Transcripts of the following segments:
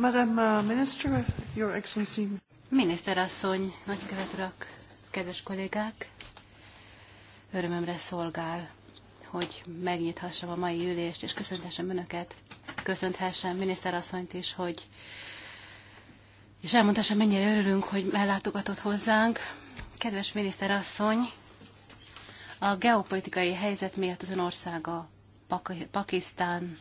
Madam uh, Minister, Your Excellency. Miniszterasszony, nagykövet urak, kedves kollégák, örömömre szolgál, hogy megnyithassam a mai ülést, és köszönhessem Önöket, miniszter asszonyt is, hogy és elmondhassam, mennyire örülünk, hogy ellátogatott hozzánk. Kedves miniszterasszony, a geopolitikai helyzet miatt az ön országa Pakisztán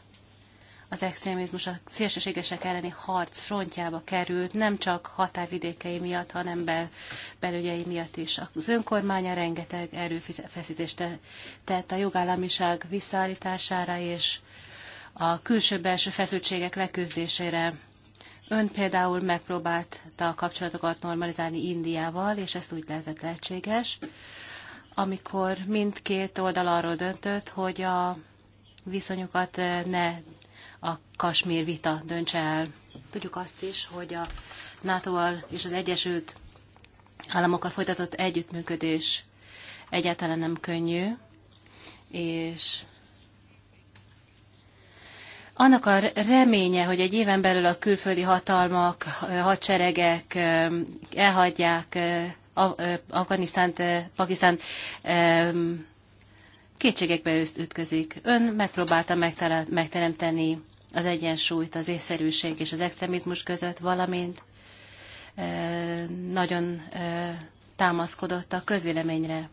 az extrémizmus a szélsőségesek elleni harc frontjába került, nem csak határvidékei miatt, hanem bel, belügyei miatt is. Az önkormánya rengeteg erőfeszítést tett a jogállamiság visszaállítására és a külső-belső feszültségek leküzdésére. Ön például megpróbálta a kapcsolatokat normalizálni Indiával, és ezt úgy lehetett lehetséges, amikor mindkét oldal arról döntött, hogy a viszonyokat eh, ne a Kasmír vita döntse el. Tudjuk azt is, hogy a NATO-val és az Egyesült Államokkal folytatott együttműködés egyáltalán nem könnyű, és annak a reménye, hogy egy éven belül a külföldi hatalmak, hadseregek elhagyják Afganisztánt, Pakisztánt kétségekbe ütközik. Ön megpróbálta megteremteni az egyensúlyt az észszerűség és az extremizmus között, valamint nagyon támaszkodott a közvéleményre.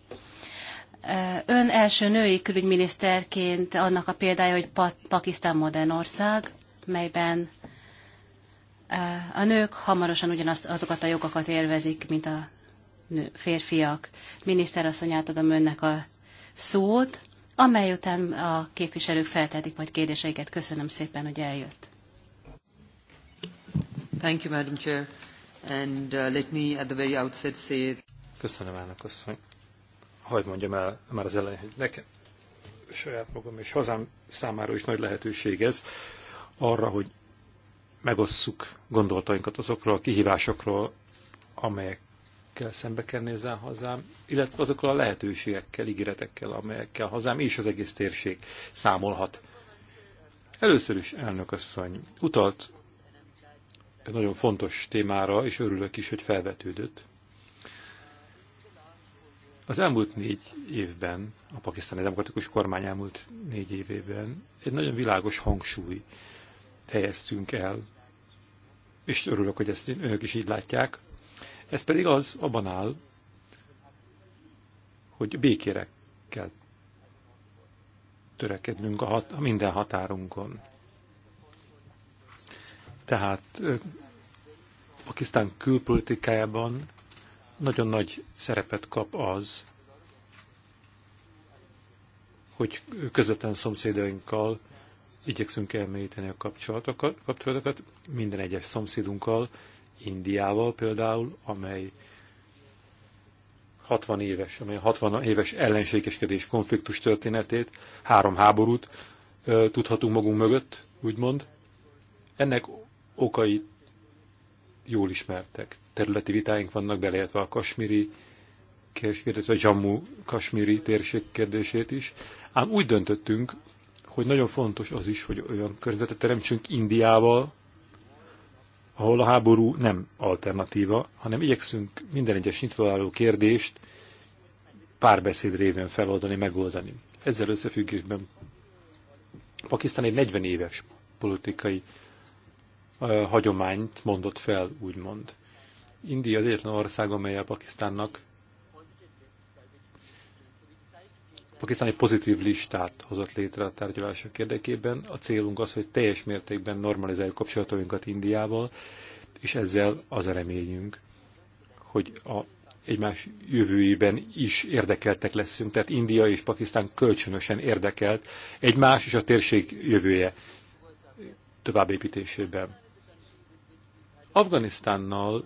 Ön első női külügyminiszterként annak a példája, hogy Pakisztán modern ország, melyben a nők hamarosan ugyanazt azokat a jogokat élvezik, mint a nő, férfiak. Miniszterasszony, átadom önnek a szót, amely után a képviselők feltetik majd kérdéseiket. Köszönöm szépen, hogy eljött. Thank you, Madam Chair. And uh, let me at the very outset say... Köszönöm, elnök asszony. Hogy mondjam el már az elején, hogy nekem saját magam és hazám számára is nagy lehetőség ez arra, hogy megosszuk gondolatainkat azokról a kihívásokról, amelyek kell szembe kell nézzen hazám, illetve azokkal a lehetőségekkel, ígéretekkel, amelyekkel hazám és az egész térség számolhat. Először is, elnök asszony, utalt egy nagyon fontos témára, és örülök is, hogy felvetődött. Az elmúlt négy évben, a pakisztáni demokratikus kormány elmúlt négy évében egy nagyon világos hangsúly helyeztünk el, és örülök, hogy ezt önök is így látják, ez pedig az abban áll, hogy békére kell törekednünk a hat, a minden határunkon. Tehát Pakisztán külpolitikájában nagyon nagy szerepet kap az, hogy közvetlen szomszédainkkal igyekszünk elmélyíteni a kapcsolatokat, kapcsolatokat minden egyes szomszédunkkal, Indiával például, amely 60 éves, amely 60 éves ellenségeskedés konfliktus történetét, három háborút ö, tudhatunk magunk mögött, úgymond. Ennek okai jól ismertek. Területi vitáink vannak, beleértve a kasmiri kérdés, a Jammu kasmiri térség kérdését is. Ám úgy döntöttünk, hogy nagyon fontos az is, hogy olyan környezetet teremtsünk Indiával, ahol a háború nem alternatíva, hanem igyekszünk minden egyes nyitva álló kérdést párbeszéd révén feloldani, megoldani. Ezzel összefüggésben Pakisztán egy 40 éves politikai hagyományt mondott fel, úgymond. India az egyetlen ország, amely a Pakisztánnak egy pozitív listát hozott létre a tárgyalások érdekében. A célunk az, hogy teljes mértékben normalizáljuk kapcsolatainkat Indiával, és ezzel az a reményünk, hogy a egymás jövőjében is érdekeltek leszünk. Tehát India és Pakisztán kölcsönösen érdekelt egymás és a térség jövője továbbépítésében. Afganisztánnal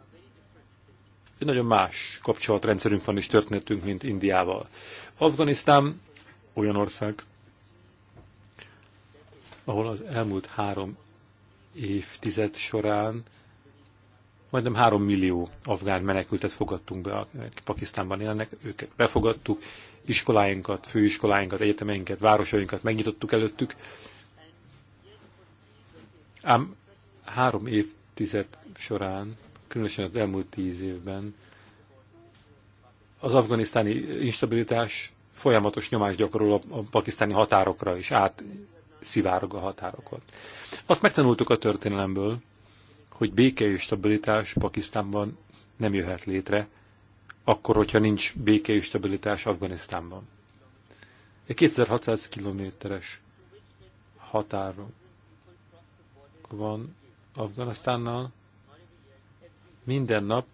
egy nagyon más kapcsolatrendszerünk van és történetünk, mint Indiával. Afganisztán olyan ország, ahol az elmúlt három évtized során majdnem három millió afgán menekültet fogadtunk be, akik Pakisztánban élnek, őket befogadtuk, iskoláinkat, főiskoláinkat, egyetemeinket, városainkat megnyitottuk előttük. Ám három évtized során különösen az elmúlt tíz évben, az afganisztáni instabilitás folyamatos nyomást gyakorol a, pakisztáni határokra, és átszivárog a határokon. Azt megtanultuk a történelemből, hogy béke és stabilitás Pakisztánban nem jöhet létre, akkor, hogyha nincs béke és stabilitás Afganisztánban. Egy 2600 kilométeres határon van Afganisztánnal, minden nap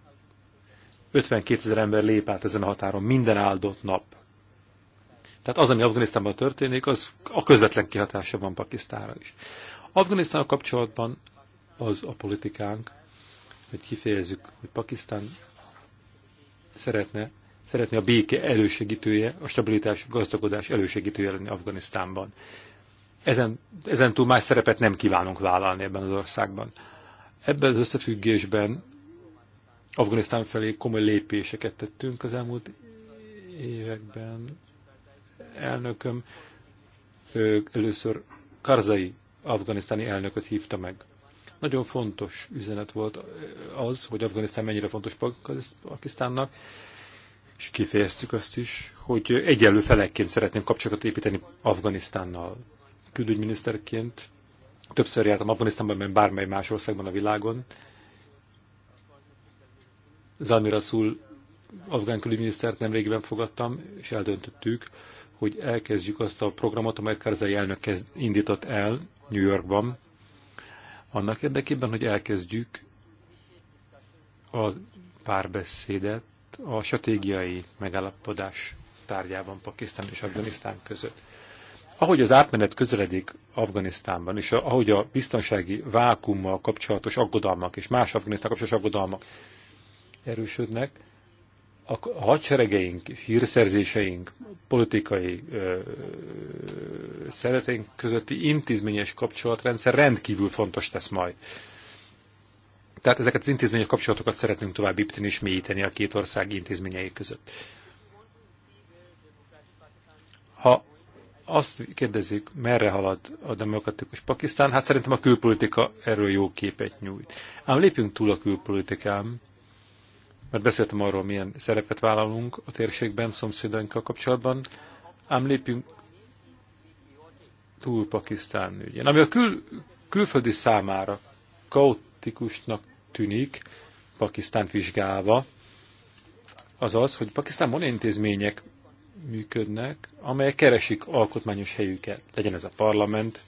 52 ezer ember lép át ezen a határon, minden áldott nap. Tehát az, ami Afganisztánban történik, az a közvetlen kihatása van Pakisztánra is. Afganisztán kapcsolatban az a politikánk, hogy kifejezzük, hogy Pakisztán szeretne, szeretne a béke elősegítője, a stabilitás, a gazdagodás elősegítője lenni Afganisztánban. Ezen, ezen túl más szerepet nem kívánunk vállalni ebben az országban. Ebben az összefüggésben Afganisztán felé komoly lépéseket tettünk az elmúlt években. Elnököm először Karzai afganisztáni elnököt hívta meg. Nagyon fontos üzenet volt az, hogy Afganisztán mennyire fontos Pakisztánnak, és kifejeztük azt is, hogy egyenlő felekként szeretném kapcsolatot építeni Afganisztánnal. Külügyminiszterként többször jártam Afganisztánban, mert bármely más országban a világon, Zalmi Rasul afgán külügyminisztert nemrégiben fogadtam, és eldöntöttük, hogy elkezdjük azt a programot, amelyet Karzai elnök kezd, indított el New Yorkban, annak érdekében, hogy elkezdjük a párbeszédet a stratégiai megállapodás tárgyában Pakisztán és Afganisztán között. Ahogy az átmenet közeledik Afganisztánban, és ahogy a biztonsági vákummal kapcsolatos aggodalmak és más Afganisztán kapcsolatos aggodalmak erősödnek, a hadseregeink, hírszerzéseink, politikai szereteink közötti intézményes kapcsolatrendszer rendkívül fontos tesz majd. Tehát ezeket az intézményes kapcsolatokat szeretnénk tovább építeni és mélyíteni a két ország intézményei között. Ha azt kérdezik, merre halad a demokratikus Pakisztán, hát szerintem a külpolitika erről jó képet nyújt. Ám lépjünk túl a külpolitikám, mert beszéltem arról, milyen szerepet vállalunk a térségben, szomszédainkkal kapcsolatban, ám lépjünk túl Pakisztán ügyén. Ami a kül, külföldi számára kaotikusnak tűnik, Pakisztán vizsgálva, az az, hogy Pakisztánban intézmények működnek, amelyek keresik alkotmányos helyüket. Legyen ez a parlament,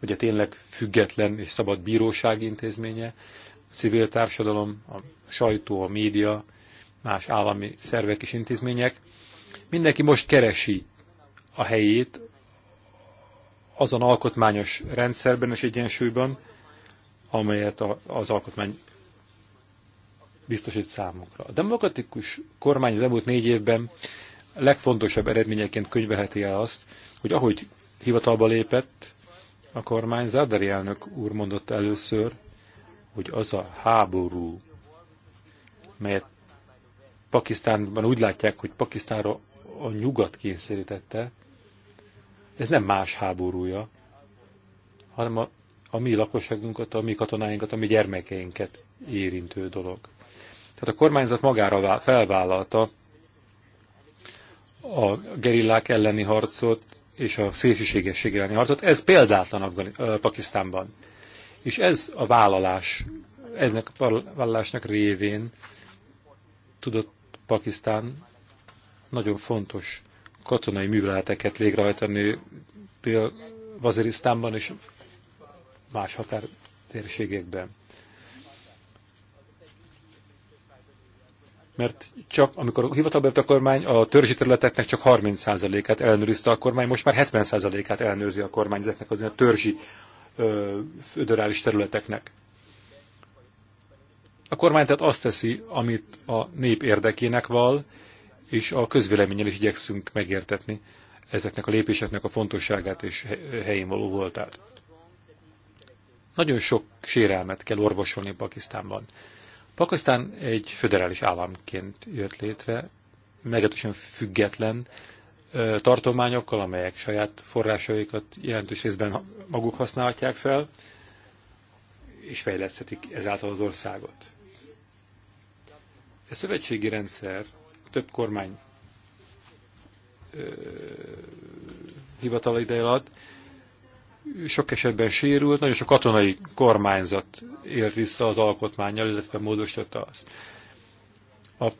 vagy a tényleg független és szabad bíróság intézménye, civil társadalom, a sajtó, a média, más állami szervek és intézmények. Mindenki most keresi a helyét azon alkotmányos rendszerben és egyensúlyban, amelyet az alkotmány biztosít számunkra. A demokratikus kormány az elmúlt négy évben legfontosabb eredményeként könyveheti el azt, hogy ahogy hivatalba lépett a kormány, Zádari elnök úr mondott először, hogy az a háború, melyet Pakisztánban úgy látják, hogy Pakisztánra a nyugat kényszerítette, ez nem más háborúja, hanem a, a mi lakosságunkat, a mi katonáinkat, a mi gyermekeinket érintő dolog. Tehát a kormányzat magára felvállalta a gerillák elleni harcot és a szélsőségesség elleni harcot. Ez példátlan Afgani- Pakisztánban. És ez a vállalás, ennek a vállalásnak révén tudott Pakisztán nagyon fontos katonai műveleteket végrehajtani például vazirisztánban és más határtérségekben. Mert csak amikor hivatalba a kormány, a törzsi területeknek csak 30%-át ellenőrizte a kormány, most már 70%-át ellenőrzi a kormány ezeknek az a törzsi föderális területeknek. A kormány tehát azt teszi, amit a nép érdekének val, és a közvéleménnyel is igyekszünk megértetni ezeknek a lépéseknek a fontosságát és helyén való voltát. Nagyon sok sérelmet kell orvosolni Pakisztánban. Pakisztán egy föderális államként jött létre, meglehetősen független, tartományokkal, amelyek saját forrásaikat jelentős részben maguk használhatják fel, és fejleszthetik ezáltal az országot. A szövetségi rendszer több kormány hivatal ideje alatt sok esetben sérült, nagyon sok katonai kormányzat élt vissza az alkotmányjal, illetve módosította azt. A,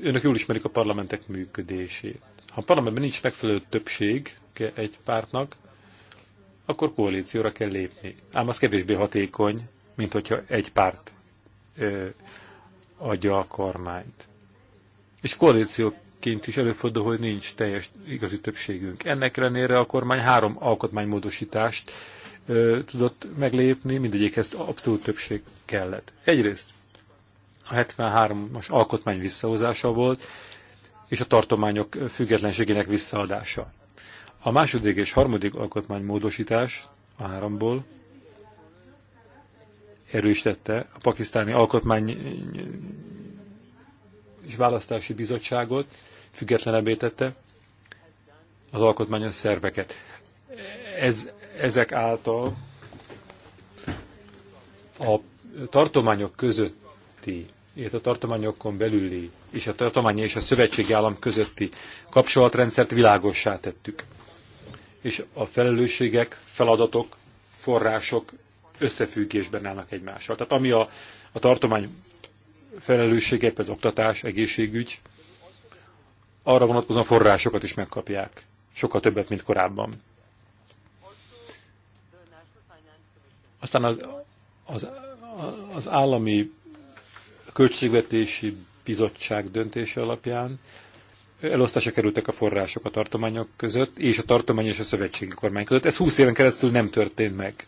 önök jól ismerik a parlamentek működését. Ha a parlamentben nincs megfelelő többség egy pártnak, akkor koalícióra kell lépni. Ám az kevésbé hatékony, mint hogyha egy párt ö, adja a kormányt. És koalícióként is előfordul, hogy nincs teljes igazi többségünk. Ennek ellenére a kormány három alkotmánymódosítást ö, tudott meglépni, mindegyikhez abszolút többség kellett. Egyrészt a 73-as alkotmány visszahozása volt, és a tartományok függetlenségének visszaadása. A második és harmadik alkotmánymódosítás a háromból erősítette a pakisztáni alkotmány és választási bizottságot, függetlenebbé tette az alkotmányos szerveket. Ez, ezek által a tartományok közötti illetve a tartományokon belüli és a tartomány és a szövetségi állam közötti kapcsolatrendszert világossá tettük. És a felelősségek, feladatok, források összefüggésben állnak egymással. Tehát ami a, a tartomány felelőssége, az oktatás, egészségügy, arra vonatkozóan forrásokat is megkapják. Sokkal többet, mint korábban. Aztán az, az, az állami Költségvetési Bizottság döntése alapján elosztásra kerültek a források a tartományok között, és a tartomány és a szövetségi kormány között. Ez 20 éven keresztül nem történt meg.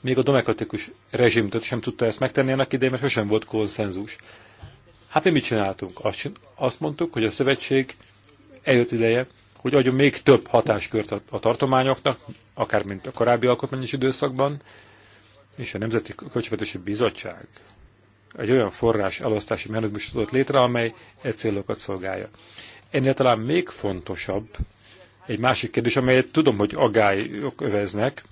Még a demokratikus rezsim sem tudta ezt megtenni annak idején, mert sosem volt konszenzus. Hát mi mit csináltunk? Azt mondtuk, hogy a szövetség eljött ideje, hogy adjon még több hatáskört a tartományoknak, akár mint a korábbi alkotmányos időszakban, és a Nemzeti Költségvetési Bizottság egy olyan forrás elosztási mechanizmus létre, amely e célokat szolgálja. Ennél talán még fontosabb egy másik kérdés, amelyet tudom, hogy agályok öveznek,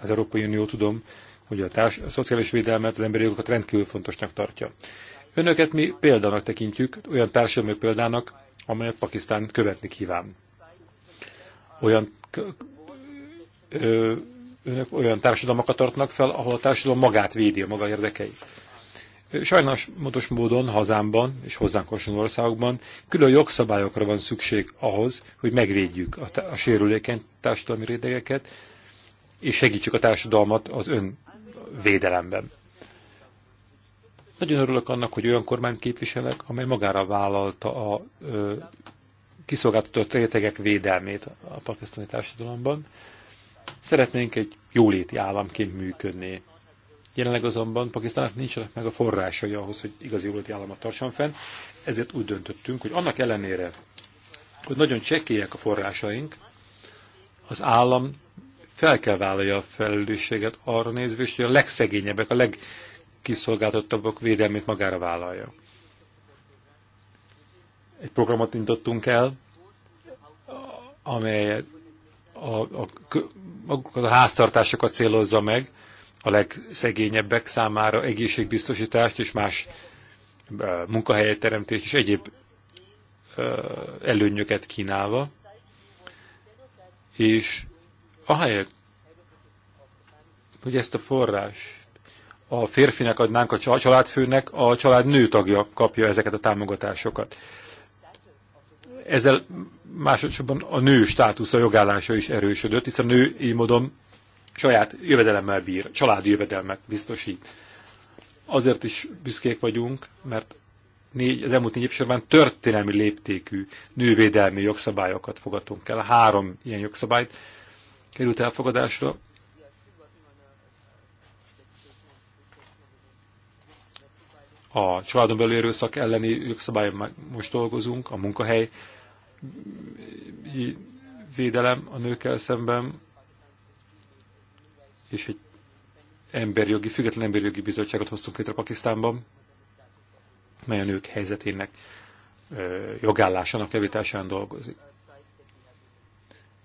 az Európai Unió tudom, hogy a, társ, a szociális védelmet, az emberi jogokat rendkívül fontosnak tartja. Önöket mi példának tekintjük, olyan társadalmi példának, amelyet Pakisztán követni kíván. Olyan, ö, önök olyan társadalmakat tartnak fel, ahol a társadalom magát védi, a maga érdekeit. Sajnos módos módon hazámban és hozzánk hasonló országokban külön jogszabályokra van szükség ahhoz, hogy megvédjük a, a sérülékeny társadalmi rétegeket, és segítsük a társadalmat az önvédelemben. Nagyon örülök annak, hogy olyan kormányt képviselek, amely magára vállalta a ö, kiszolgáltatott rétegek védelmét a pakisztani társadalomban. Szeretnénk egy jóléti államként működni. Jelenleg azonban Pakisztának nincsenek meg a forrásai ahhoz, hogy igazi jóléti államot tartson fenn, ezért úgy döntöttünk, hogy annak ellenére, hogy nagyon csekélyek a forrásaink, az állam fel kell vállalja a felelősséget arra nézve, hogy a legszegényebbek, a legkiszolgáltatottabbak védelmét magára vállalja. Egy programot indítottunk el, amely a, a, a, a háztartásokat célozza meg, a legszegényebbek számára egészségbiztosítást és más munkahelyet teremtést és egyéb előnyöket kínálva, és ahelyett, hogy ezt a forrást a férfinek adnánk a családfőnek, a család nő tagja kapja ezeket a támogatásokat. Ezzel másodszorban a nő státusza, jogállása is erősödött, hiszen a nő így módon saját jövedelemmel bír, családi jövedelmet biztosít. Azért is büszkék vagyunk, mert négy, az elmúlt négy év során történelmi léptékű nővédelmi jogszabályokat fogadtunk el. Három ilyen jogszabályt került elfogadásra. A családon belül erőszak elleni jogszabályon most dolgozunk, a munkahely mm, védelem a nőkkel szemben, és egy emberjogi, független emberjogi bizottságot hoztunk létre Pakisztánban, mely a nők helyzetének, jogállásának javításán dolgozik.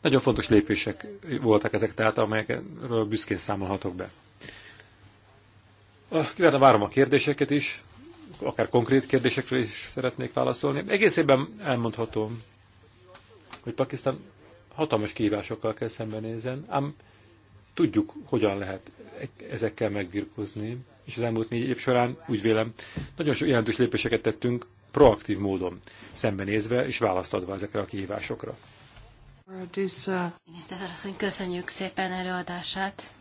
Nagyon fontos lépések voltak ezek, tehát amelyekről büszkén számolhatok be. Kívánom, várom a kérdéseket is, akár konkrét kérdésekről is szeretnék válaszolni. évben elmondhatom, hogy Pakisztán hatalmas kihívásokkal kell szembenézen, ám Tudjuk, hogyan lehet e- ezekkel megbirkózni, és az elmúlt négy év során úgy vélem, nagyon sok jelentős lépéseket tettünk proaktív módon, szembenézve és választ adva ezekre a kihívásokra. Miniszterasszony, köszönjük szépen előadását,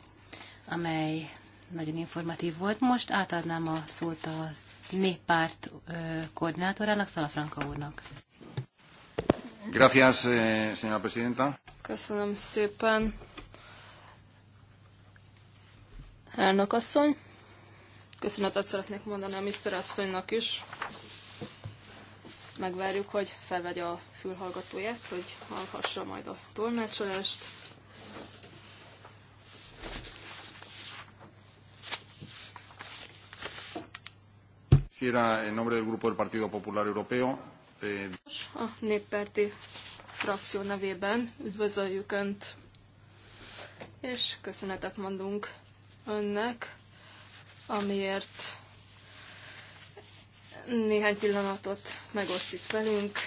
amely nagyon informatív volt. Most átadnám a szót a néppárt koordinátorának, Szalafranka úrnak. Gracias, eh, señora presidenta. Köszönöm szépen, Elnök asszony, köszönetet szeretnék mondani a Mr. asszonynak is. Megvárjuk, hogy felvegye a fülhallgatóját, hogy hallhassa majd a tolmácsolást. Quisiera, en nombre del Grupo del Partido Popular Europeo, eh... A néppárti frakció nevében üdvözöljük Önt, és köszönetet mondunk önnek, amiért néhány pillanatot megoszt itt velünk.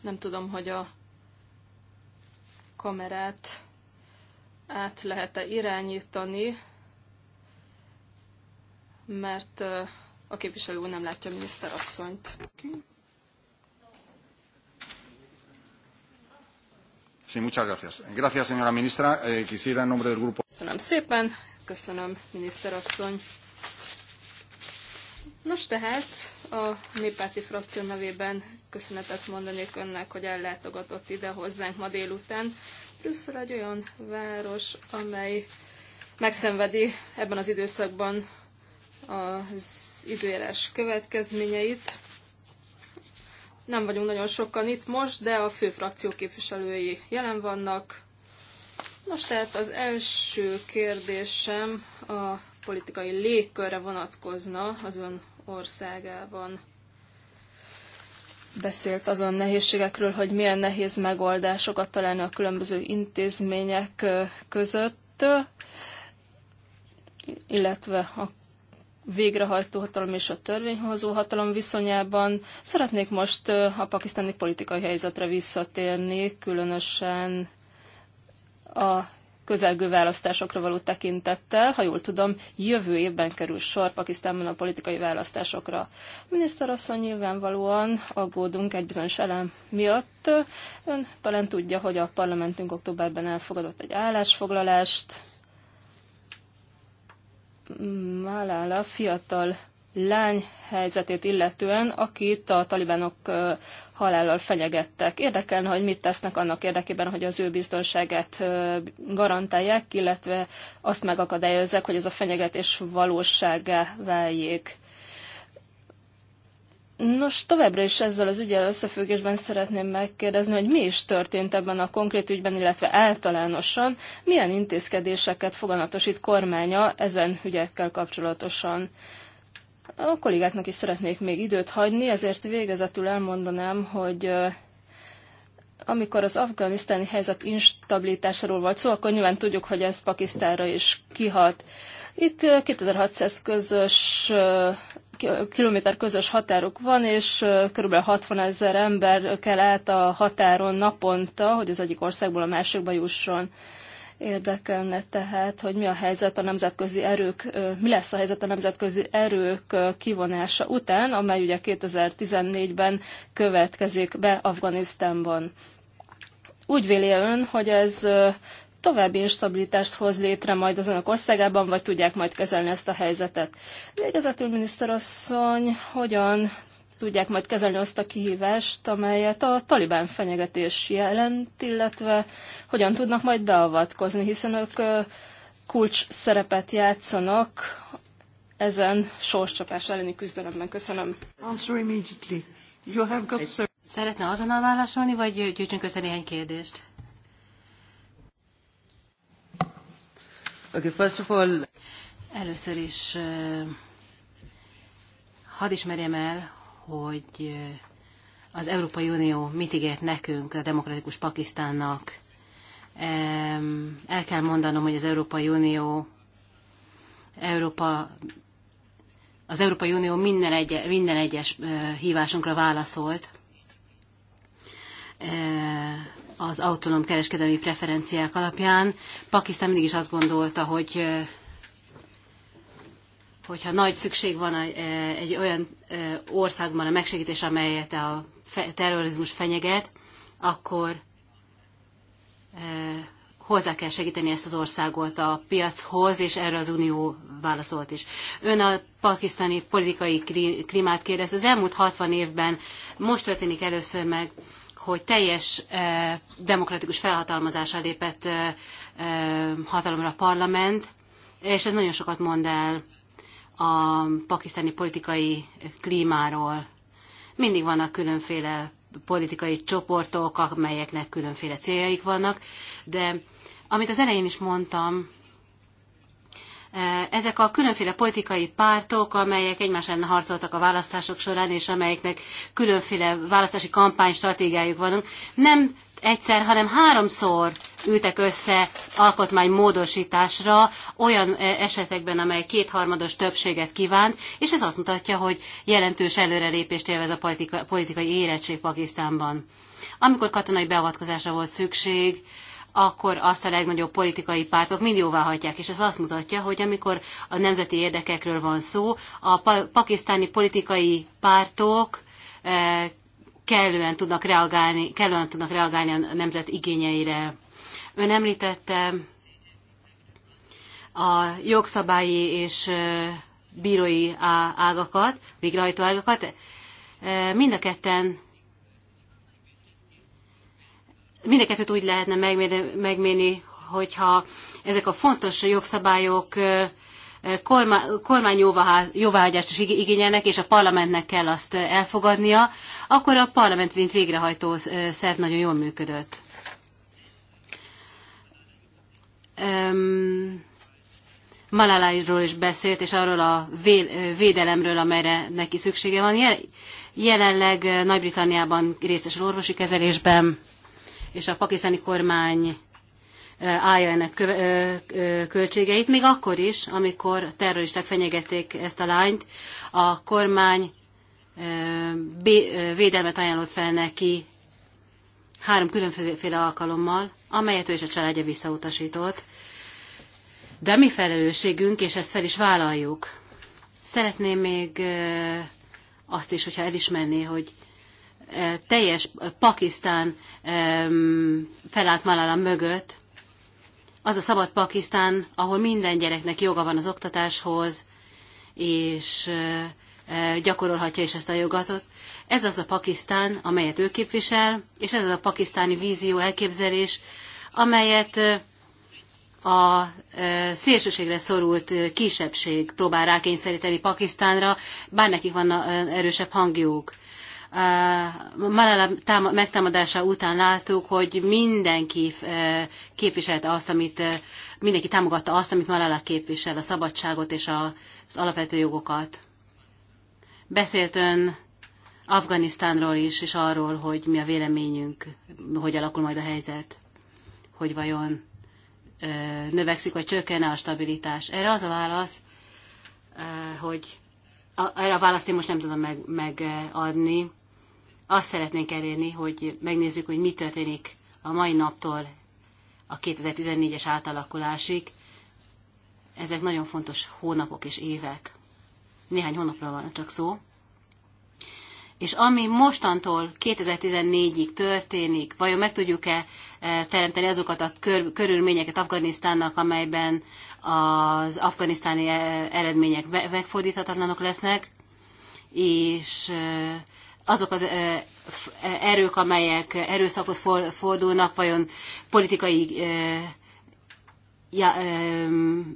Nem tudom, hogy a kamerát át lehet-e irányítani, mert a képviselő nem látja a miniszterasszonyt. Okay. Sí, Köszönöm szépen, köszönöm, miniszterasszony. Nos tehát, a néppárti frakció nevében köszönetet mondanék önnek, hogy ellátogatott ide hozzánk ma délután. Brüsszel egy olyan város, amely megszenvedi ebben az időszakban az időjárás következményeit. Nem vagyunk nagyon sokan itt most, de a fő frakció képviselői jelen vannak. Most tehát az első kérdésem a politikai légkörre vonatkozna az ön országában. Beszélt azon nehézségekről, hogy milyen nehéz megoldásokat találni a különböző intézmények között, illetve a végrehajtó hatalom és a törvényhozó hatalom viszonyában. Szeretnék most a pakisztáni politikai helyzetre visszatérni, különösen a közelgő választásokra való tekintettel, ha jól tudom, jövő évben kerül sor Pakisztánban a politikai választásokra. A miniszter nyilvánvalóan aggódunk egy bizonyos elem miatt. Ön talán tudja, hogy a parlamentünk októberben elfogadott egy állásfoglalást, Malala fiatal lány helyzetét illetően, akit a talibánok halállal fenyegettek. Érdekelne, hogy mit tesznek annak érdekében, hogy az ő biztonságát garantálják, illetve azt megakadályozzák, hogy ez a fenyegetés valóságá váljék. Nos, továbbra is ezzel az ügyel összefüggésben szeretném megkérdezni, hogy mi is történt ebben a konkrét ügyben, illetve általánosan, milyen intézkedéseket foganatosít kormánya ezen ügyekkel kapcsolatosan. A kollégáknak is szeretnék még időt hagyni, ezért végezetül elmondanám, hogy amikor az afganisztáni helyzet instabilitásáról volt szó, akkor nyilván tudjuk, hogy ez Pakisztánra is kihat. Itt 2600 közös kilométer közös határok van, és kb. 60 ezer ember kell át a határon naponta, hogy az egyik országból a másikba jusson. Érdekelne tehát, hogy mi a helyzet a nemzetközi erők, mi lesz a helyzet a nemzetközi erők kivonása után, amely ugye 2014-ben következik be Afganisztánban. Úgy véli ön, hogy ez további instabilitást hoz létre majd az önök országában, vagy tudják majd kezelni ezt a helyzetet. Végezetül, miniszterasszony, hogyan tudják majd kezelni azt a kihívást, amelyet a talibán fenyegetés jelent, illetve hogyan tudnak majd beavatkozni, hiszen ők kulcs szerepet játszanak ezen sorscsapás elleni küzdelemben. Köszönöm. Answer immediately. You have got... Szeretne azonnal válaszolni, vagy gyűjtsünk össze néhány kérdést? Okay, first of all... Először is uh, hadd ismerjem el, hogy uh, az Európai Unió mit ígért nekünk, a demokratikus Pakisztánnak. Um, el kell mondanom, hogy az Európai Unió Európa az Európai Unió minden, egy, minden egyes hívásunkra válaszolt az autonóm kereskedelmi preferenciák alapján. Pakisztán mindig is azt gondolta, hogy hogyha nagy szükség van egy olyan országban a megsegítés, amelyet a terrorizmus fenyeget, akkor hozzá kell segíteni ezt az országot a piachoz, és erre az Unió válaszolt is. Ön a pakisztáni politikai klímát kérdez. Az elmúlt 60 évben most történik először meg, hogy teljes demokratikus felhatalmazással lépett hatalomra a parlament, és ez nagyon sokat mond el a pakisztáni politikai klímáról. Mindig vannak különféle politikai csoportok, amelyeknek különféle céljaik vannak, de amit az elején is mondtam, Eh, ezek a különféle politikai pártok, amelyek egymás ellen harcoltak a választások során, és amelyeknek különféle választási kampánystratégiájuk van, nem egyszer, hanem háromszor ültek össze alkotmánymódosításra olyan eh, esetekben, amely kétharmados többséget kívánt, és ez azt mutatja, hogy jelentős előrelépést élvez a politika, politikai érettség Pakisztánban. Amikor katonai beavatkozásra volt szükség, akkor azt a legnagyobb politikai pártok mind jóvá hagyják. És ez azt mutatja, hogy amikor a nemzeti érdekekről van szó, a pakisztáni politikai pártok eh, kellően tudnak reagálni, kellően tudnak reagálni a nemzet igényeire. Ön említette a jogszabályi és eh, bírói ágakat, végrehajtó ágakat. Eh, mind a ketten mind a kettőt úgy lehetne megmérni, megmérni hogyha ezek a fontos jogszabályok kormány jóváhagyást is igényelnek, és a parlamentnek kell azt elfogadnia, akkor a parlament mint végrehajtó szerv nagyon jól működött. Um, is beszélt, és arról a védelemről, amelyre neki szüksége van. Jelenleg Nagy-Britanniában részes orvosi kezelésben és a pakisztáni kormány állja ennek költségeit, még akkor is, amikor terroristák fenyegették ezt a lányt, a kormány védelmet ajánlott fel neki három különféle alkalommal, amelyet ő és a családja visszautasított. De mi felelősségünk, és ezt fel is vállaljuk. Szeretném még azt is, hogyha elismerné, hogy teljes Pakisztán felállt Malala mögött, az a szabad Pakisztán, ahol minden gyereknek joga van az oktatáshoz, és gyakorolhatja is ezt a jogatot. Ez az a Pakisztán, amelyet ő képvisel, és ez az a pakisztáni vízió elképzelés, amelyet a szélsőségre szorult kisebbség próbál rákényszeríteni Pakisztánra, bár nekik van erősebb hangjuk. Malala megtámadása után láttuk, hogy mindenki képviselte azt, amit mindenki támogatta azt, amit Malala képvisel, a szabadságot és az alapvető jogokat. Beszélt ön Afganisztánról is, és arról, hogy mi a véleményünk, hogy alakul majd a helyzet, hogy vajon növekszik vagy csökken a stabilitás. Erre az a válasz, hogy erre a választ én most nem tudom meg, megadni. Azt szeretnénk elérni, hogy megnézzük, hogy mi történik a mai naptól a 2014-es átalakulásig. Ezek nagyon fontos hónapok és évek. Néhány hónapra van csak szó. És ami mostantól 2014-ig történik, vajon meg tudjuk-e eh, teremteni azokat a körülményeket Afganisztánnak, amelyben az afganisztáni eh, eredmények megfordíthatatlanok lesznek, és eh, azok az eh, erők, amelyek erőszakhoz fordulnak, vajon politikai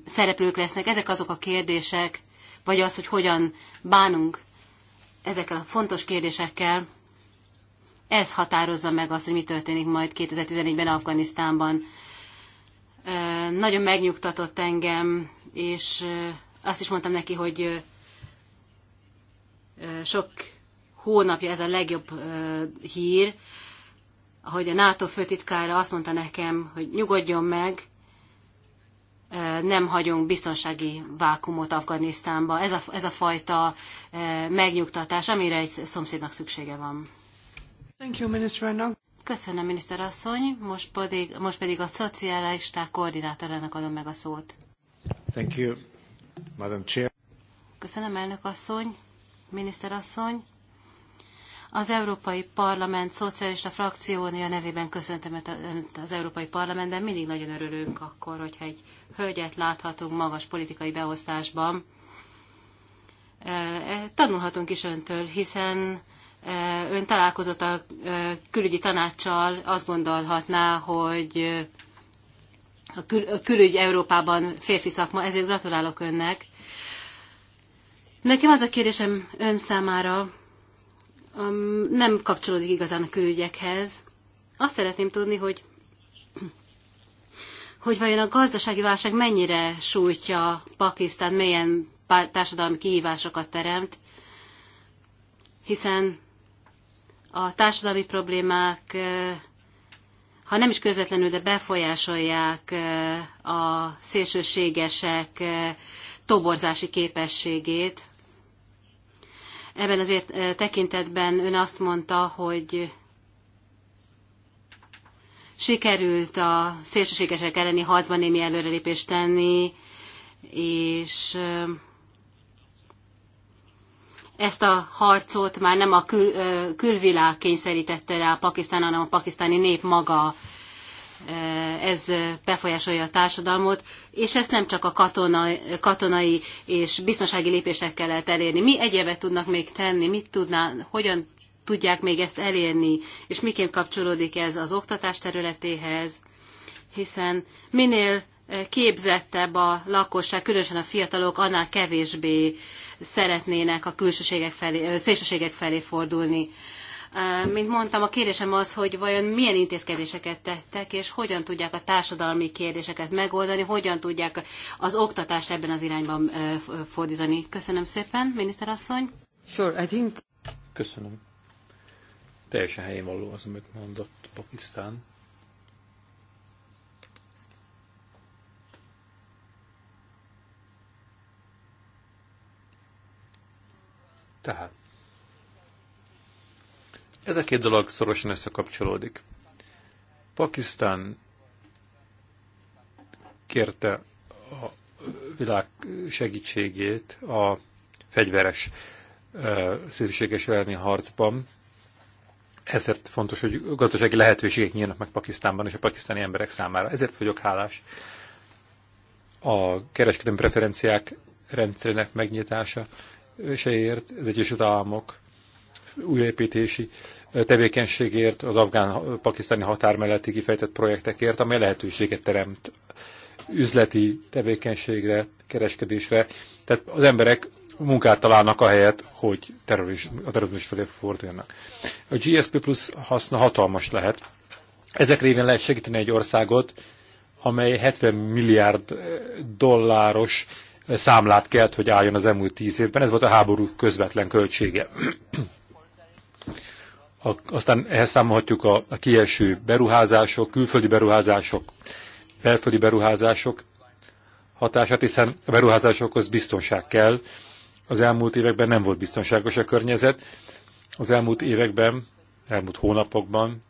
szereplők lesznek. Ezek azok a kérdések, vagy az, hogy hogyan bánunk ezekkel a fontos kérdésekkel, ez határozza meg azt, hogy mi történik majd 2014-ben Afganisztánban nagyon megnyugtatott engem, és azt is mondtam neki, hogy sok hónapja ez a legjobb hír, hogy a NATO főtitkára azt mondta nekem, hogy nyugodjon meg, nem hagyunk biztonsági vákumot Afganisztánba. Ez a, ez a fajta megnyugtatás, amire egy szomszédnak szüksége van. Thank you, Minister Köszönöm, miniszter asszony. Most pedig, most pedig a szocialisták koordinátorának adom meg a szót. Thank you, Madam Chair. Köszönöm, elnök asszony, asszony. Az Európai Parlament szocialista frakciója nevében köszöntöm Önt az Európai Parlamentben. Mindig nagyon örülünk akkor, hogyha egy hölgyet láthatunk magas politikai beosztásban. Tanulhatunk is Öntől, hiszen ön találkozott a külügyi tanácssal, azt gondolhatná, hogy a, kül, a külügy Európában férfi szakma, ezért gratulálok önnek. Nekem az a kérdésem ön számára nem kapcsolódik igazán a külügyekhez. Azt szeretném tudni, hogy hogy vajon a gazdasági válság mennyire sújtja Pakisztán, milyen társadalmi kihívásokat teremt, hiszen a társadalmi problémák, ha nem is közvetlenül, de befolyásolják a szélsőségesek toborzási képességét. Ebben azért tekintetben ön azt mondta, hogy sikerült a szélsőségesek elleni harcban némi előrelépést tenni, és ezt a harcot már nem a kül, külvilág kényszerítette rá a Pakisztán, hanem a pakisztáni nép maga ez befolyásolja a társadalmat, és ezt nem csak a katonai, katonai és biztonsági lépésekkel lehet elérni. Mi egyebet tudnak még tenni, mit tudná, hogyan tudják még ezt elérni, és miként kapcsolódik ez az oktatás területéhez, hiszen minél képzettebb a lakosság, különösen a fiatalok, annál kevésbé szeretnének a külsőségek felé, szélsőségek felé fordulni. Mint mondtam, a kérdésem az, hogy vajon milyen intézkedéseket tettek, és hogyan tudják a társadalmi kérdéseket megoldani, hogyan tudják az oktatást ebben az irányban fordítani. Köszönöm szépen, miniszterasszony. Sure, I think... Köszönöm. Teljesen helyén való az, amit mondott Pakisztán. Tehát ez a két dolog szorosan összekapcsolódik. Pakisztán kérte a világ segítségét a fegyveres szélséges elleni harcban. Ezért fontos, hogy gazdasági lehetőségek nyílnak meg Pakisztánban és a pakisztáni emberek számára. Ezért vagyok hálás. A kereskedelmi preferenciák rendszerének megnyitása se ért, az Egyesült Államok újépítési tevékenységért, az afgán-pakisztáni határ melletti kifejtett projektekért, amely lehetőséget teremt üzleti tevékenységre, kereskedésre. Tehát az emberek munkát találnak a helyet, hogy terrorizmus, a terrorizmus felé forduljanak. A GSP Plus haszna hatalmas lehet. Ezek révén lehet segíteni egy országot, amely 70 milliárd dolláros számlát kelt, hogy álljon az elmúlt tíz évben. Ez volt a háború közvetlen költsége. aztán ehhez számolhatjuk a, a kieső beruházások, külföldi beruházások, belföldi beruházások hatását, hiszen a beruházásokhoz biztonság kell. Az elmúlt években nem volt biztonságos a környezet. Az elmúlt években, elmúlt hónapokban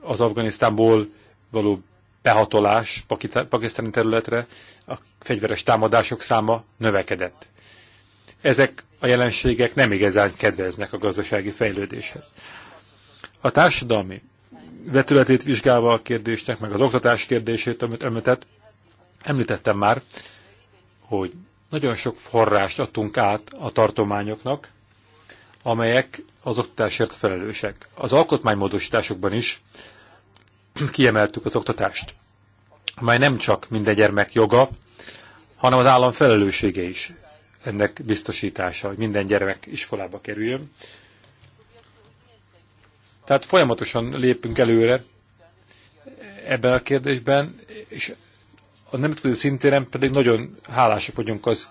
az Afganisztánból való behatolás pakisztáni területre, a fegyveres támadások száma növekedett. Ezek a jelenségek nem igazán kedveznek a gazdasági fejlődéshez. A társadalmi vetületét vizsgálva a kérdésnek, meg az oktatás kérdését, amit említett, említettem már, hogy nagyon sok forrást adtunk át a tartományoknak, amelyek az oktatásért felelősek. Az alkotmánymódosításokban is kiemeltük az oktatást, amely nem csak minden gyermek joga, hanem az állam felelőssége is ennek biztosítása, hogy minden gyermek iskolába kerüljön. Tehát folyamatosan lépünk előre ebben a kérdésben, és a nemzetközi szintéren pedig nagyon hálásak vagyunk az,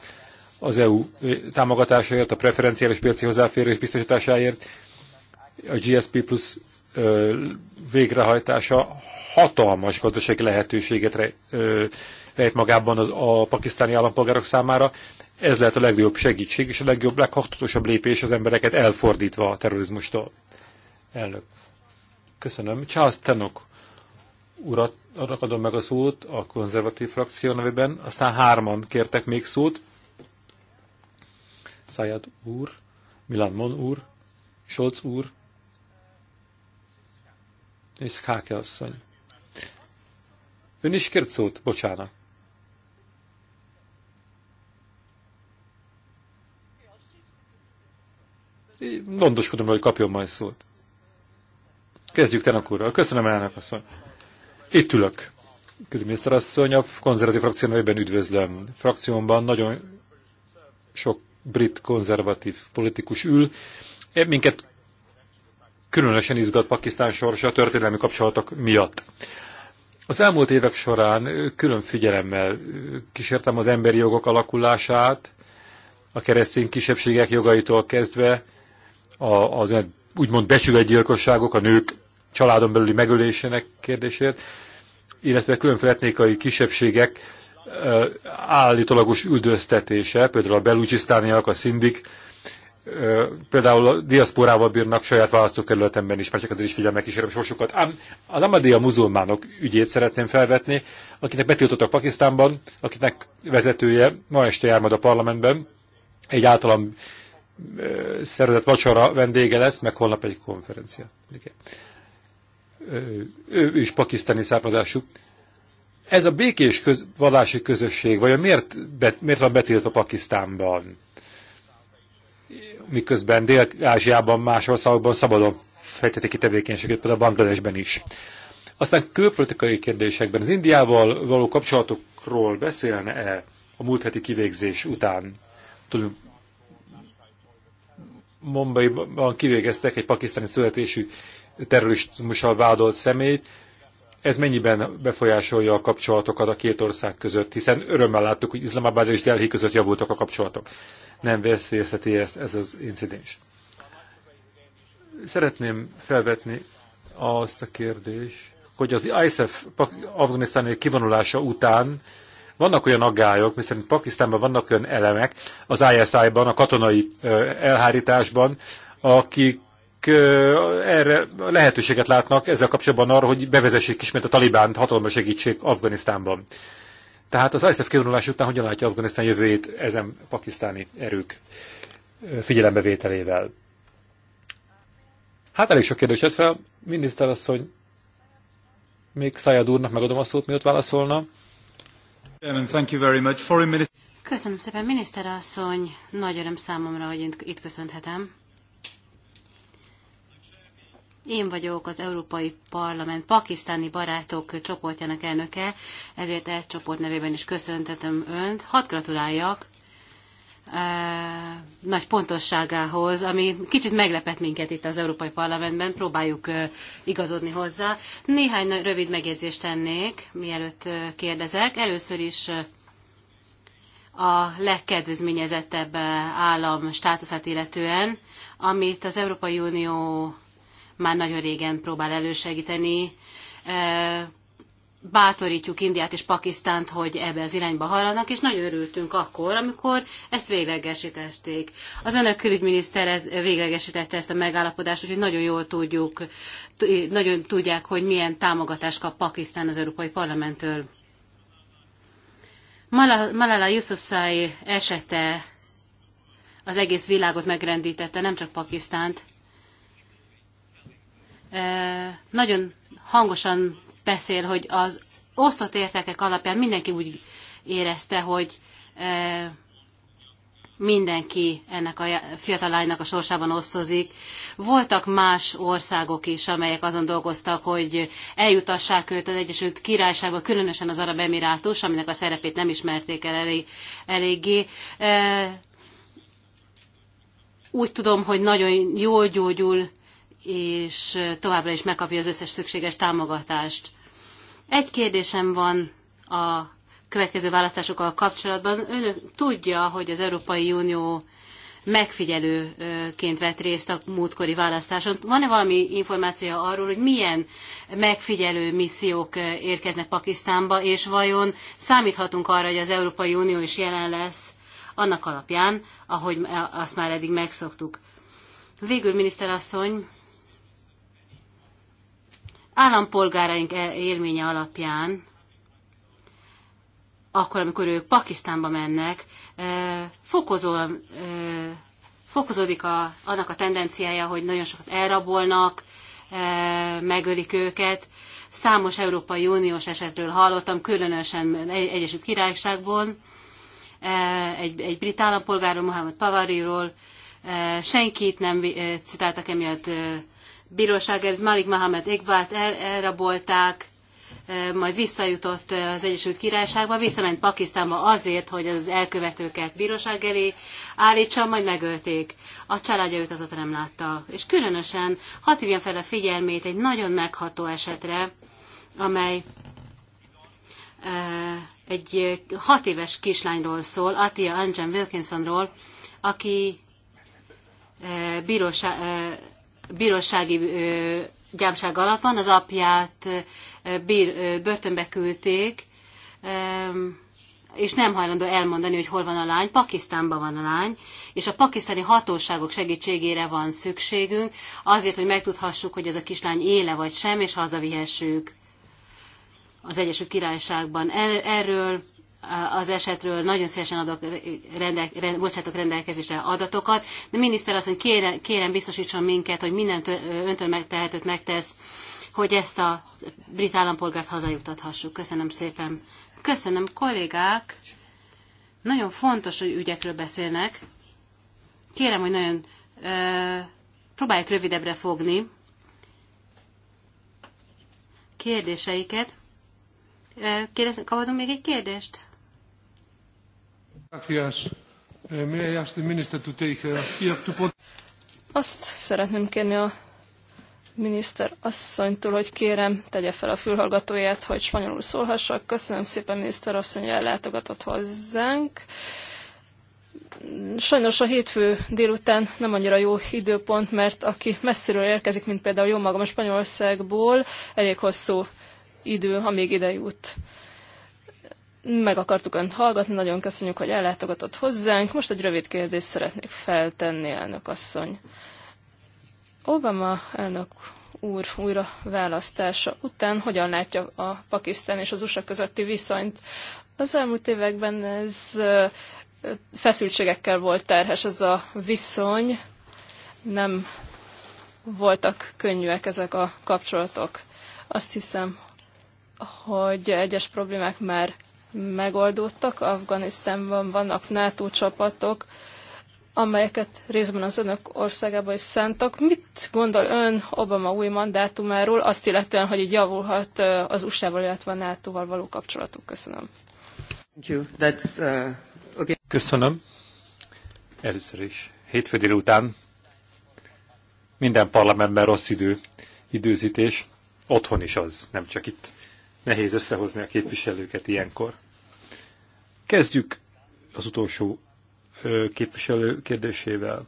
az EU támogatásáért, a preferenciális piaci hozzáférés biztosításáért, a GSP plusz végrehajtása hatalmas gazdasági lehetőséget rejt magában az, a pakisztáni állampolgárok számára. Ez lehet a legjobb segítség és a legjobb, leghatatosabb lépés az embereket elfordítva a terrorizmustól. Elnök. Köszönöm. Charles Tenok urat annak adom meg a szót a konzervatív frakció nevében, aztán hárman kértek még szót. Szájad úr, Milan Mon úr, Scholz úr és Háke asszony. Ön is kért szót? Bocsánat. gondoskodom, hogy kapjon majd szót. Kezdjük tenek úrral. Köszönöm, elnök asszony. Itt ülök. Külminiszter asszony, a konzervatív frakció nevében üdvözlöm. Frakciómban nagyon sok brit konzervatív politikus ül. Minket különösen izgat Pakisztán sorsa a történelmi kapcsolatok miatt. Az elmúlt évek során külön figyelemmel kísértem az emberi jogok alakulását, a keresztény kisebbségek jogaitól kezdve, a, az e- úgymond gyilkosságok, a nők családon belüli megölésének kérdését, illetve különféle etnikai kisebbségek állítólagos üldöztetése, például a belugisztániak, a szindik például a diaszporával bírnak saját választókerületemben is, már csak azért is figyelmek kísérem sorsukat. Ám a Lamadia muzulmánok ügyét szeretném felvetni, akinek betiltottak Pakisztánban, akinek vezetője ma este jár majd a parlamentben, egy általam szervezett vacsora vendége lesz, meg holnap egy konferencia. Ő, ő is pakisztáni származású. Ez a békés köz, vallási közösség vagy miért, miért van betiltva Pakisztánban? miközben Dél-Ázsiában, más országokban szabadon fejtetik ki tevékenységet, például Bangladesben is. Aztán külpolitikai kérdésekben az Indiával való kapcsolatokról beszélne-e a múlt heti kivégzés után? Tudom, ban kivégeztek egy pakisztáni születésű terrorizmussal vádolt személyt, ez mennyiben befolyásolja a kapcsolatokat a két ország között, hiszen örömmel láttuk, hogy Islamabad és Delhi között javultak a kapcsolatok. Nem veszélyezheti ezt ez az incidens. Szeretném felvetni azt a kérdést, hogy az ISAF afganisztáni kivonulása után vannak olyan aggályok, miszerint Pakisztánban vannak olyan elemek az ISI-ban, a katonai elhárításban, akik erre lehetőséget látnak ezzel kapcsolatban arra, hogy bevezessék ismét a talibánt, hatalomba segítség Afganisztánban. Tehát az ISF kivonulás után hogyan látja Afganisztán jövőjét ezen pakisztáni erők figyelembevételével? Hát elég sok jött fel. Miniszter még Szájad úrnak megadom a szót, miót válaszolna. Köszönöm szépen, miniszter asszony. Nagy öröm számomra, hogy itt köszönhetem. Én vagyok az Európai Parlament pakisztáni barátok csoportjának elnöke, ezért egy csoport nevében is köszöntetem Önt. Hadd gratuláljak e, nagy pontosságához, ami kicsit meglepett minket itt az Európai Parlamentben, próbáljuk e, igazodni hozzá. Néhány rövid megjegyzést tennék, mielőtt e, kérdezek. Először is a legkedvezményezettebb állam státuszát illetően, amit az Európai Unió már nagyon régen próbál elősegíteni. Bátorítjuk Indiát és Pakisztánt, hogy ebbe az irányba haladnak, és nagyon örültünk akkor, amikor ezt véglegesítették. Az önök külügyminisztere véglegesítette ezt a megállapodást, úgyhogy nagyon jól tudjuk, nagyon tudják, hogy milyen támogatást kap Pakisztán az Európai Parlamenttől. Malala Yousafzai esete az egész világot megrendítette, nem csak Pakisztánt nagyon hangosan beszél, hogy az osztott értékek alapján mindenki úgy érezte, hogy mindenki ennek a fiatal lánynak a sorsában osztozik. Voltak más országok is, amelyek azon dolgoztak, hogy eljutassák őt az Egyesült Királyságba, különösen az Arab Emirátus, aminek a szerepét nem ismerték el elég, eléggé. Úgy tudom, hogy nagyon jól gyógyul és továbbra is megkapja az összes szükséges támogatást. Egy kérdésem van a következő választásokkal kapcsolatban. Ön tudja, hogy az Európai Unió megfigyelőként vett részt a múltkori választáson. Van-e valami információ arról, hogy milyen megfigyelő missziók érkeznek Pakisztánba, és vajon számíthatunk arra, hogy az Európai Unió is jelen lesz annak alapján, ahogy azt már eddig megszoktuk. Végül, miniszterasszony, állampolgáraink e- élménye alapján, akkor, amikor ők Pakisztánba mennek, e, e, fokozódik a, annak a tendenciája, hogy nagyon sokat elrabolnak, megölik őket. Számos Európai Uniós esetről hallottam, különösen Egyesült Királyságból, egy, egy brit állampolgáról, Mohamed Pavariról, senkit nem citáltak emiatt bíróság előtt Malik Mohamed Iqbalt el, elrabolták, majd visszajutott az Egyesült Királyságba, visszament Pakisztánba azért, hogy az elkövetőket bíróság elé állítsa, majd megölték. A családja őt azóta nem látta. És különösen hat hívjam fel a figyelmét egy nagyon megható esetre, amely egy hat éves kislányról szól, Atia Anjan Wilkinsonról, aki bíróság, bírósági gyámság alatt van, az apját bír, börtönbe küldték, és nem hajlandó elmondani, hogy hol van a lány, Pakisztánban van a lány, és a pakisztáni hatóságok segítségére van szükségünk, azért, hogy megtudhassuk, hogy ez a kislány éle vagy sem, és hazavihessük az Egyesült Királyságban. Er-, erről az esetről, nagyon szívesen adok, rendel, rend, bocsátok rendelkezésre adatokat, de miniszter azt mondja, kérem, kérem biztosítson minket, hogy mindent öntől megtehetőt megtesz, hogy ezt a brit állampolgárt hazajutathassuk. Köszönöm szépen. Köszönöm, kollégák. Nagyon fontos, hogy ügyekről beszélnek. Kérem, hogy nagyon ö, próbáljuk rövidebbre fogni kérdéseiket. Kérdez, kaphatunk még egy kérdést? Eh, uh, Azt szeretném kérni a miniszter asszonytól, hogy kérem, tegye fel a fülhallgatóját, hogy spanyolul szólhassak. Köszönöm szépen, miniszter asszony, hogy ellátogatott hozzánk. Sajnos a hétfő délután nem annyira jó időpont, mert aki messziről érkezik, mint például jó magam a Spanyolországból, elég hosszú idő, amíg ide jut meg akartuk önt hallgatni, nagyon köszönjük, hogy ellátogatott hozzánk. Most egy rövid kérdést szeretnék feltenni, elnök asszony. Obama elnök úr újra választása után hogyan látja a Pakisztán és az USA közötti viszonyt? Az elmúlt években ez feszültségekkel volt terhes ez a viszony, nem voltak könnyűek ezek a kapcsolatok. Azt hiszem, hogy egyes problémák már megoldódtak. Afganisztánban vannak NATO csapatok, amelyeket részben az önök országában is szántak. Mit gondol ön Obama új mandátumáról, azt illetően, hogy így javulhat az USA-val, illetve a NATO-val való kapcsolatuk? Köszönöm. Uh, Köszönöm. Először is. Hétfő délután minden parlamentben rossz idő, időzítés. Otthon is az, nem csak itt. Nehéz összehozni a képviselőket ilyenkor. Kezdjük az utolsó képviselő kérdésével.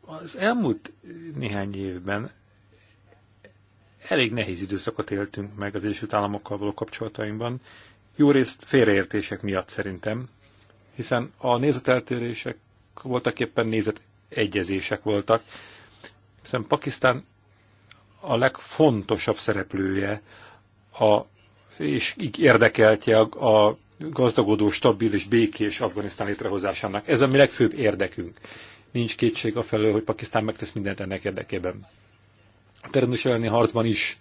Az elmúlt néhány évben elég nehéz időszakot éltünk meg az Egyesült Államokkal való kapcsolatainkban, jó részt félreértések miatt szerintem, hiszen a nézeteltérések voltak éppen nézet egyezések voltak, hiszen Pakisztán a legfontosabb szereplője a és így érdekeltje a, a gazdagodó, stabil és békés Afganisztán létrehozásának. Ez a mi legfőbb érdekünk. Nincs kétség a felől, hogy Pakisztán megtesz mindent ennek érdekében. A terrorizmus elleni harcban is,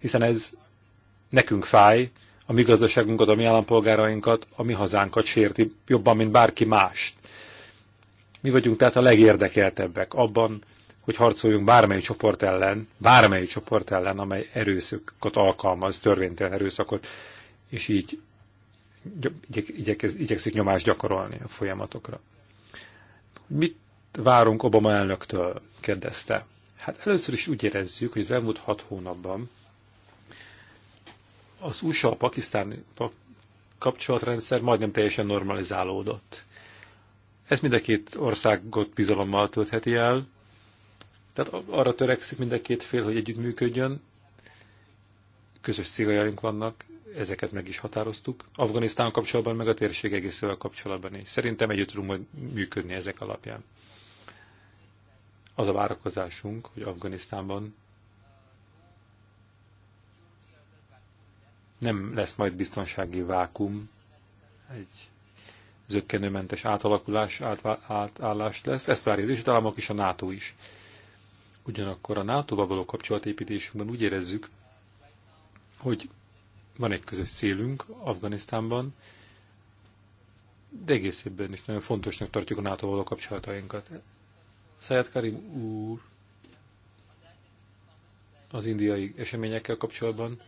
hiszen ez nekünk fáj, a mi gazdaságunkat, a mi állampolgárainkat, a mi hazánkat sérti jobban, mint bárki mást. Mi vagyunk tehát a legérdekeltebbek abban, hogy harcoljunk bármely csoport ellen, bármely csoport ellen, amely erőszakot alkalmaz, törvénytelen erőszakot, és így igyekez, igyekszik nyomást gyakorolni a folyamatokra. Mit várunk Obama elnöktől? kérdezte. Hát először is úgy érezzük, hogy az elmúlt hat hónapban az USA-Pakisztán kapcsolatrendszer majdnem teljesen normalizálódott. Ez mind a két országot bizalommal töltheti el, tehát arra törekszik mind a két fél, hogy együttműködjön. Közös céljaink vannak, ezeket meg is határoztuk. Afganisztán kapcsolatban, meg a térség egészével kapcsolatban is. Szerintem együtt tudunk majd működni ezek alapján. Az a várakozásunk, hogy Afganisztánban nem lesz majd biztonsági vákum, egy zöggenőmentes átalakulás, átállás lesz. Ezt várja az államok is a NATO is. Ugyanakkor a NATO-val való kapcsolatépítésünkben úgy érezzük, hogy van egy közös célunk Afganisztánban, de egész évben is nagyon fontosnak tartjuk a NATO való kapcsolatainkat. Száját Karim úr az indiai eseményekkel kapcsolatban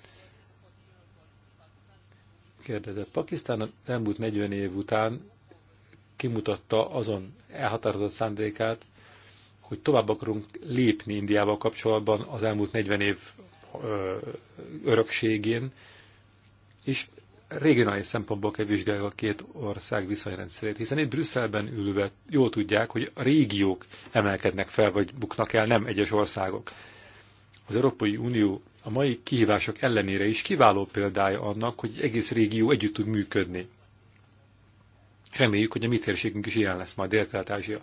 kérdezett. Pakisztán elmúlt 40 év után kimutatta azon elhatározott szándékát, hogy tovább akarunk lépni Indiával kapcsolatban az elmúlt 40 év örökségén, és regionális szempontból kell vizsgálni a két ország viszonyrendszerét, hiszen itt Brüsszelben ülve jól tudják, hogy a régiók emelkednek fel, vagy buknak el, nem egyes országok. Az Európai Unió a mai kihívások ellenére is kiváló példája annak, hogy egész régió együtt tud működni. Reméljük, hogy a mi térségünk is ilyen lesz majd, Dél-Kelet-Ázsia.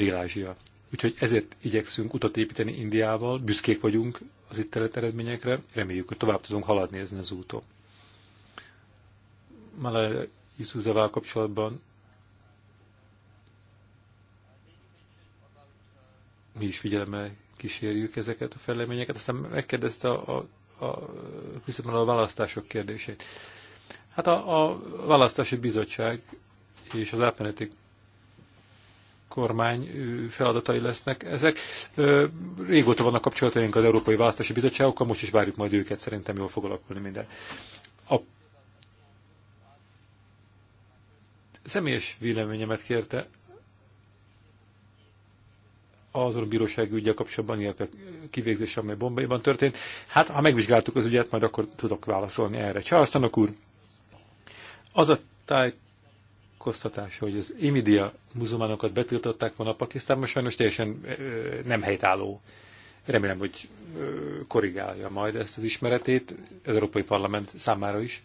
Dél-Ázsia. Úgyhogy ezért igyekszünk utat építeni Indiával, büszkék vagyunk az itt terület eredményekre, reméljük, hogy tovább tudunk haladni ezen az úton. Malaya Iszúzavá kapcsolatban mi is figyelemmel kísérjük ezeket a fejleményeket. Aztán megkérdezte a, a, a, a választások kérdését. Hát a, a választási bizottság és az átmeneti kormány feladatai lesznek ezek. Régóta vannak kapcsolataink az Európai Választási Bizottságokkal, most is várjuk majd őket, szerintem jól fog alakulni minden. A személyes véleményemet kérte azon a bírósági ügyel kapcsolatban, illetve kivégzés, amely Bombayban történt. Hát, ha megvizsgáltuk az ügyet, majd akkor tudok válaszolni erre. Csálasztanok úr, az a táj tájékoztatás, hogy az imidia muzulmánokat betiltották volna Pakisztánban, sajnos teljesen nem helytálló. Remélem, hogy korrigálja majd ezt az ismeretét az Európai Parlament számára is,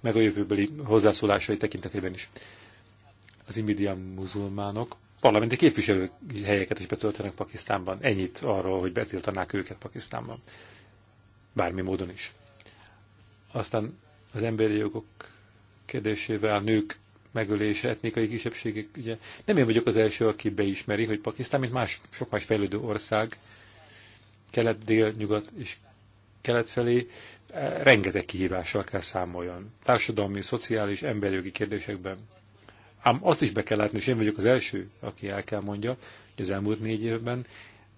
meg a jövőbeli hozzászólásai tekintetében is. Az imidia muzulmánok parlamenti képviselő helyeket is betöltenek Pakisztánban. Ennyit arról, hogy betiltanák őket Pakisztánban. Bármi módon is. Aztán az emberi jogok kérdésével a nők megölése, etnikai kisebbségek, ugye nem én vagyok az első, aki beismeri, hogy Pakisztán, mint más, sok más fejlődő ország, kelet, dél, nyugat és kelet felé e, rengeteg kihívással kell számoljon. Társadalmi, szociális, emberjogi kérdésekben. Ám azt is be kell látni, és én vagyok az első, aki el kell mondja, hogy az elmúlt négy évben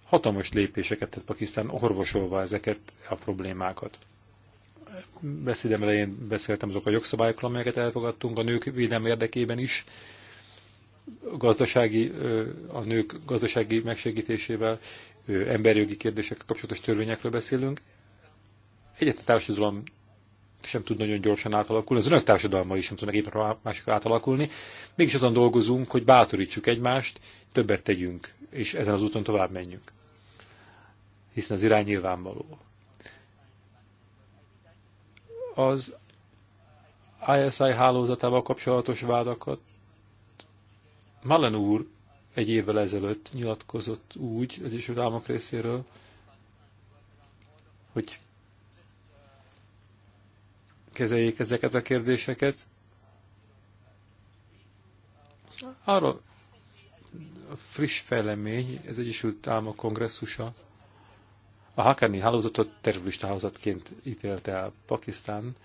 hatalmas lépéseket tett Pakisztán orvosolva ezeket a problémákat beszédem elején beszéltem azok a jogszabályokról, amelyeket elfogadtunk a nők védelme érdekében is, a gazdasági, a nők gazdasági megsegítésével, emberjogi kérdésekkel kapcsolatos törvényekről beszélünk. Egyetlen társadalom sem tud nagyon gyorsan átalakulni, az önök társadalma is sem tudnak éppen másik átalakulni. Mégis azon dolgozunk, hogy bátorítsuk egymást, többet tegyünk, és ezen az úton tovább menjünk. Hiszen az irány nyilvánvaló az ISI hálózatával kapcsolatos vádakat. Malen úr egy évvel ezelőtt nyilatkozott úgy az Egyesült Államok részéről, hogy kezeljék ezeket a kérdéseket. a friss fejlemény, ez Egyesült Államok kongresszusa, a Hakani hálózatot terrorista hálózatként ítélte el Pakisztán,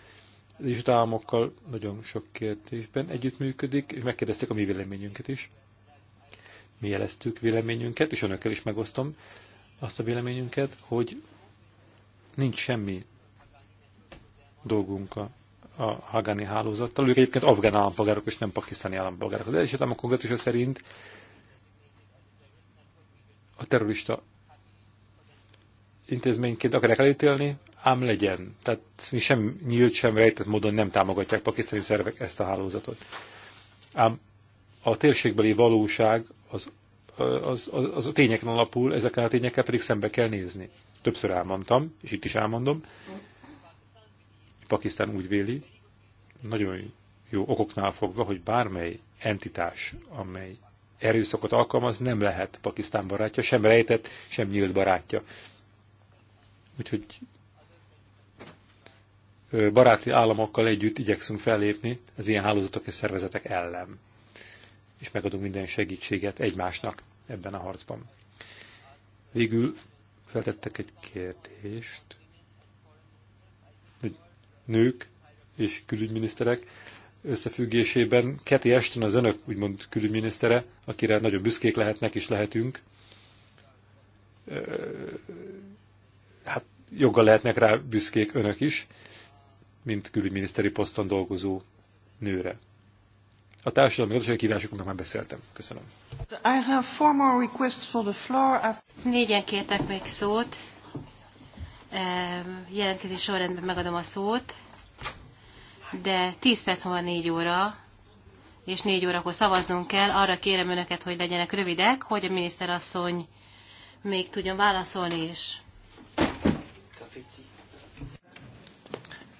és a államokkal nagyon sok kérdésben együttműködik, és megkérdezték a mi véleményünket is. Mi jeleztük véleményünket, és önökkel is megosztom azt a véleményünket, hogy nincs semmi dolgunk a, a Hagani hálózattal. Ők egyébként afgán állampolgárok, és nem pakisztáni állampolgárok. Az Egyesült Államok kongresszusa szerint a terrorista intézményként akarják elítélni, ám legyen. Tehát mi sem nyílt, sem rejtett módon nem támogatják pakisztáni szervek ezt a hálózatot. Ám a térségbeli valóság az, az, az, az a tényeken alapul, ezeken a tényekkel pedig szembe kell nézni. Többször elmondtam, és itt is elmondom, Pakisztán úgy véli, nagyon jó okoknál fogva, hogy bármely entitás, amely erőszakot alkalmaz, nem lehet Pakisztán barátja, sem rejtett, sem nyílt barátja Úgyhogy baráti államokkal együtt igyekszünk fellépni az ilyen hálózatok és szervezetek ellen. És megadunk minden segítséget egymásnak ebben a harcban. Végül feltettek egy kérdést, hogy nők és külügyminiszterek összefüggésében. Keti Esten az önök úgymond külügyminisztere, akire nagyon büszkék lehetnek és lehetünk, joggal lehetnek rá büszkék önök is, mint külügyminiszteri poszton dolgozó nőre. A társadalmi gazdasági kívásoknak már beszéltem. Köszönöm. I have four more requests for the floor. Négyen kértek még szót. Jelentkezés sorrendben megadom a szót. De 10 perc van 4 óra, és 4 órakor szavaznunk kell. Arra kérem önöket, hogy legyenek rövidek, hogy a miniszterasszony még tudjon válaszolni, és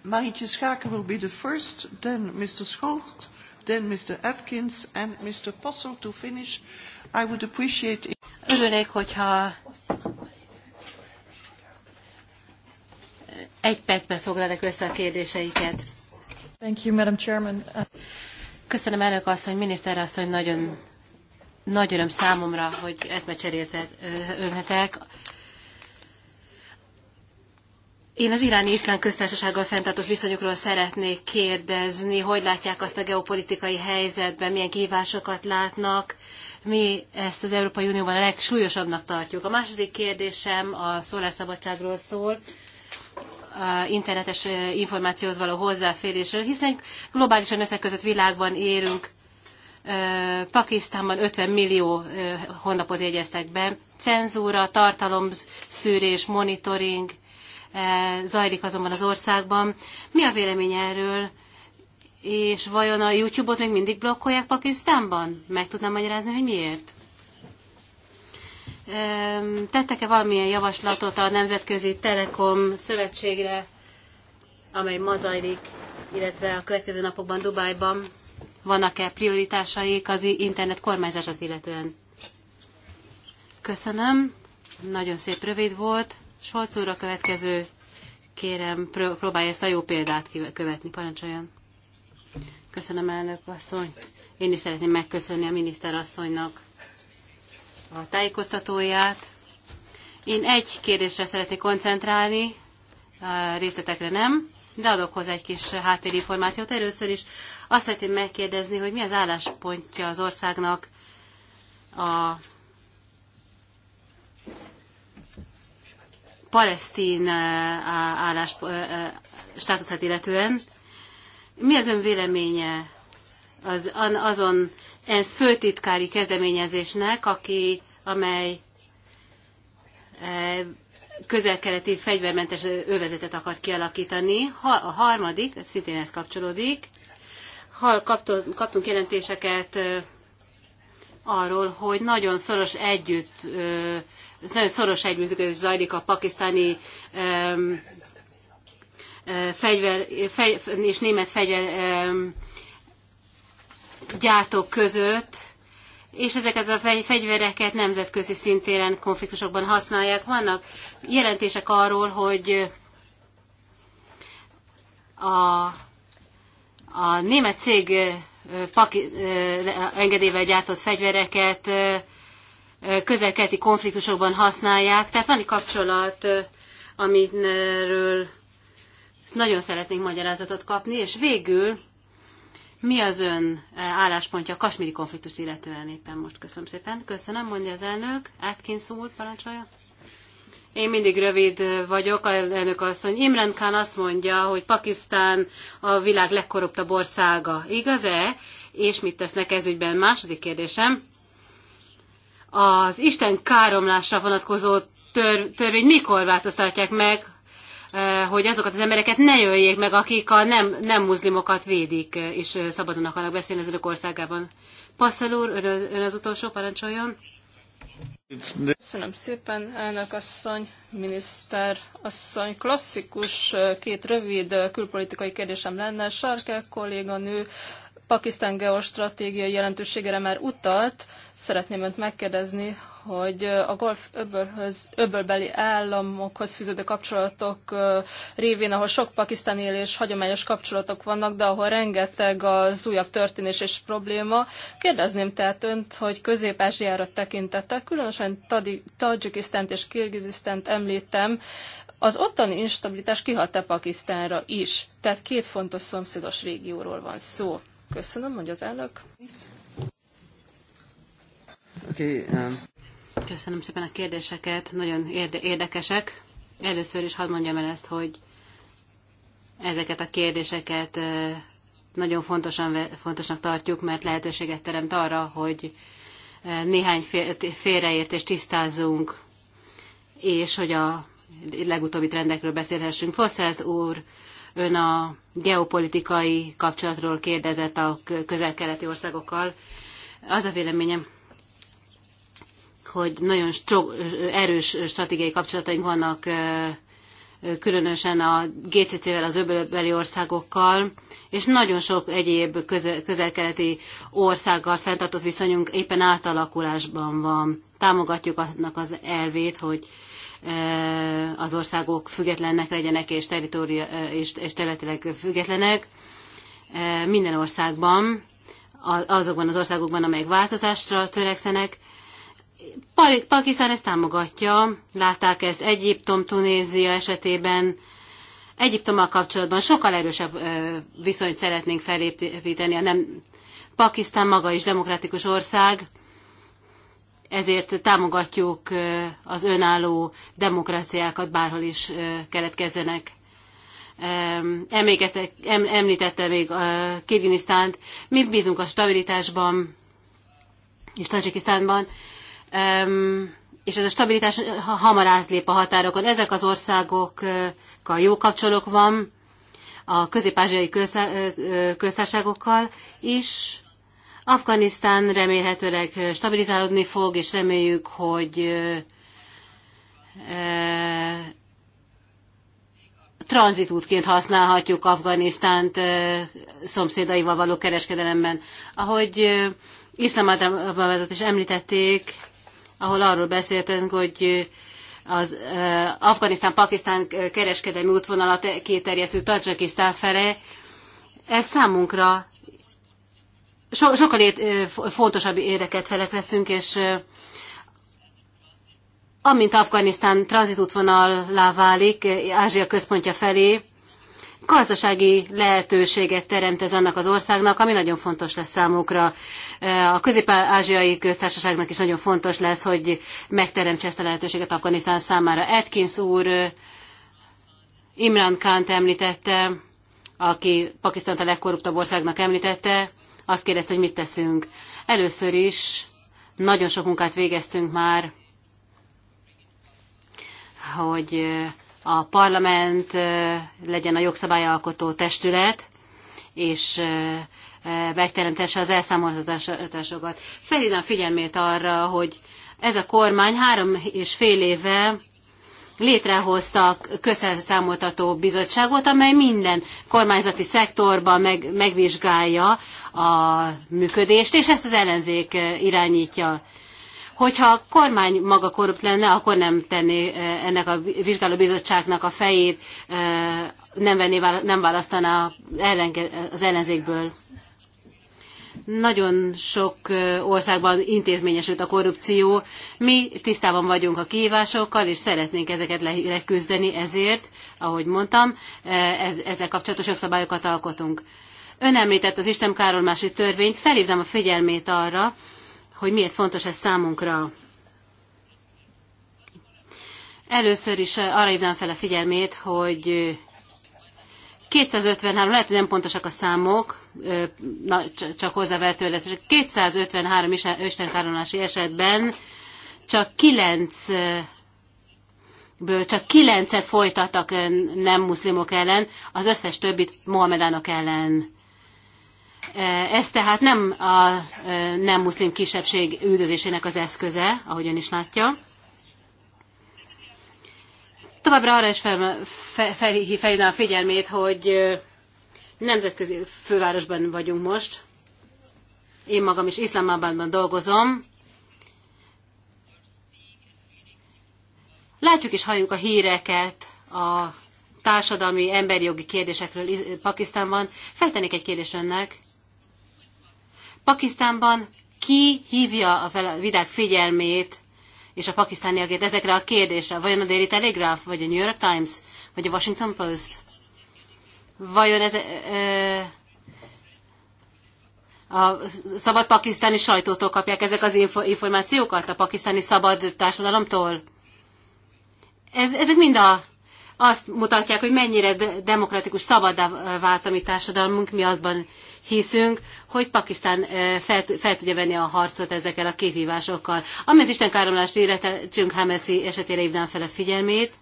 Marietje Schaken will be the first, then Mr. Scholz, then Mr. Atkins and Mr. Possel to finish. I would appreciate it. Örülnék, hogyha egy percben foglalnak össze a kérdéseiket. Thank you, Madam Chairman. Köszönöm elnök asszony, miniszter asszony, nagyon nagy öröm számomra, hogy eszmecserét ölhetek. Én az iráni iszlám köztársasággal fenntartott viszonyokról szeretnék kérdezni, hogy látják azt a geopolitikai helyzetben, milyen kívásokat látnak, mi ezt az Európai Unióban a legsúlyosabbnak tartjuk. A második kérdésem a szólásszabadságról szól, a internetes információhoz való hozzáférésről, hiszen globálisan összekötött világban élünk. Pakisztánban 50 millió honlapot jegyeztek be, cenzúra, tartalomszűrés, monitoring, E, zajlik azonban az országban. Mi a vélemény erről? És vajon a YouTube-ot még mindig blokkolják Pakisztánban? Meg tudnám magyarázni, hogy miért? E, tettek-e valamilyen javaslatot a Nemzetközi Telekom Szövetségre, amely ma zajlik, illetve a következő napokban Dubajban? Vannak-e prioritásaik az internet kormányzását illetően? Köszönöm, nagyon szép rövid volt. Solc úr a következő. Kérem, próbálja ezt a jó példát követni. Parancsoljon. Köszönöm, elnök asszony. Én is szeretném megköszönni a miniszter asszonynak a tájékoztatóját. Én egy kérdésre szeretnék koncentrálni, részletekre nem, de adok hozzá egy kis háttérinformációt. Először is azt szeretném megkérdezni, hogy mi az álláspontja az országnak a palesztin eh, állás, eh, eh, státuszát illetően. Mi az ön véleménye az, azon ENSZ főtitkári kezdeményezésnek, aki, amely közel-keleti fegyvermentes övezetet akar kialakítani. a harmadik, szintén ez kapcsolódik, ha kaptunk, kaptunk jelentéseket arról, hogy nagyon szoros együtt ez nagyon szoros együttműködés zajlik a pakisztáni um, fegyver, fegy, és német fegyver um, gyártók között, és ezeket a fegyvereket nemzetközi szintéren konfliktusokban használják. Vannak jelentések arról, hogy a, a német cég e, paki, e, engedélyvel gyártott fegyvereket közel-keleti konfliktusokban használják. Tehát van egy kapcsolat, amiről nagyon szeretnénk magyarázatot kapni, és végül mi az ön álláspontja a kasmiri konfliktus illetően éppen most? Köszönöm szépen. Köszönöm, mondja az elnök. Atkins úr, parancsolja. Én mindig rövid vagyok, a, elnök asszony. Imran Khan azt mondja, hogy Pakisztán a világ legkorruptabb országa. Igaz-e? És mit tesznek ez ügyben? Második kérdésem az Isten káromlásra vonatkozó tör, törvény mikor változtatják meg, eh, hogy azokat az embereket ne jöjjék meg, akik a nem, nem muzlimokat védik, eh, és eh, szabadon akarnak beszélni az önök országában. Passzel úr, ön az utolsó, parancsoljon. Köszönöm szépen, elnök asszony, miniszter asszony. Klasszikus két rövid külpolitikai kérdésem lenne. Sarkel kolléganő Pakisztán geostratégiai jelentőségére már utalt. Szeretném önt megkérdezni, hogy a golf öbölhöz, öbölbeli államokhoz fűződő kapcsolatok révén, ahol sok pakisztáni él és hagyományos kapcsolatok vannak, de ahol rengeteg az újabb történés és probléma. Kérdezném tehát önt, hogy Közép-Ázsiára tekintettel, különösen Tajikisztánt és Kirgizisztánt említem, az ottani instabilitás kihat-e Pakisztánra is, tehát két fontos szomszédos régióról van szó. Köszönöm, hogy az elnök. Okay, um. Köszönöm szépen a kérdéseket, nagyon érde- érdekesek. Először is hadd mondjam el ezt, hogy ezeket a kérdéseket nagyon fontosan, fontosnak tartjuk, mert lehetőséget teremt arra, hogy néhány félreértést tisztázzunk, és hogy a legutóbbi trendekről beszélhessünk. Fosszelt úr Ön a geopolitikai kapcsolatról kérdezett a közel-keleti országokkal. Az a véleményem, hogy nagyon erős stratégiai kapcsolataink vannak különösen a GCC-vel, az öbölbeli országokkal, és nagyon sok egyéb közel-keleti országgal fenntartott viszonyunk éppen átalakulásban van. Támogatjuk annak az elvét, hogy Eh, az országok függetlennek legyenek és, eh, és, és területileg függetlenek eh, minden országban, azokban az országokban, amelyek változásra törekszenek. Pakisztán ezt támogatja, látták ezt Egyiptom, Tunézia esetében, Egyiptommal kapcsolatban sokkal erősebb viszonyt szeretnénk felépíteni, a nem Pakisztán maga is demokratikus ország, ezért támogatjuk az önálló demokráciákat, bárhol is keletkezzenek. Emlékeztek, említette még Kirgizisztánt. Mi bízunk a stabilitásban és Tajikisztánban, és ez a stabilitás hamar átlép a határokon. Ezek az országokkal jó kapcsolók van, a közép-ázsiai köztársaságokkal is, Afganisztán remélhetőleg stabilizálódni fog, és reméljük, hogy tranzitútként használhatjuk Afganisztánt szomszédaival való kereskedelemben. Ahogy Iszlamábadot is említették, ahol arról beszéltünk, hogy az Afganisztán-Pakisztán kereskedelmi útvonalat kiterjesztő Tadzsakisztán fele, ez számunkra so, sokkal ért, fontosabb érdeket felek leszünk, és amint Afganisztán tranzitútvonallá válik Ázsia központja felé, gazdasági lehetőséget teremt ez annak az országnak, ami nagyon fontos lesz számukra. A közép-ázsiai köztársaságnak is nagyon fontos lesz, hogy megteremtse ezt a lehetőséget Afganisztán számára. Atkins úr Imran Khan-t említette, aki Pakisztánt a legkorruptabb országnak említette, azt kérdezte, hogy mit teszünk. Először is nagyon sok munkát végeztünk már, hogy eh, a parlament eh, legyen a jogszabályalkotó testület, és eh, megteremtesse az elszámoltatásokat. Felhívnám figyelmét arra, hogy ez a kormány három és fél éve létrehoztak közszámoltató bizottságot, amely minden kormányzati szektorban meg, megvizsgálja a működést, és ezt az ellenzék eh, irányítja. Hogyha a kormány maga korrupt lenne, akkor nem tenné eh, ennek a vizsgálóbizottságnak a fejét, eh, nem, venné, nem választaná az ellenzékből. Nagyon sok országban intézményesült a korrupció. Mi tisztában vagyunk a kihívásokkal, és szeretnénk ezeket leküzdeni, ezért, ahogy mondtam, ezzel kapcsolatos jogszabályokat alkotunk. Ön említett az Isten Károlmási törvényt, felhívtam a figyelmét arra, hogy miért fontos ez számunkra. Először is arra hívnám fel a figyelmét, hogy 253, lehet, hogy nem pontosak a számok, na, csak hozzávetőleg, 253 istenkárolási esetben csak 9 ből csak kilencet folytattak nem muszlimok ellen, az összes többit Mohamedánok ellen. Ez tehát nem a nem muszlim kisebbség üldözésének az eszköze, ahogyan is látja. Továbbra arra is fel, fel, fel, a figyelmét, hogy nemzetközi fővárosban vagyunk most. Én magam is Iszlámában dolgozom. Látjuk és halljuk a híreket a társadalmi emberi jogi kérdésekről Pakisztánban. Feltennék egy kérdést önnek. Pakisztánban ki hívja a világ figyelmét és a pakisztániakért ezekre a kérdésre. Vajon a Daily Telegraph, vagy a New York Times, vagy a Washington Post? Vajon ez, ö, a szabad pakisztáni sajtótól kapják ezek az információkat, a pakisztáni szabad társadalomtól? Ez, ezek mind a, azt mutatják, hogy mennyire demokratikus szabad vált a mi társadalmunk, mi azban hiszünk, hogy Pakisztán eh, fel, fel tudja venni a harcot ezekkel a képhívásokkal. Ami az káromlást élete, Csünk Hameszi esetére hívnám fel a figyelmét.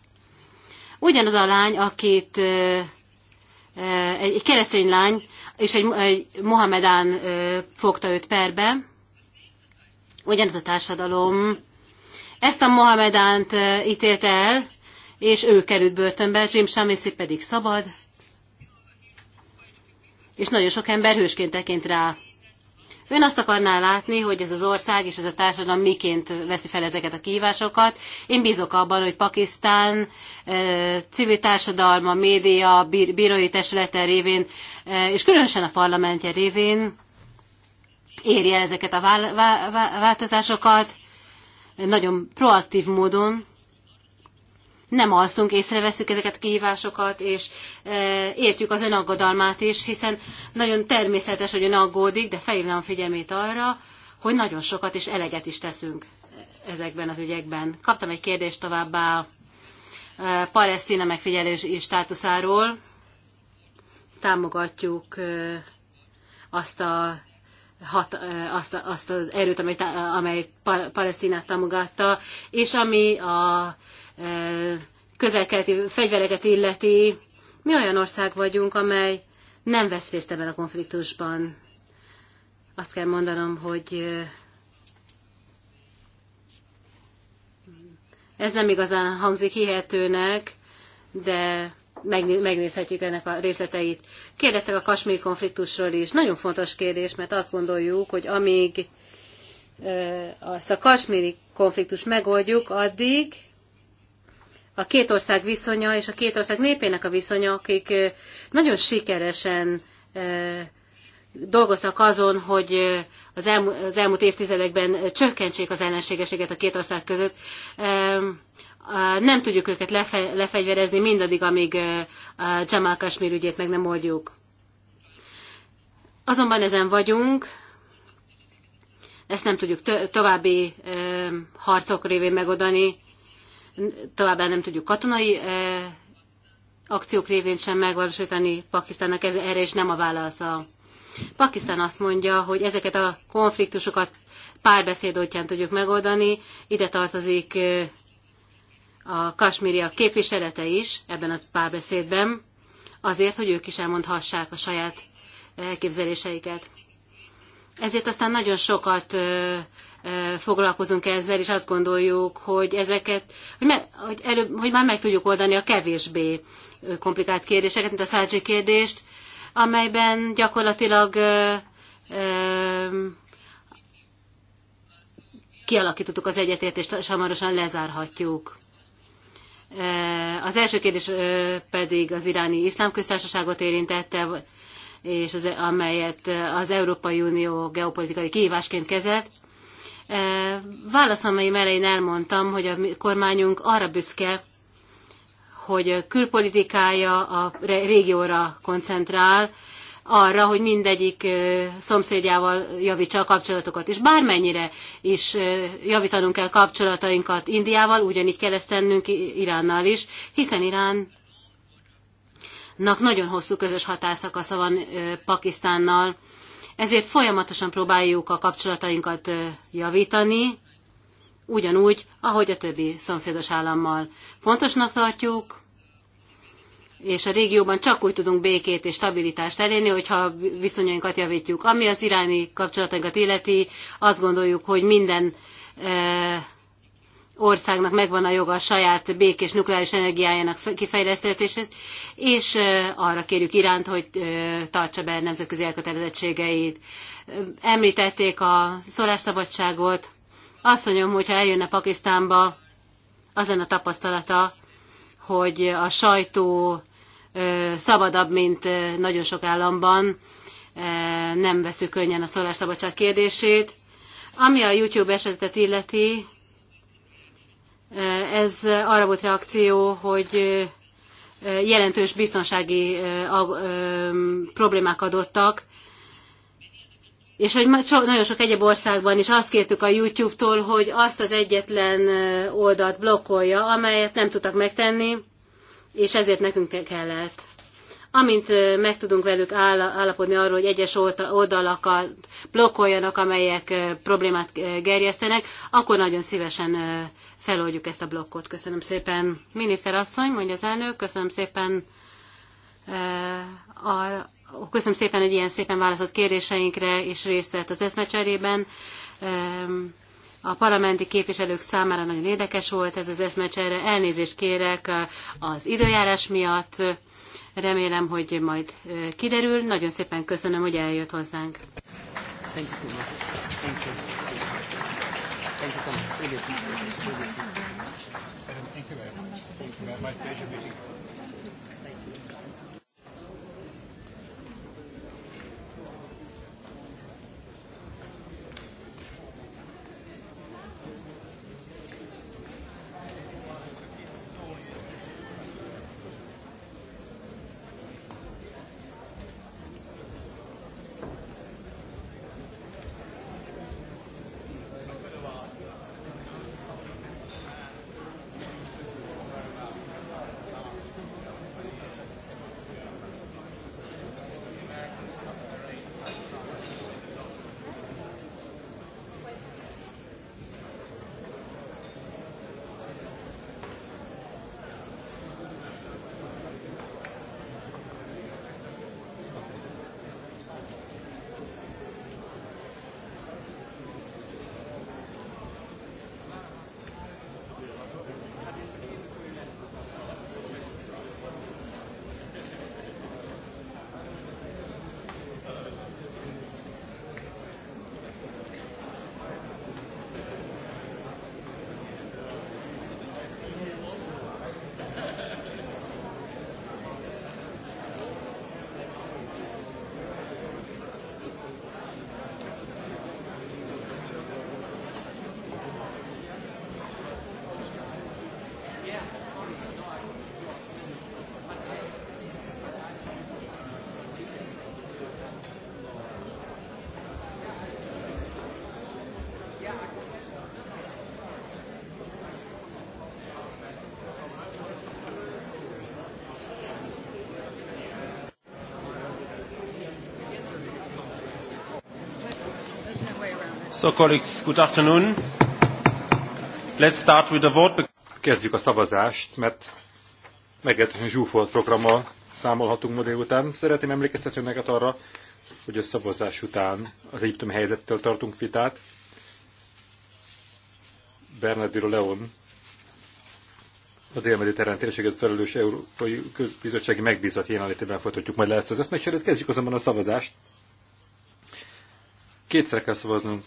Ugyanaz a lány, akit eh, eh, egy keresztény lány, és egy, egy Mohamedán fogta őt perbe, ugyanaz a társadalom. Ezt a Mohamedánt ítélte el, és ő került börtönbe, Jim Shamisi pedig szabad és nagyon sok ember hősként tekint rá. Ön azt akarná látni, hogy ez az ország és ez a társadalom miként veszi fel ezeket a kihívásokat. Én bízok abban, hogy Pakisztán civil társadalma, média, bírói testülete révén, és különösen a parlamentje révén érje ezeket a változásokat nagyon proaktív módon, nem alszunk, észreveszünk ezeket a kihívásokat, és e, értjük az önaggodalmát is, hiszen nagyon természetes, hogy ön aggódik, de felhívnám a figyelmét arra, hogy nagyon sokat és eleget is teszünk ezekben az ügyekben. Kaptam egy kérdést továbbá a e, Palesztina megfigyelési státuszáról. Támogatjuk e, azt a hat, azt, azt az erőt, amely, amely Palesztinát támogatta, és ami a közelkeleti fegyvereket illeti, mi olyan ország vagyunk, amely nem vesz részt ebben a konfliktusban. Azt kell mondanom, hogy ez nem igazán hangzik hihetőnek, de megnézhetjük ennek a részleteit. Kérdeztek a kasmír konfliktusról is. Nagyon fontos kérdés, mert azt gondoljuk, hogy amíg ezt a kasmíri konfliktus megoldjuk, addig a két ország viszonya és a két ország népének a viszonya, akik nagyon sikeresen dolgoztak azon, hogy az, elmú, az elmúlt évtizedekben csökkentsék az ellenségeséget a két ország között. Nem tudjuk őket lefe, lefegyverezni mindaddig, amíg a Jamal Kashmir ügyét meg nem oldjuk. Azonban ezen vagyunk, ezt nem tudjuk to- további harcok révén megoldani, továbbá nem tudjuk katonai eh, akciók révén sem megvalósítani Pakisztánnak, ez, erre is nem a a Pakisztán azt mondja, hogy ezeket a konfliktusokat párbeszéd útján tudjuk megoldani, ide tartozik eh, a kasmíriak képviselete is ebben a párbeszédben, azért, hogy ők is elmondhassák a saját eh, elképzeléseiket. Ezért aztán nagyon sokat foglalkozunk ezzel, és azt gondoljuk, hogy ezeket, hogy, me, hogy, előbb, hogy már meg tudjuk oldani a kevésbé komplikált kérdéseket, mint a Szácsi kérdést, amelyben gyakorlatilag ö, ö, kialakítottuk az egyetértést, és hamarosan lezárhatjuk. Az első kérdés pedig az iráni iszlám köztársaságot érintette, és az, amelyet az Európai Unió geopolitikai kihívásként kezelt. E, Válaszolmaim elején elmondtam, hogy a kormányunk arra büszke, hogy külpolitikája a régióra koncentrál, arra, hogy mindegyik e, szomszédjával javítsa a kapcsolatokat. És bármennyire is e, javítanunk kell kapcsolatainkat Indiával, ugyanígy kell ezt tennünk Iránnal is, hiszen Irán nagyon hosszú közös hatászakasza van Pakisztánnal, ezért folyamatosan próbáljuk a kapcsolatainkat javítani, ugyanúgy, ahogy a többi szomszédos állammal. Fontosnak tartjuk, és a régióban csak úgy tudunk békét és stabilitást elérni, hogyha viszonyainkat javítjuk. Ami az iráni kapcsolatainkat illeti, azt gondoljuk, hogy minden országnak megvan a joga a saját békés nukleáris energiájának kifejlesztését, és arra kérjük Iránt, hogy tartsa be nemzetközi elkötelezettségeit. Említették a szólásszabadságot. Azt mondom, hogyha eljönne Pakisztánba, az lenne a tapasztalata, hogy a sajtó szabadabb, mint nagyon sok államban. Nem veszük könnyen a szólásszabadság kérdését. Ami a YouTube esetet illeti, Eh, ez eh, arra volt reakció, hogy eh, jelentős biztonsági problémák adottak, és hogy nagyon sok egyéb országban is azt kértük a YouTube-tól, hogy azt az egyetlen oldalt blokkolja, amelyet nem tudtak megtenni, és ezért nekünk kellett amint meg tudunk velük állapodni arról, hogy egyes oldalakat blokkoljanak, amelyek problémát gerjesztenek, akkor nagyon szívesen feloldjuk ezt a blokkot. Köszönöm szépen, miniszter asszony, mondja az elnök, köszönöm szépen a Köszönöm szépen, hogy ilyen szépen válaszolt kérdéseinkre, és részt vett az eszmecserében. A parlamenti képviselők számára nagyon érdekes volt ez az eszmecsere. Elnézést kérek az időjárás miatt. Remélem, hogy majd kiderül. Nagyon szépen köszönöm, hogy eljött hozzánk. Thank you so much. Thank you. Thank you so much. Really appreciate thank you very much. Thank you. My pleasure meeting you. Kezdjük a szavazást, mert meglehetősen zsúfolt programmal számolhatunk ma délután. Szeretném emlékeztetni önöket arra, hogy a szavazás után az egyiptomi helyzettől tartunk vitát. Bernardino Leon, a dél-mediterrán térséget felelős Európai Bizottsági megbízat jelenlétében folytatjuk majd le ezt az eszmecserét. Kezdjük azonban a szavazást. Kétszer kell szavaznunk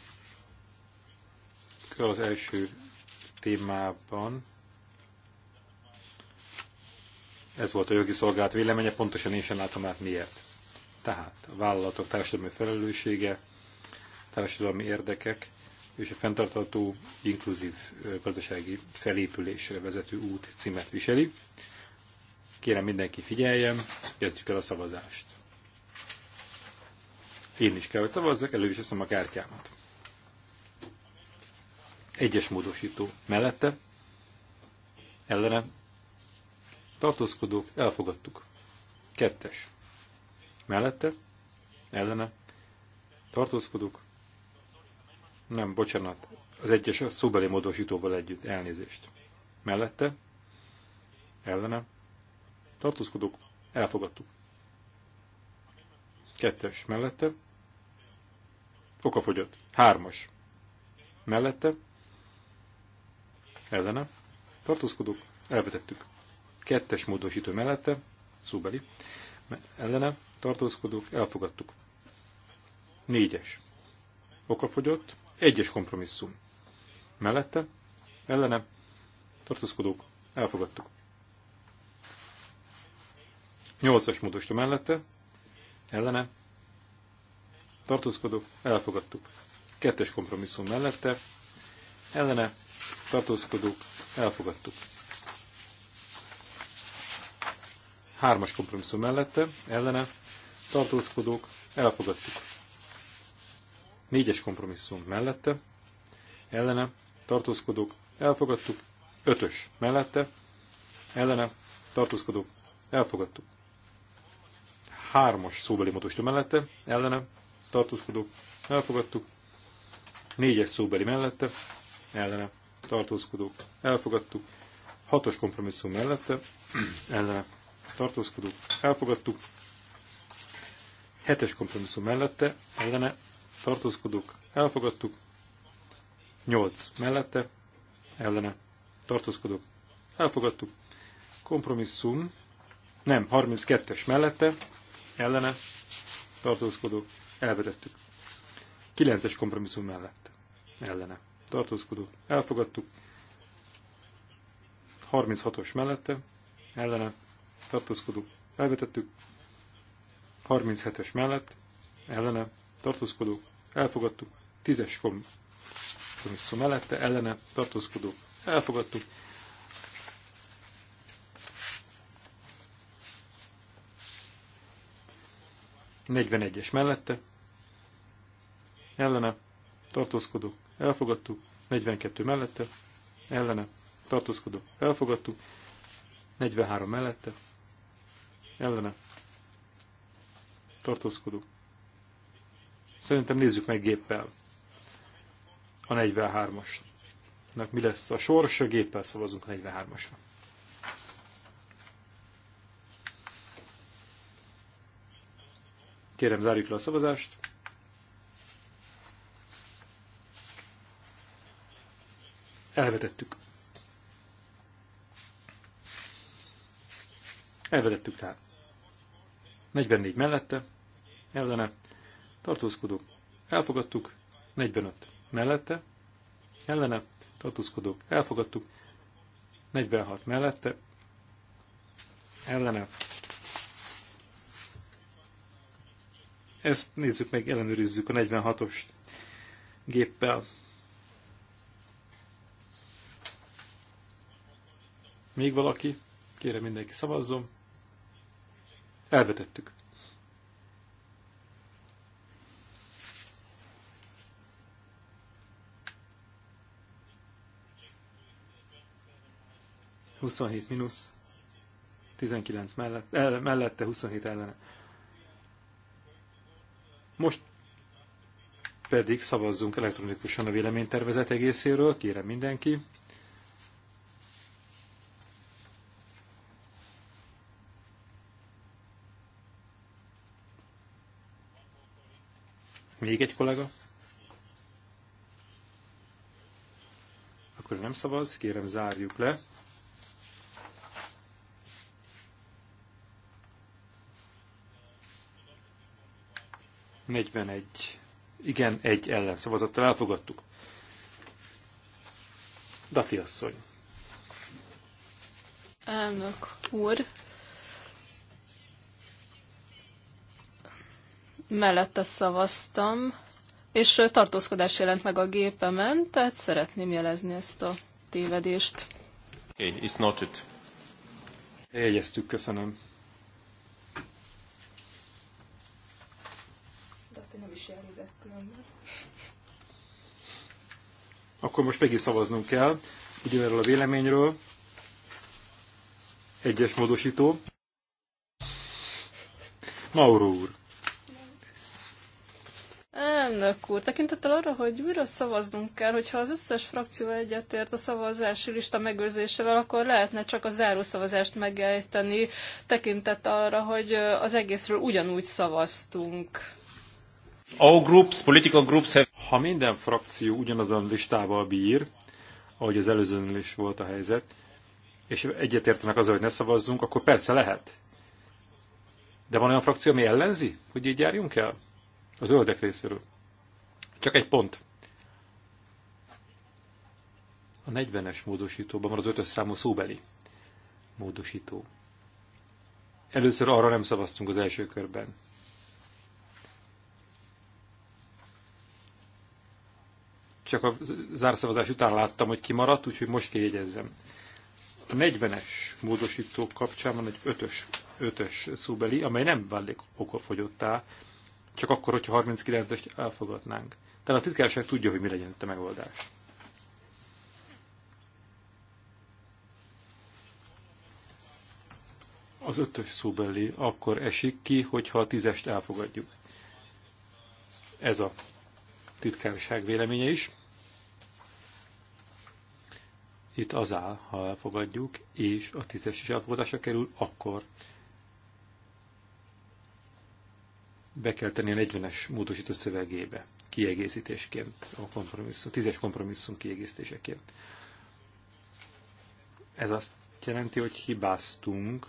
kell az első témában. Ez volt a jogi szolgált véleménye, pontosan én sem látom át miért. Tehát a vállalatok társadalmi felelőssége, társadalmi érdekek és a fenntartható inkluzív gazdasági felépülésre vezető út címet viseli. Kérem mindenki figyeljen, kezdjük el a szavazást. Én is kell, hogy szavazzak, elő is a kártyámat. Egyes módosító mellette, ellene, tartózkodók, elfogadtuk. Kettes mellette, ellene, tartózkodók, nem, bocsánat, az egyes szóbeli módosítóval együtt, elnézést. Mellette, ellene, tartózkodók, elfogadtuk. Kettes mellette, okafogyott. Hármas mellette, ellene, tartózkodók, elvetettük. Kettes módosító mellette, szóbeli, ellene, tartózkodók, elfogadtuk. Négyes. Okafogyott, egyes kompromisszum. Mellette, ellene, tartózkodók, elfogadtuk. Nyolcas módosító mellette, ellene, tartózkodók, elfogadtuk. Kettes kompromisszum mellette, ellene, tartózkodók, elfogadtuk. Hármas kompromisszum mellette, ellene, tartózkodók, elfogadtuk. Négyes kompromisszum mellette, ellene, tartózkodók, elfogadtuk. Ötös mellette, ellene, tartózkodók, elfogadtuk. Hármas szóbeli módosító mellette, ellene, tartózkodók, elfogadtuk. Négyes szóbeli mellette, ellene, tartózkodók, elfogadtuk. Hatos kompromisszum mellette, ellene tartózkodók, elfogadtuk. Hetes kompromisszum mellette, ellene tartózkodók, elfogadtuk. Nyolc mellette, ellene tartózkodók, elfogadtuk. Kompromisszum, nem, 32-es mellette, ellene tartózkodók, elvetettük. 9-es kompromisszum mellett, ellene tartózkodó. elfogadtuk. 36-os mellette, ellene, tartózkodó. elvetettük. 37-es mellett, ellene, tartózkodó. elfogadtuk. 10-es kompromisszum mellette, ellene, tartózkodó. elfogadtuk. Negyvenegyes mellette, ellene, tartózkodók, elfogadtuk, 42 mellette, ellene, tartózkodó, elfogadtuk, 43 mellette, ellene, tartózkodó. Szerintem nézzük meg géppel a 43-as. Mi lesz a sors, a géppel szavazunk 43-asra. Kérem, zárjuk le a szavazást. Elvetettük. Elvetettük tehát. 44 mellette, ellene, tartózkodók. Elfogadtuk. 45 mellette, ellene, tartózkodók. Elfogadtuk. 46 mellette, ellene. Ezt nézzük meg, ellenőrizzük a 46 os géppel. Még valaki? Kérem mindenki szavazzon. Elvetettük. Huszonhét mínusz, 19 mellett, el, mellette, 27 ellene. Most pedig szavazzunk elektronikusan a véleménytervezet egészéről, kérem mindenki. Még egy kollega? Akkor nem szavaz, kérem zárjuk le. egy, Igen, egy ellen szavazattal elfogadtuk. Dati asszony. Elnök úr, mellette szavaztam, és tartózkodás jelent meg a gépemen, tehát szeretném jelezni ezt a tévedést. Okay, it's noted. Jegyeztük, köszönöm. De te nem is Akkor most megint szavaznunk kell, erről a véleményről. Egyes módosító. Mauro úr. Elnök úr, tekintettel arra, hogy újra szavaznunk kell, hogyha az összes frakció egyetért a szavazási lista megőrzésével, akkor lehetne csak a zárószavazást megejteni, tekintettel arra, hogy az egészről ugyanúgy szavaztunk. All groups, political groups have... Ha minden frakció ugyanazon listával bír, ahogy az előzőnél is volt a helyzet, és egyetértenek azzal, hogy ne szavazzunk, akkor persze lehet. De van olyan frakció, ami ellenzi, hogy így járjunk el? Az öldek részéről. Csak egy pont. A 40-es módosítóban van az ötös számú szóbeli módosító. Először arra nem szavaztunk az első körben. Csak a zárszavazás után láttam, hogy kimaradt, úgyhogy most kiegyezzem. A 40-es módosító kapcsán van egy ötös ötös szóbeli, amely nem válik okofogyottá, csak akkor, hogyha 39-est elfogadnánk. Tehát a titkárság tudja, hogy mi legyen itt a megoldás. Az ötös szóbeli akkor esik ki, hogyha a tízest elfogadjuk. Ez a titkárság véleménye is. Itt az áll, ha elfogadjuk, és a tízes is elfogadásra kerül, akkor be kell tenni a 40-es módosító szövegébe kiegészítésként, a kompromisszum, tízes kompromisszum kiegészítéseként. Ez azt jelenti, hogy hibáztunk,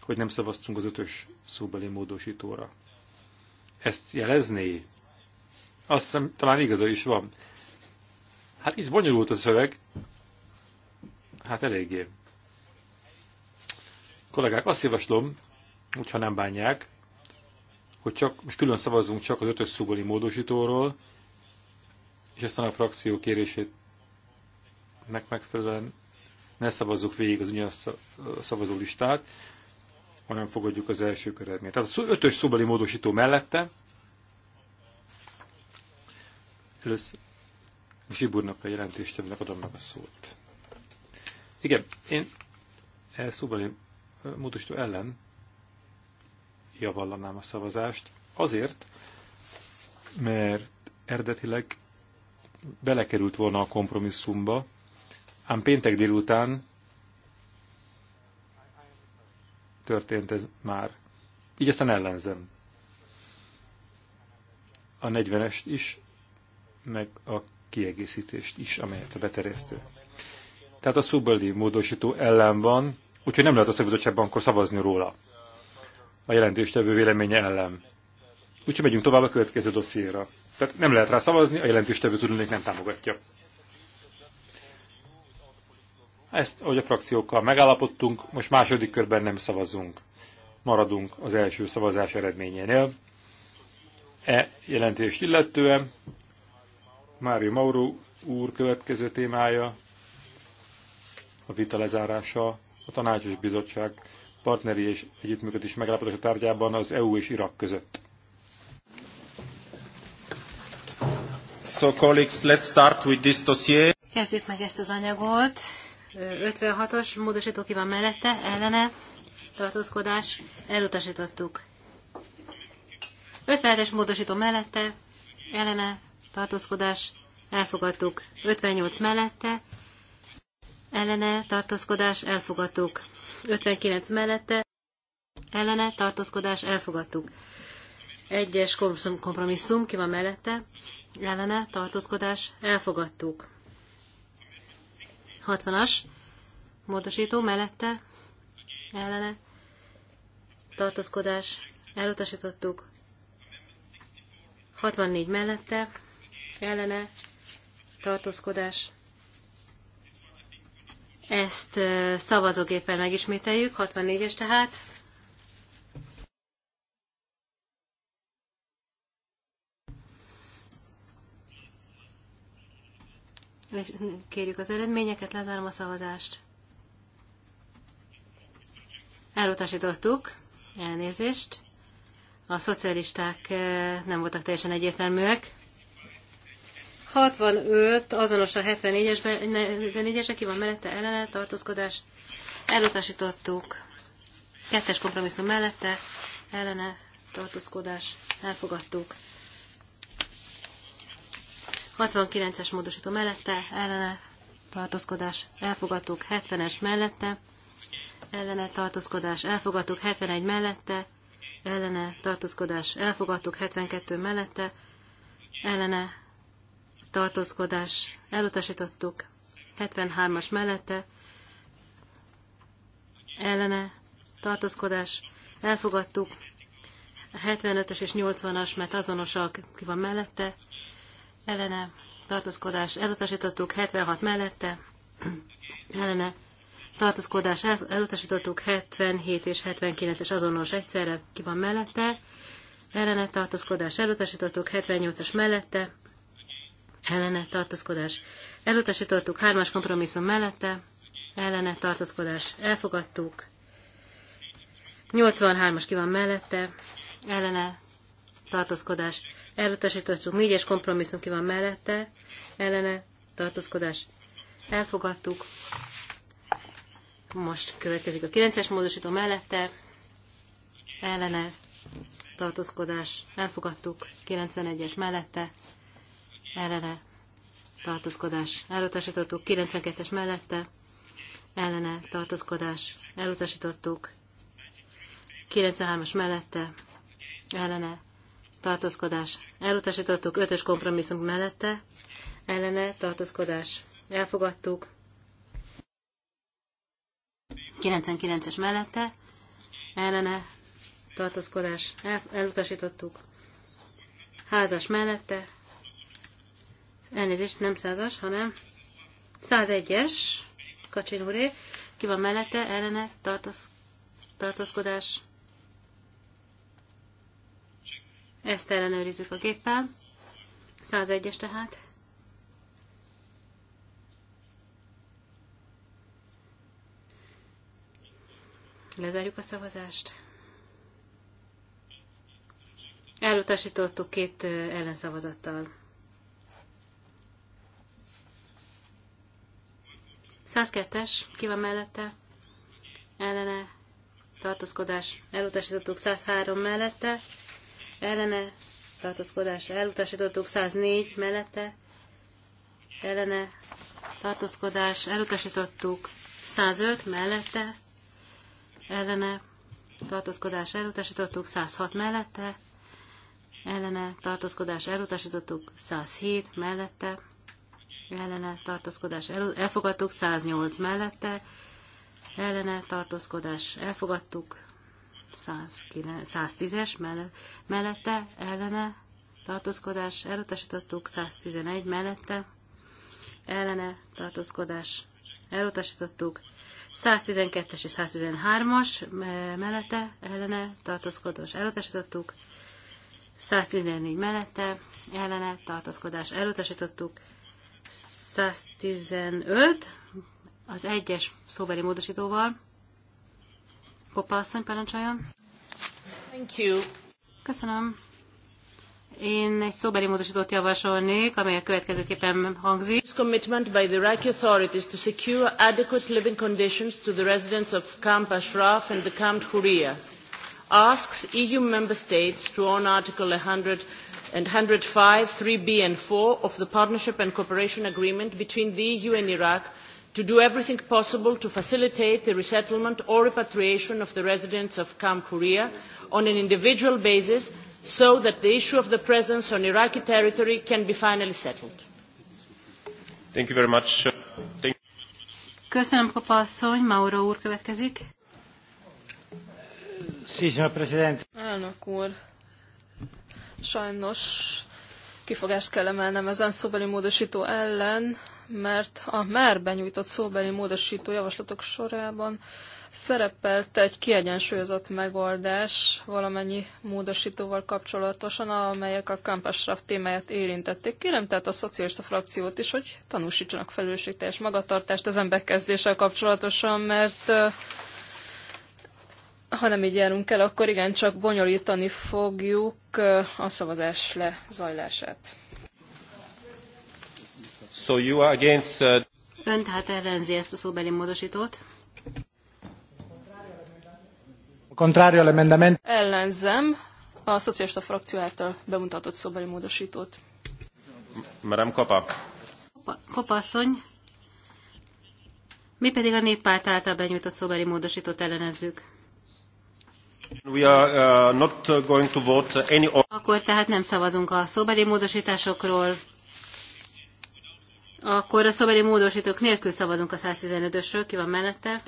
hogy nem szavaztunk az ötös szóbeli módosítóra. Ezt jelezné? Azt hiszem, talán igaza is van. Hát kicsit bonyolult a szöveg. Hát eléggé. Kollégák, azt javaslom, hogyha nem bánják, hogy csak, most külön szavazzunk csak az ötös szuboli módosítóról, és aztán a frakció kérését meg megfelelően ne szavazzuk végig az ugyanazt a szavazólistát, hanem fogadjuk az első eredményt. Tehát az ötös szubeli módosító mellette először Zsiburnak a aminek adom meg a szót. Igen, én e szubeli e, módosító ellen javallanám a szavazást. Azért, mert eredetileg belekerült volna a kompromisszumba, ám péntek délután történt ez már. Így aztán ellenzem. A 40-est is, meg a kiegészítést is, amelyet a beterjesztő. Tehát a szubbeli módosító ellen van, úgyhogy nem lehet a szabadságban akkor szavazni róla a jelentéstevő véleménye ellen. Úgyhogy megyünk tovább a következő dossziéra. Tehát nem lehet rá szavazni, a jelentéstevő tudnék nem támogatja. Ezt, ahogy a frakciókkal megállapodtunk, most második körben nem szavazunk. Maradunk az első szavazás eredményénél. E jelentést illetően Mário Mauro úr következő témája, a vita lezárása, a tanácsos bizottság partneri és együttműködés megállapodása tárgyában az EU és Irak között. So colleagues, let's start with this dossier. Kezdjük meg ezt az anyagot. 56-os módosító ki van mellette, ellene, tartózkodás, elutasítottuk. 57-es módosító mellette, ellene, tartózkodás, elfogadtuk. 58 mellette, ellene, tartózkodás, elfogadtuk. 59 mellette ellene tartózkodás elfogadtuk. Egyes kompromisszum, ki van mellette, ellene tartózkodás elfogadtuk. 60-as módosító mellette ellene tartózkodás elutasítottuk. 64 mellette ellene tartózkodás ezt szavazógéppel megismételjük, 64-es tehát. kérjük az eredményeket, lezárom a szavazást. Elutasítottuk, elnézést. A szocialisták nem voltak teljesen egyértelműek. 65, azonos a 74-esben, 44 van mellette, ellene, tartózkodás, elutasítottuk. Kettes kompromisszum mellette, ellene, tartózkodás, elfogadtuk. 69-es módosító mellette, ellene, tartózkodás, elfogadtuk. 70-es mellette, ellene, tartózkodás, elfogadtuk. 71 mellette, ellene, tartózkodás, elfogadtuk. 72 mellette, ellene, tartózkodás elutasítottuk, 73-as mellette ellene tartózkodás elfogadtuk, 75-ös és 80-as, mert azonosak, ki van mellette, ellene tartózkodás elutasítottuk, 76 mellette, ellene tartózkodás elutasítottuk, 77 és 79-es azonos egyszerre, ki van mellette, ellene tartózkodás elutasítottuk, 78-as mellette, ellene tartózkodás elutasítottuk, hármas kompromisszum mellette ellene tartózkodás elfogadtuk, 83-as ki van mellette, ellene tartózkodás elutasítottuk, négyes kompromisszum ki van mellette, ellene tartózkodás elfogadtuk, most következik a 9-es módosító mellette, ellene tartózkodás elfogadtuk, 91-es mellette, ellene tartózkodás elutasítottuk, 92-es mellette ellene tartózkodás elutasítottuk, 93-as mellette ellene tartózkodás elutasítottuk, 5-ös kompromisszum mellette ellene tartózkodás elfogadtuk, 99-es mellette ellene tartózkodás el, elutasítottuk, házas mellette Elnézést, nem százas, hanem 101-es Kacsin úré. Ki van mellette, ellene, tartoz, tartózkodás. Ezt ellenőrizzük a géppel. 101-es tehát. Lezárjuk a szavazást. Elutasítottuk két ellenszavazattal. 102-es, ki van mellette, ellene, tartózkodás, elutasítottuk 103 mellette, ellene, tartózkodás, elutasítottuk 104 mellette, ellene, tartózkodás, elutasítottuk 105 mellette, ellene, tartózkodás, elutasítottuk 106 mellette, ellene, tartózkodás, elutasítottuk 107 mellette, ellene tartózkodás elfogadtuk, 108 mellette ellene tartózkodás elfogadtuk, 110-es mellette ellene tartózkodás elutasítottuk, 111 mellette ellene tartózkodás elutasítottuk, 112-es és 113-as mellette ellene tartózkodás elutasítottuk, 114 mellette ellene tartózkodás elutasítottuk, 115 az egyes szóbeli módosítóval. Popa asszony, parancsoljon. Thank you. Köszönöm. Én egy szóbeli módosítót javasolnék, amely a következőképpen hangzik. commitment by the Iraqi authorities to secure adequate living conditions to the residents of Camp Ashraf and the Camp Huria asks EU member states to own Article 100 and 105, 3b and 4 of the Partnership and Cooperation Agreement between the EU and Iraq to do everything possible to facilitate the resettlement or repatriation of the residents of Camp Huria on an individual basis so that the issue of the presence on Iraqi territory can be finally settled. Thank you very much. Thank Köszönöm, Kopa Mauro úr következik. Sí, señor presidente. Elnök úr, Sajnos kifogást kell emelnem ezen szóbeli módosító ellen, mert a már benyújtott szóbeli módosító javaslatok sorában szerepelt egy kiegyensúlyozott megoldás valamennyi módosítóval kapcsolatosan, amelyek a Kampasraf témáját érintették. Kérem tehát a szocialista frakciót is, hogy tanúsítsanak felelősségteljes magatartást ezen bekezdéssel kapcsolatosan, mert ha nem így járunk el, akkor igen, csak bonyolítani fogjuk eh, a szavazás lezajlását. So you are against, uh... Ön tehát ellenzi ezt a szóbeli módosítót? Contrario all'emendamento. Ellenzem a szocialista frakció által bemutatott szóbeli módosítót. Merem Kopa. Kopasszony. Mi pedig a néppárt által benyújtott szóbeli módosítót ellenezzük. Akkor tehát nem szavazunk a szóbeli módosításokról. Akkor a szóbeli módosítók nélkül szavazunk a 115-ösről. Ki van mellette?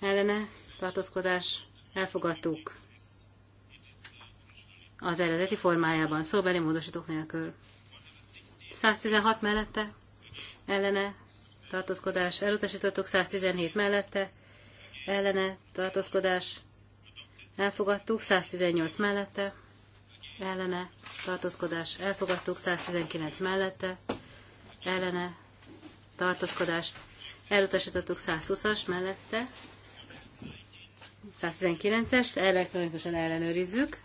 Ellene? Tartózkodás? Elfogadtuk. Az eredeti formájában, szóbeli módosítók nélkül. 116 mellette? Ellene? Tartózkodás? Elutasítottuk. 117 mellette? Ellene? Tartózkodás? elfogadtuk, 118 mellette, ellene, tartózkodás, elfogadtuk, 119 mellette, ellene, tartózkodás, elutasítottuk 120-as mellette, 119-est, elektronikusan ellenőrizzük.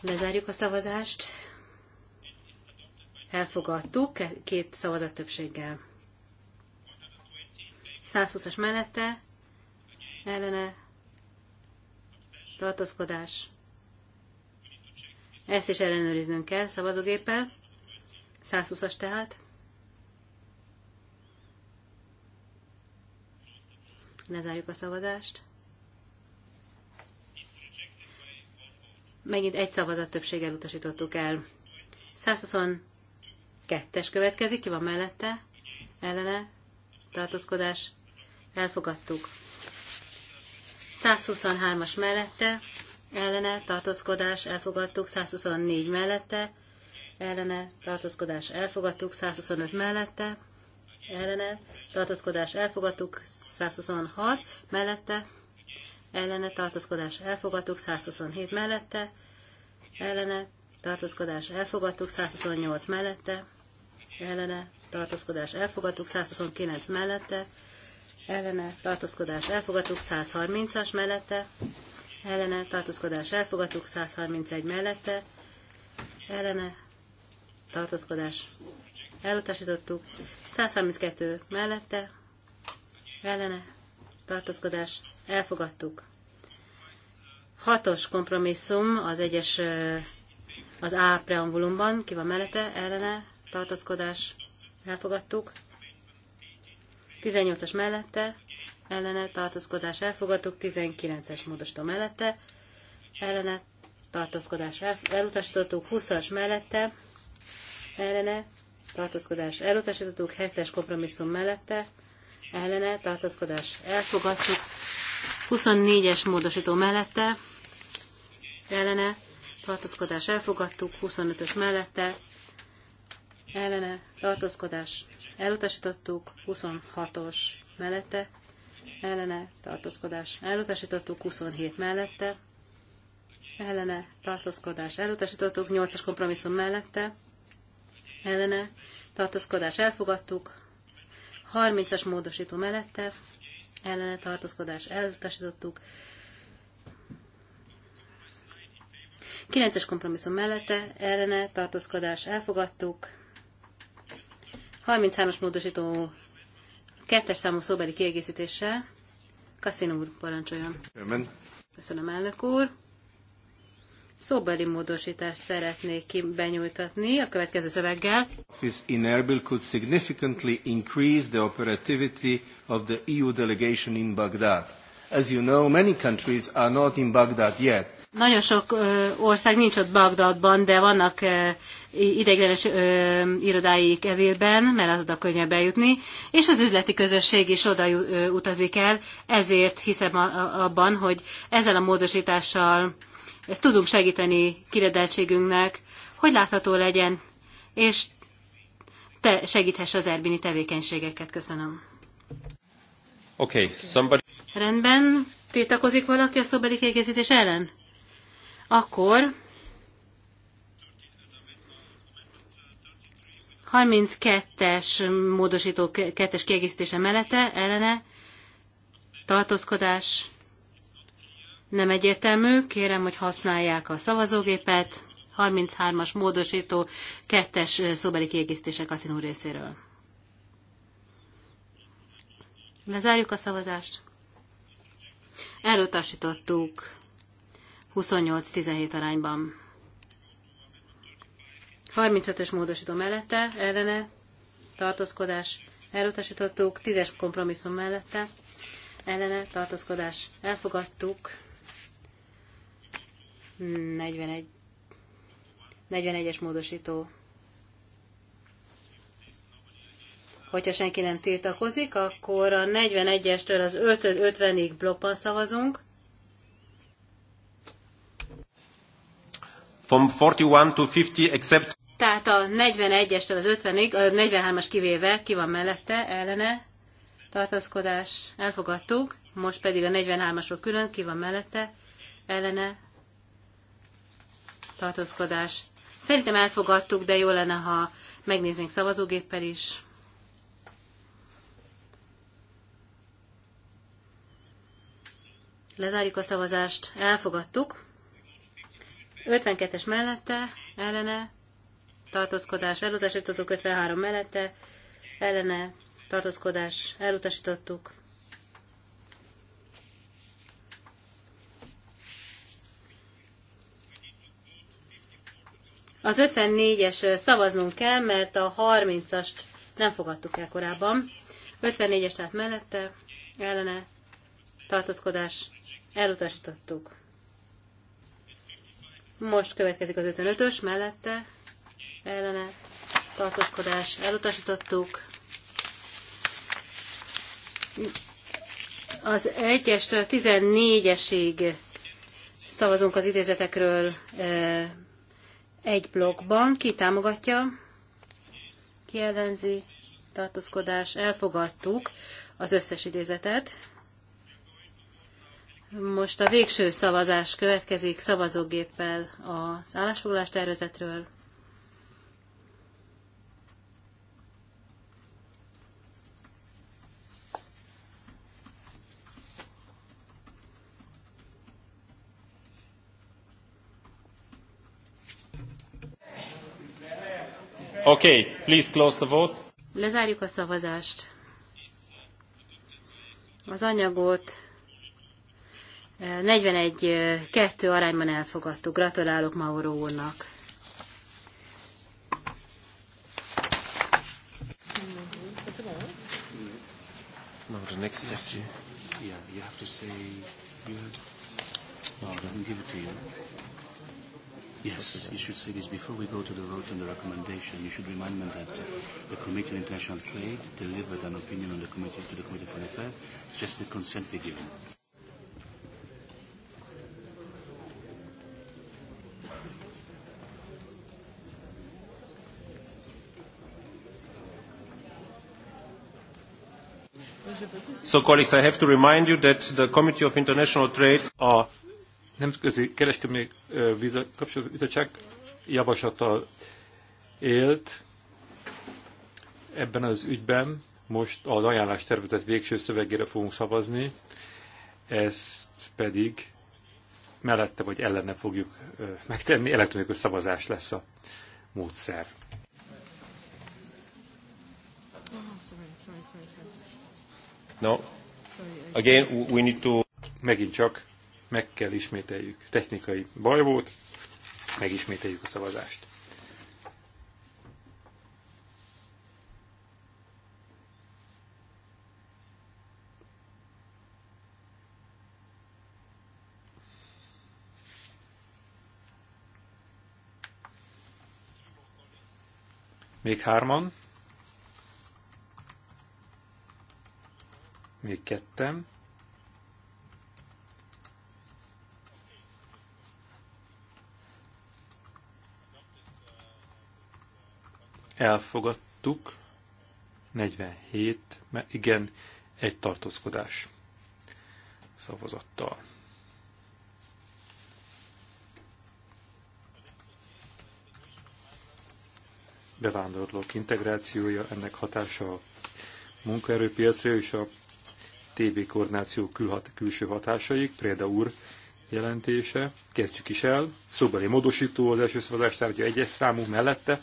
Lezárjuk a szavazást. Elfogadtuk két szavazat többséggel. 120-as mellette ellene tartózkodás. Ezt is ellenőriznünk kell szavazógéppel. 120-as tehát. Lezárjuk a szavazást. Megint egy szavazat többséggel utasítottuk el. 122-es következik, ki van mellette? Ellene tartózkodás elfogadtuk. 123-as mellette ellene tartózkodás elfogadtuk, 124 mellette ellene tartózkodás elfogadtuk, 125 mellette ellene tartózkodás elfogadtuk, 126 mellette ellene tartózkodás elfogadtuk, 127 mellette ellene tartózkodás elfogadtuk, 128 mellette ellene tartózkodás elfogadtuk, 129 mellette, ellene tartózkodás elfogadtuk, 130-as mellette, ellene tartózkodás elfogadtuk, 131 mellette, ellene tartózkodás elutasítottuk, 132 mellette, ellene tartózkodás elfogadtuk. Hatos kompromisszum az egyes az A preambulumban, ki van mellette, ellene tartózkodás elfogadtuk. 18-as mellette, ellene tartózkodás elfogadtuk, 19-es módosító mellette, ellene tartózkodás elutasítottuk, 20-as mellette, ellene tartózkodás elutasítottuk, 7-es kompromisszum mellette, ellene tartózkodás elfogadtuk, 24-es módosító mellette, ellene tartózkodás elfogadtuk, 25-ös mellette, ellene tartózkodás elutasítottuk, 26-os mellette ellene tartózkodás elutasítottuk, 27 mellette ellene tartózkodás elutasítottuk, 8-as kompromisszum mellette ellene tartózkodás elfogadtuk, 30-as módosító mellette ellene tartózkodás elutasítottuk, 9-es kompromisszum mellette ellene tartózkodás elfogadtuk, 33-as módosító kettes számú szóbeli kiegészítéssel. Kassin úr, parancsoljon. Köszönöm. Köszönöm, elnök úr. Szóbeli módosítást szeretnék ki benyújtatni a következő szöveggel. This in could significantly increase the operativity of the EU delegation in Baghdad. As you know, many countries are not in Baghdad yet, nagyon sok ország nincs ott Bagdadban, de vannak ideiglenes irodáik Evilben, mert az oda könnyebb eljutni, és az üzleti közösség is oda utazik el, ezért hiszem abban, hogy ezzel a módosítással ezt tudunk segíteni kiredeltségünknek, hogy látható legyen, és te segíthess az erbini tevékenységeket. Köszönöm. Okay, somebody... Rendben. Tiltakozik valaki a szóbeli kiegészítés ellen? Akkor 32-es módosító kettes kiegészítése mellette ellene tartózkodás nem egyértelmű. Kérem, hogy használják a szavazógépet. 33-as módosító kettes eh, szóbeli kiegészítése Kacin úr részéről. Lezárjuk a szavazást. Elutasítottuk 28-17 arányban. 35-ös módosító mellette, ellene, tartózkodás, elutasítottuk, 10-es kompromisszum mellette, ellene, tartózkodás, elfogadtuk, 41, 41-es módosító. Hogyha senki nem tiltakozik, akkor a 41-estől az 5-50-ig blokkban szavazunk. from 41 to 50 except tehát a 41-estől az 50-ig, a 43-as kivéve, ki van mellette, ellene, tartaszkodás, elfogadtuk, most pedig a 43-asról külön, ki van mellette, ellene, tartaszkodás. Szerintem elfogadtuk, de jó lenne, ha megnéznénk szavazógéppel is. Lezárjuk a szavazást, elfogadtuk. 52-es mellette, ellene, tartózkodás elutasítottuk, 53 mellette, ellene, tartózkodás elutasítottuk. Az 54-es szavaznunk kell, mert a 30-ast nem fogadtuk el korábban. 54-es tehát mellette, ellene, tartózkodás elutasítottuk. Most következik az 55-ös mellette, ellene tartózkodás elutasítottuk. Az 1 es 14-esig szavazunk az idézetekről egy blogban. Ki támogatja? Ki ellenzi? Tartózkodás. Elfogadtuk az összes idézetet. Most a végső szavazás következik szavazógéppel az állásfoglalás tervezetről. Okay, please close the vote. Lezárjuk a szavazást. Az anyagot 41-2 arányban elfogadtuk. Gratulálok Mauro úrnak. No, next test you. Yeah, you have to say you have. Well, let give it to you. Yes, you should say this before we go to the vote on the recommendation. You should remind them that the Committee on International Trade delivered an opinion on the committee to the Committee for Affairs, just the consent be given. So, colleagues, I have to remind you that the Committee of International Trade... A Nemzetközi Kereskedelmi Kapcsolatbizottság bizottság javaslata élt ebben az ügyben. Most az ajánlás tervezett végső szövegére fogunk szavazni, ezt pedig mellette vagy ellene fogjuk megtenni, elektronikus szavazás lesz a módszer. Oh, No. Again, we need to... Megint csak meg kell ismételjük. Technikai baj volt, megismételjük a szavazást. Még hárman. még ketten. Elfogadtuk, 47, mert igen, egy tartózkodás szavazattal. bevándorlók integrációja, ennek hatása a munkaerőpiacra és a TV koordináció külhat, külső hatásaik, Préda úr jelentése. Kezdjük is el. Szóbeli módosító az első szavazás tárgya egyes számú mellette.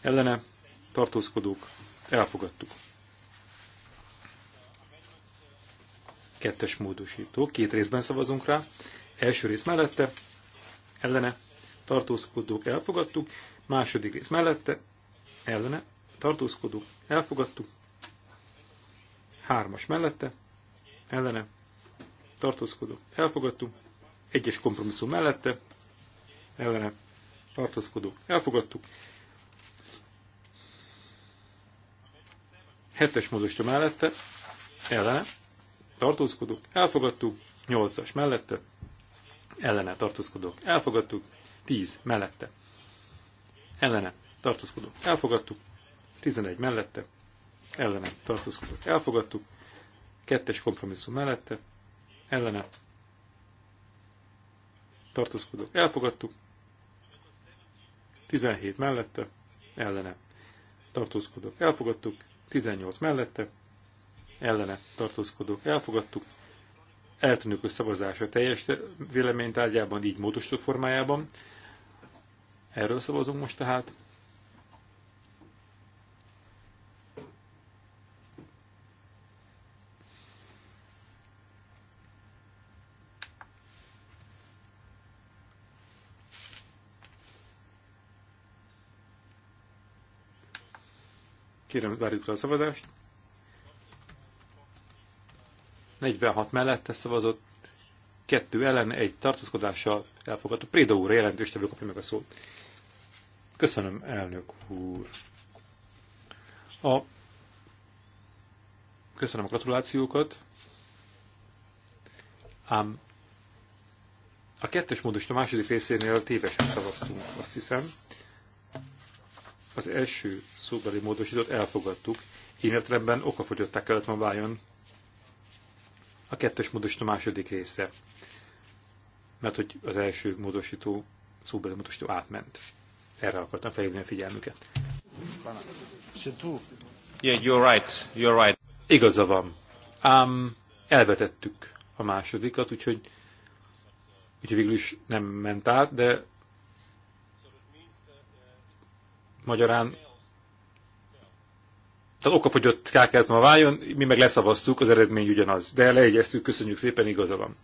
Ellene tartózkodók elfogadtuk. Kettes módosító. Két részben szavazunk rá. Első rész mellette. Ellene tartózkodók elfogadtuk. Második rész mellette. Ellene tartózkodók elfogadtuk Hármas mellette, ellene, tartózkodó, elfogadtuk. Egyes kompromisszum mellette, ellene, tartózkodó, elfogadtuk. Hetes mozosta mellette, ellene, tartózkodó, elfogadtuk, nyolcas mellette, ellene tartózkodó, elfogadtuk, tíz mellette, ellene tartózkodó, elfogadtuk, tizenegy mellette, ellene tartózkodott. elfogadtuk, kettes kompromisszum mellette, ellene tartózkodók elfogadtuk, 17 mellette, ellene tartózkodók elfogadtuk, 18 mellette, ellene tartózkodók elfogadtuk, a szavazása teljes véleménytárgyában, így módosított formájában. Erről szavazunk most tehát. Kérem, várjuk fel a szavazást. 46 mellette szavazott, kettő ellen, egy tartózkodással elfogadta. Préda úr, jelentéstevő kapja meg a szót. Köszönöm, elnök úr. A... Köszönöm a gratulációkat, ám a kettes módos a második részénél tévesen szavaztunk, azt hiszem. Az első szóbeli módosítót elfogadtuk, én értelemben okafogyották kellett van váljon a kettes módosító második része, mert hogy az első módosító szóbeli módosító átment. Erre akartam felhívni a figyelmüket. Yeah, you're right, you're right. Igaza van. Ám elvetettük a másodikat, úgyhogy, úgyhogy végül is nem ment át, de Magyarán tehát okafogyott ká kellett ma váljon, mi meg leszavaztuk, az eredmény ugyanaz. De leegyeztük, köszönjük szépen, igaza van.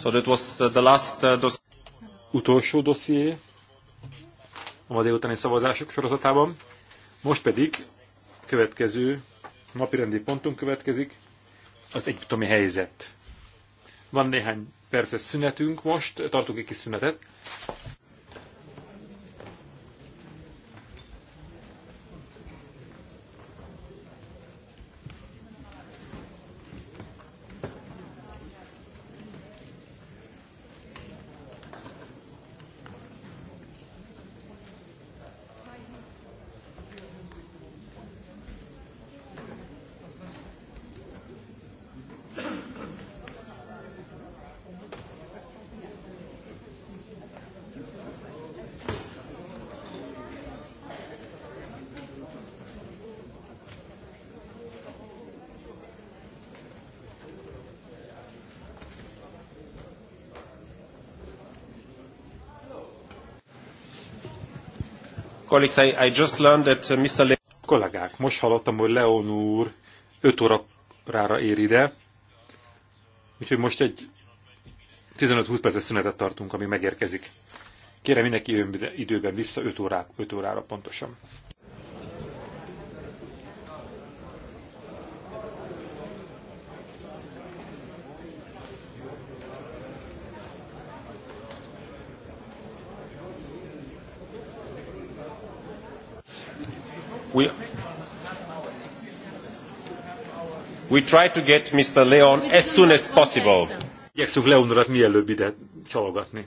So that was uh, the last uh, dossier. utolsó dosszié a ma délutáni szavazások sorozatában. Most pedig következő napirendi pontunk következik az egyiptomi helyzet. Van néhány perces szünetünk most, tartunk egy kis szünetet, colleagues, I, I just learned that uh, Mr. Le Kollégák, most hallottam, hogy Leon úr 5 órára ér ide, úgyhogy most egy 15-20 perces szünetet tartunk, ami megérkezik. Kérem mindenki jön időben vissza 5, órá, 5 órára pontosan. We try to get Mr. Leon as soon hát as possible. Igyekszünk Leonorat mielőbb ide csalogatni.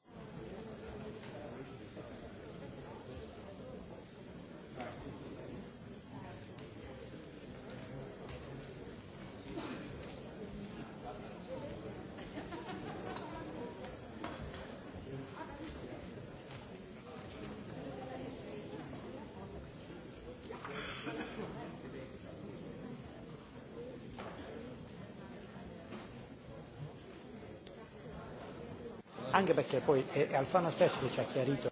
anche perché poi eh, Alfano stesso ci ha chiarito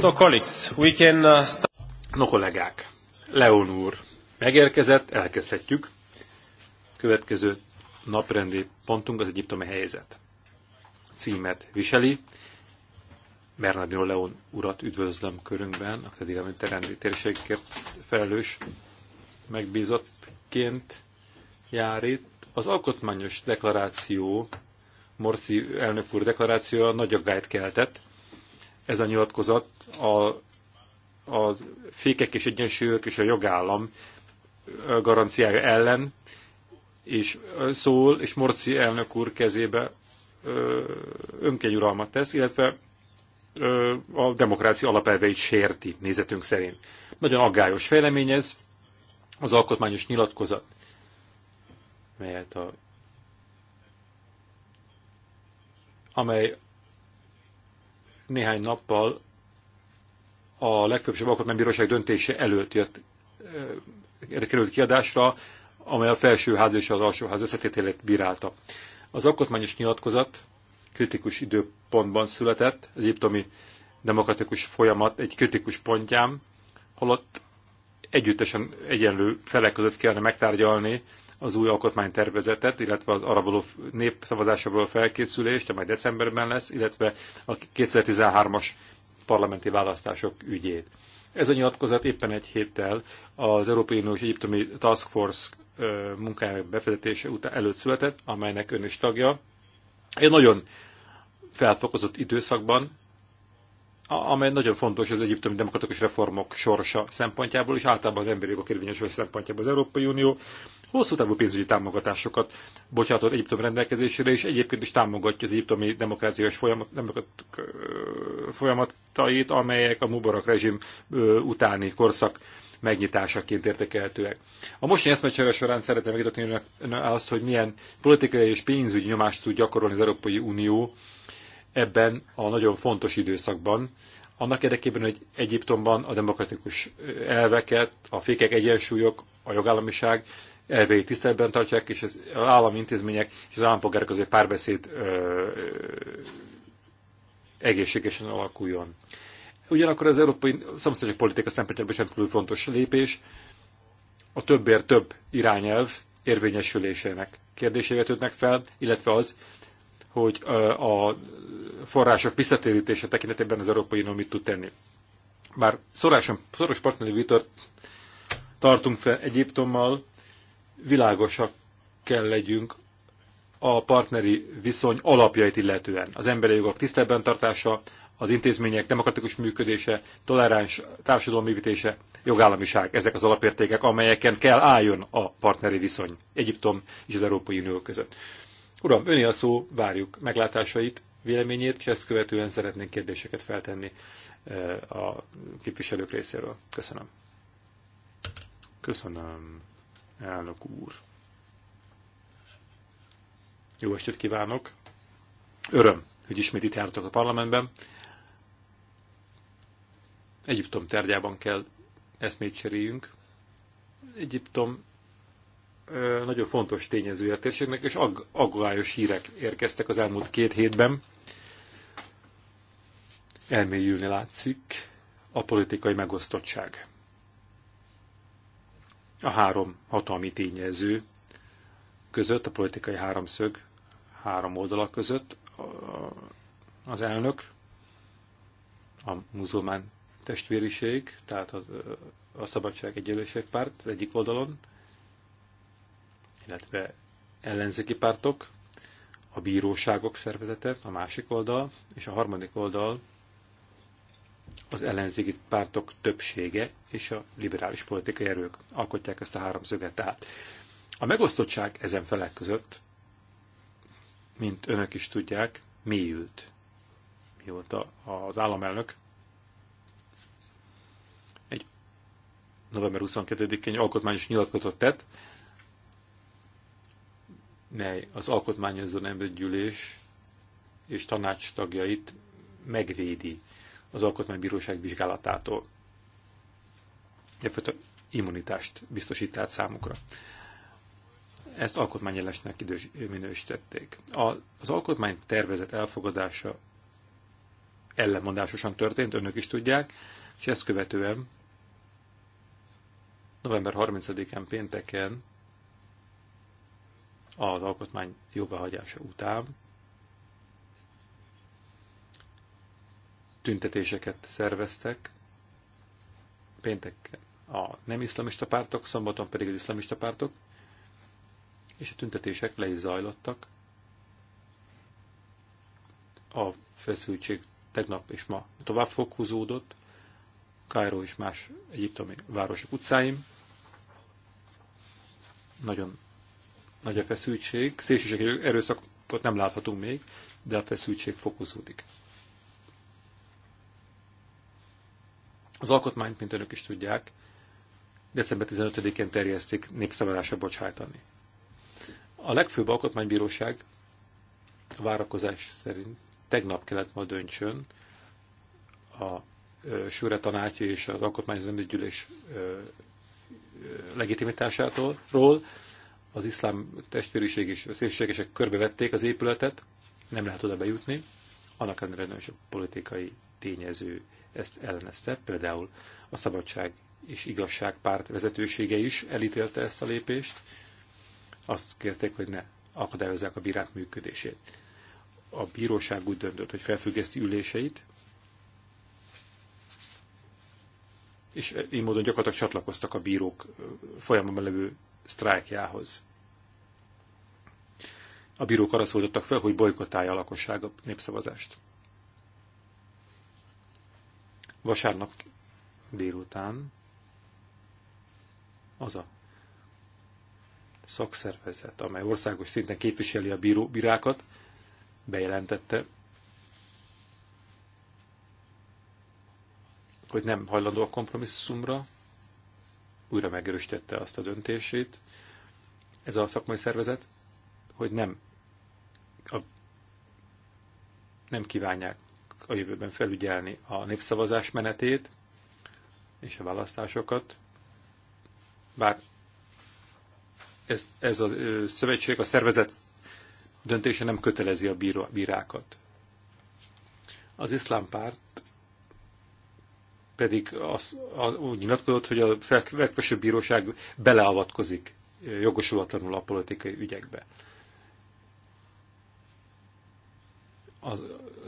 So, colleagues, we can uh, start... No, kollégák, Leon úr megérkezett, elkezdhetjük. Következő naprendi pontunk az egyiptomi helyzet. Címet viseli. Bernardino Leon urat üdvözlöm körünkben, a kedelmi terendi térségért felelős megbízottként jár itt. Az alkotmányos deklaráció, Morsi elnök úr deklarációja nagy aggályt keltett. Ez a nyilatkozat a, a fékek és egyensúlyok és a jogállam garanciája ellen, és szól, és Morci elnök úr kezébe önkényuralmat tesz, illetve a demokrácia alapelveit sérti nézetünk szerint. Nagyon aggályos fejlemény ez, az alkotmányos nyilatkozat, melyet a, amely néhány nappal a legfőbb alkotmánybíróság döntése előtt jött, erre került kiadásra, amely a felsőház és az alsóház összetételét bírálta. Az alkotmányos nyilatkozat kritikus időpontban született, az egyiptomi demokratikus folyamat egy kritikus pontján, holott együttesen egyenlő felek között kellene megtárgyalni az új alkotmánytervezetet, illetve az arra való népszavazásra való felkészülést, amely decemberben lesz, illetve a 2013-as parlamenti választások ügyét. Ez a nyilatkozat éppen egy héttel az Európai Unió és Egyiptomi Task Force munkájának befektetése után előtt született, amelynek ön is tagja. Egy nagyon felfokozott időszakban, amely nagyon fontos az egyiptomi demokratikus reformok sorsa szempontjából, és általában az emberi jogok érvényesülése szempontjából az Európai Unió hosszú távú pénzügyi támogatásokat bocsátott Egyiptom rendelkezésére, és egyébként is támogatja az egyiptomi demokráciás folyamat, demokrat, folyamatait, amelyek a Mubarak rezsim utáni korszak megnyitásaként értékelhetőek. A mostani eszmecsere során szeretném megmutatni azt, hogy milyen politikai és pénzügyi nyomást tud gyakorolni az Európai Unió ebben a nagyon fontos időszakban, annak érdekében, hogy Egyiptomban a demokratikus elveket, a fékek egyensúlyok, a jogállamiság elveit tiszteletben tartsák, és az állami intézmények és az állampolgárok között párbeszéd ö, ö, egészségesen alakuljon. Ugyanakkor az európai szomszédos politika szempontjából sem túl fontos lépés, a többért több irányelv érvényesülésének kérdése vetődnek fel, illetve az, hogy a források visszatérítése tekintetében az Európai Unió mit tud tenni. Bár szorosan szoros partneri vitort tartunk fel Egyiptommal, világosak kell legyünk a partneri viszony alapjait illetően. Az emberi jogok tiszteletben tartása, az intézmények demokratikus működése, toleráns társadalom építése, jogállamiság. Ezek az alapértékek, amelyeken kell álljon a partneri viszony Egyiptom és az Európai Unió között. Uram, öné a szó, várjuk meglátásait, véleményét, és ezt követően szeretnénk kérdéseket feltenni e, a képviselők részéről. Köszönöm. Köszönöm, elnök úr. Jó estét kívánok! Öröm, hogy ismét itt jártok a parlamentben. Egyiptom tárgyában kell eszmét cseréljünk. Egyiptom nagyon fontos tényezője a térségnek, és ag aggályos hírek érkeztek az elmúlt két hétben. Elmélyülni látszik a politikai megosztottság. A három hatalmi tényező között, a politikai háromszög három oldalak között az elnök, a muzulmán testvériség, tehát a, a szabadság egyenlőség párt egyik oldalon, illetve ellenzéki pártok, a bíróságok szervezete, a másik oldal, és a harmadik oldal az ellenzéki pártok többsége és a liberális politikai erők alkotják ezt a háromszöget. Tehát a megosztottság ezen felek között, mint önök is tudják, mélyült, mióta az államelnök egy november 22-én alkotmányos nyilatkozatot tett, mely az alkotmányozó nemzetgyűlés és tanács tagjait megvédi az alkotmánybíróság vizsgálatától. Egyfajta immunitást biztosít át számukra. Ezt alkotmányjelesnek idős, minősítették. A, az alkotmány tervezet elfogadása ellenmondásosan történt, önök is tudják, és ezt követően november 30-án pénteken az alkotmány jóváhagyása után tüntetéseket szerveztek, pénteken a nem iszlamista pártok, szombaton pedig az iszlamista pártok, és a tüntetések le is zajlottak. A feszültség tegnap és ma tovább fokozódott, Kairó és más egyiptomi városok utcáim. Nagyon nagy a feszültség, szélsőség erőszakot nem láthatunk még, de a feszültség fokozódik. Az alkotmányt, mint önök is tudják, december 15-én terjeszték népszavazásra bocsájtani. A legfőbb alkotmánybíróság a várakozás szerint tegnap kellett ma döntsön a Sure tanácsi és az alkotmányozó gyűlés legitimitásától, az iszlám testvériség és szélségesek körbevették az épületet, nem lehet oda bejutni, annak ellenére nagyon sok politikai tényező ezt ellenezte, például a Szabadság és Igazság párt vezetősége is elítélte ezt a lépést, azt kérték, hogy ne akadályozzák a bírák működését. A bíróság úgy döntött, hogy felfüggeszti üléseit, és így módon gyakorlatilag csatlakoztak a bírók folyamban levő sztrájkjához. A bírók arra szólítottak fel, hogy bolykotálja a lakosság a népszavazást. Vasárnap délután az a szakszervezet, amely országos szinten képviseli a bíró, bírákat, bejelentette, hogy nem hajlandó a kompromisszumra, újra megerősítette azt a döntését, ez a szakmai szervezet, hogy nem, a, nem kívánják a jövőben felügyelni a népszavazás menetét és a választásokat, bár ez, ez a szövetség, a szervezet döntése nem kötelezi a bírákat. Az iszlám párt pedig az, a, úgy nyilatkozott, hogy a legfelsőbb bíróság beleavatkozik jogosulatlanul a politikai ügyekbe. A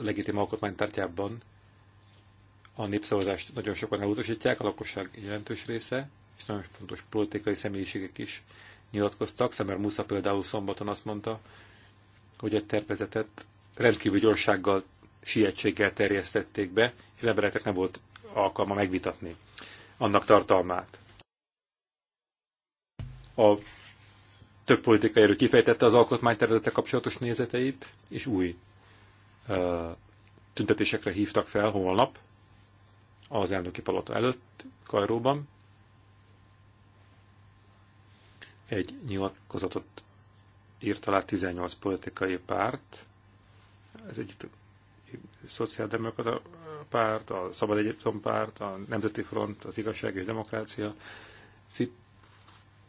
legitim alkotmánytártyában a népszavazást nagyon sokan elutasítják, a lakosság jelentős része, és nagyon fontos politikai személyiségek is nyilatkoztak. Szemer Musza például szombaton azt mondta, hogy egy tervezetet rendkívül gyorsággal, sietséggel terjesztették be, és az embereknek nem volt alkalma megvitatni annak tartalmát. A több politikai erő kifejtette az alkotmányterülete kapcsolatos nézeteit, és új uh, tüntetésekre hívtak fel holnap az elnöki palota előtt Kajróban. Egy nyilatkozatot írt alá 18 politikai párt, ez egy Szociáldemokrata párt, a Szabad Egyiptom párt, a Nemzeti Front, az Igazság és Demokrácia, CIP,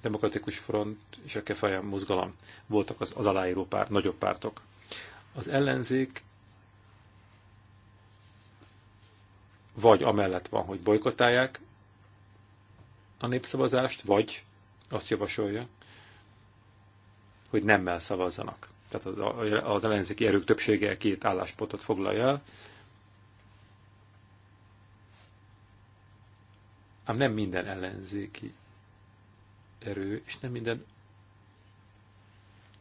Demokratikus Front és a Kefaja mozgalom voltak az, az aláíró párt, nagyobb pártok. Az ellenzék vagy amellett van, hogy bolykotálják a népszavazást, vagy azt javasolja, hogy nemmel szavazzanak tehát az, az ellenzéki erők többsége két álláspontot foglalja. Ám nem minden ellenzéki erő, és nem minden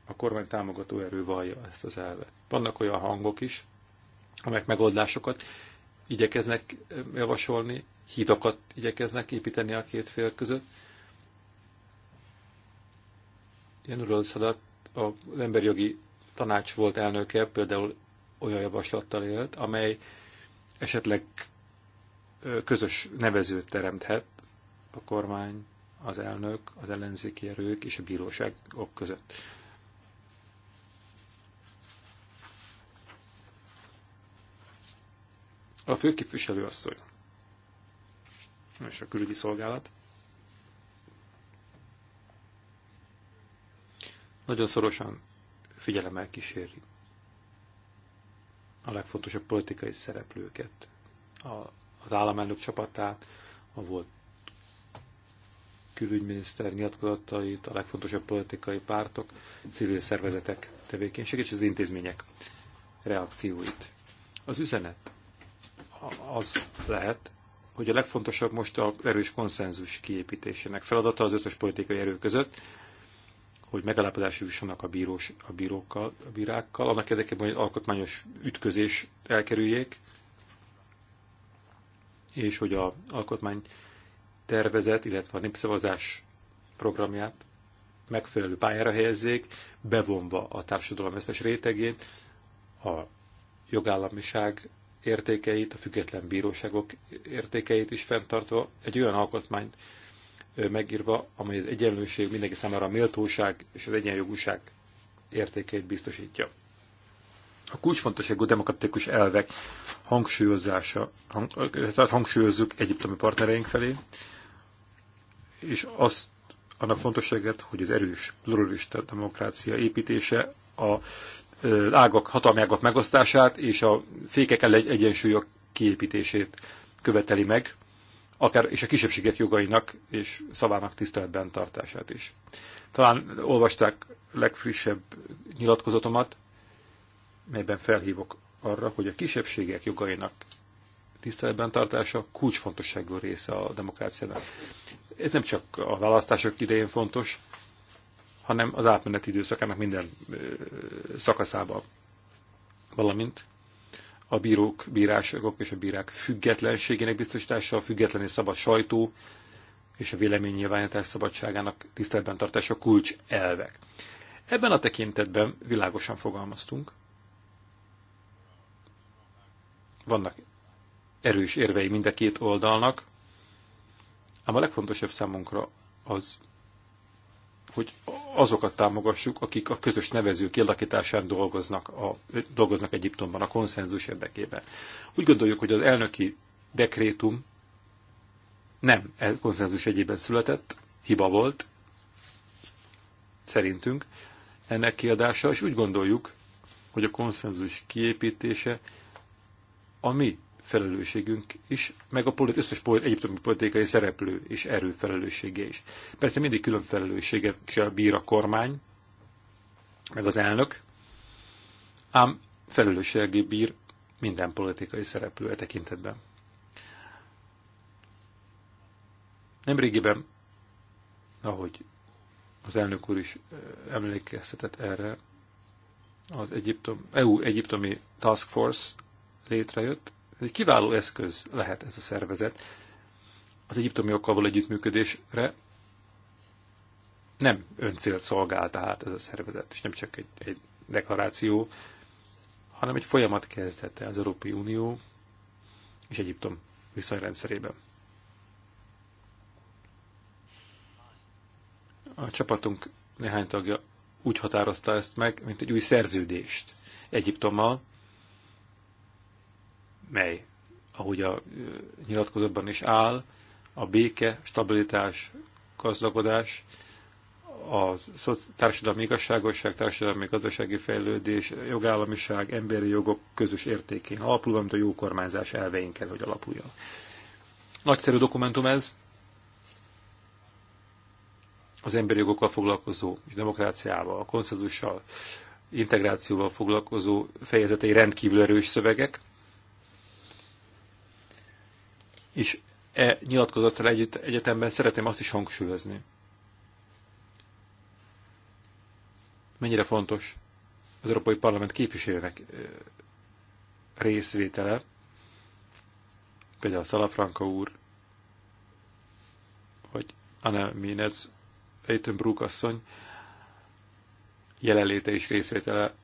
a kormány támogató erő vallja ezt az elvet. Vannak olyan hangok is, amelyek megoldásokat igyekeznek javasolni, hídokat igyekeznek építeni a két fél között. Ilyen uralszadat az emberi jogi tanács volt elnöke például olyan javaslattal élt, amely esetleg közös nevezőt teremthet a kormány, az elnök, az ellenzéki erők és a bíróságok között. A asszony és a külügyi szolgálat nagyon szorosan figyelemmel kíséri a legfontosabb politikai szereplőket, a, az államelnök csapatát, a volt külügyminiszter nyilatkozatait, a legfontosabb politikai pártok, civil szervezetek tevékenységét és az intézmények reakcióit. Az üzenet az lehet, hogy a legfontosabb most a erős konszenzus kiépítésének feladata az összes politikai erő között, hogy megállapodásra jussanak a, bírós, a bírókkal, a bírákkal, annak érdekében, hogy alkotmányos ütközés elkerüljék, és hogy a alkotmány tervezet, illetve a népszavazás programját megfelelő pályára helyezzék, bevonva a társadalom összes rétegét, a jogállamiság értékeit, a független bíróságok értékeit is fenntartva, egy olyan alkotmányt megírva, amely az egyenlőség mindenki számára a méltóság és az egyenjogúság értékeit biztosítja. A kulcsfontosságú demokratikus elvek hangsúlyozása, hang, tehát hangsúlyozzuk egyiptomi partnereink felé, és azt annak fontosságát, hogy az erős pluralista demokrácia építése a ágak, hatalmiágak megosztását és a fékek egyensúlyok kiépítését követeli meg, akár és a kisebbségek jogainak és szavának tiszteletben tartását is. Talán olvasták legfrissebb nyilatkozatomat, melyben felhívok arra, hogy a kisebbségek jogainak tiszteletben tartása kulcsfontosságú része a demokráciának. Ez nem csak a választások idején fontos, hanem az átmeneti időszakának minden szakaszában. Valamint a bírók, bíráságok és a bírák függetlenségének biztosítása, a független és szabad sajtó és a véleménynyilvánítás szabadságának tiszteletben tartása kulcs elvek. Ebben a tekintetben világosan fogalmaztunk. Vannak erős érvei mind a két oldalnak, ám a legfontosabb számunkra az, hogy azokat támogassuk, akik a közös nevező kialakításán dolgoznak, a, dolgoznak Egyiptomban a konszenzus érdekében. Úgy gondoljuk, hogy az elnöki dekrétum nem e konszenzus egyében született, hiba volt, szerintünk, ennek kiadása, és úgy gondoljuk, hogy a konszenzus kiépítése a mi felelősségünk is, meg a politi- összes politi- egyiptomi politikai szereplő és erő felelőssége is. Persze mindig külön felelősséggel bír a kormány, meg az elnök, ám felelősséggel bír minden politikai szereplő e tekintetben. Nemrégiben, ahogy az elnök úr is emlékeztetett erre, az Egyiptom, EU egyiptomi Task Force létrejött, egy kiváló eszköz lehet ez a szervezet az egyiptomiokkal való együttműködésre. Nem öncélt szolgál tehát ez a szervezet, és nem csak egy, egy deklaráció, hanem egy folyamat kezdete az Európai Unió és Egyiptom viszonyrendszerében. A csapatunk néhány tagja úgy határozta ezt meg, mint egy új szerződést Egyiptommal, mely, ahogy a nyilatkozatban is áll, a béke, stabilitás, gazdagodás, a társadalmi igazságosság, társadalmi gazdasági fejlődés, jogállamiság, emberi jogok közös értékén alapul, amit a jó kormányzás elvein kell, hogy alapuljon. Nagyszerű dokumentum ez. Az emberi jogokkal foglalkozó és demokráciával, a konszenzussal, integrációval foglalkozó fejezetei rendkívül erős szövegek és e nyilatkozattal együtt egyetemben szeretném azt is hangsúlyozni. Mennyire fontos az Európai Parlament képviselőnek e, részvétele, például Szalafranka úr, vagy Anna Ménez, Eitön asszony jelenléte és részvétele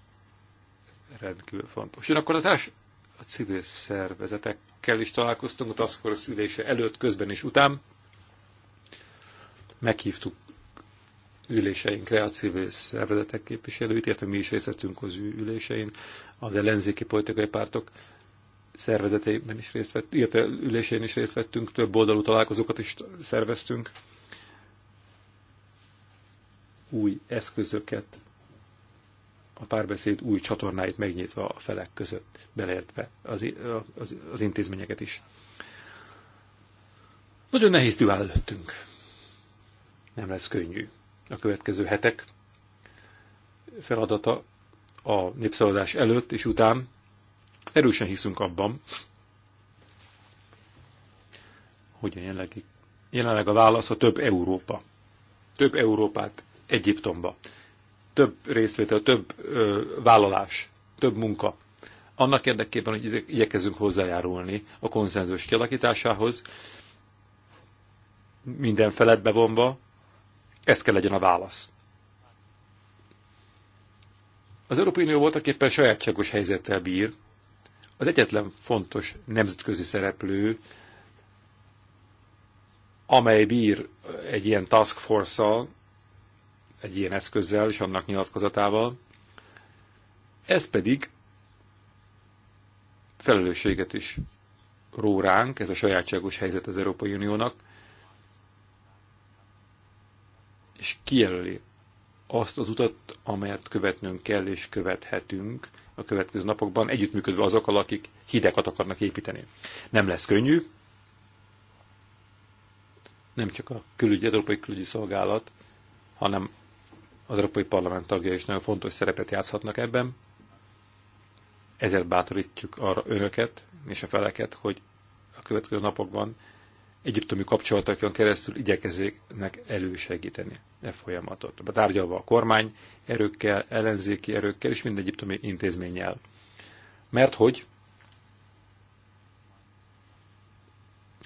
rendkívül fontos. És akkor a társ a civil szervezetek kell is találkoztunk, a Task Force ülése előtt, közben és után. Meghívtuk üléseinkre a civil szervezetek képviselőit, illetve mi is részt vettünk az ülésein, az ellenzéki politikai pártok szervezeteiben is részt vett. illetve ülésén is részt vettünk, több oldalú találkozókat is szerveztünk. Új eszközöket a párbeszéd új csatornáit megnyitva a felek között, beleértve az, az, az intézményeket is. Nagyon nehéz tűvá előttünk. Nem lesz könnyű. A következő hetek feladata a népszavazás előtt és után. Erősen hiszünk abban, hogy a jelenleg, jelenleg a válasz a több Európa. Több Európát Egyiptomba több részvétel, több ö, vállalás, több munka. Annak érdekében, hogy igyekezzünk hozzájárulni a konszenzus kialakításához, minden felett bevonva, ez kell legyen a válasz. Az Európai Unió voltak éppen sajátságos helyzettel bír. Az egyetlen fontos nemzetközi szereplő, amely bír egy ilyen task force-szal, egy ilyen eszközzel és annak nyilatkozatával. Ez pedig felelősséget is ró ránk, ez a sajátságos helyzet az Európai Uniónak, és kijelöli azt az utat, amelyet követnünk kell és követhetünk a következő napokban, együttműködve azokkal, akik hidekat akarnak építeni. Nem lesz könnyű, nem csak a külügyi, Európai Külügyi Szolgálat, hanem az Európai Parlament tagja is nagyon fontos szerepet játszhatnak ebben. Ezért bátorítjuk arra önöket és a feleket, hogy a következő napokban egyiptomi kapcsolatokon keresztül igyekezének elősegíteni e folyamatot. Tárgyalva a kormány erőkkel, ellenzéki erőkkel és mind egyiptomi intézménnyel. Mert hogy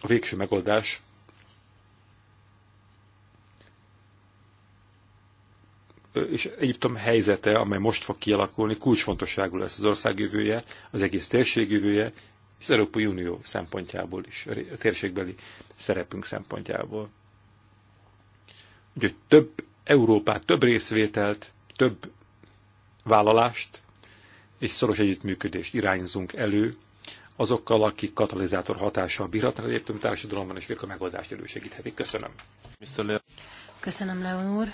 a végső megoldás és Egyiptom helyzete, amely most fog kialakulni, kulcsfontosságú lesz az ország jövője, az egész térség jövője, és az Európai Unió szempontjából is, a térségbeli szerepünk szempontjából. Úgyhogy több Európát, több részvételt, több vállalást és szoros együttműködést irányzunk elő azokkal, akik katalizátor hatással bírhatnak az egyiptomi társadalomban, és ők a megoldást elősegíthetik. Köszönöm. Köszönöm, Leon úr.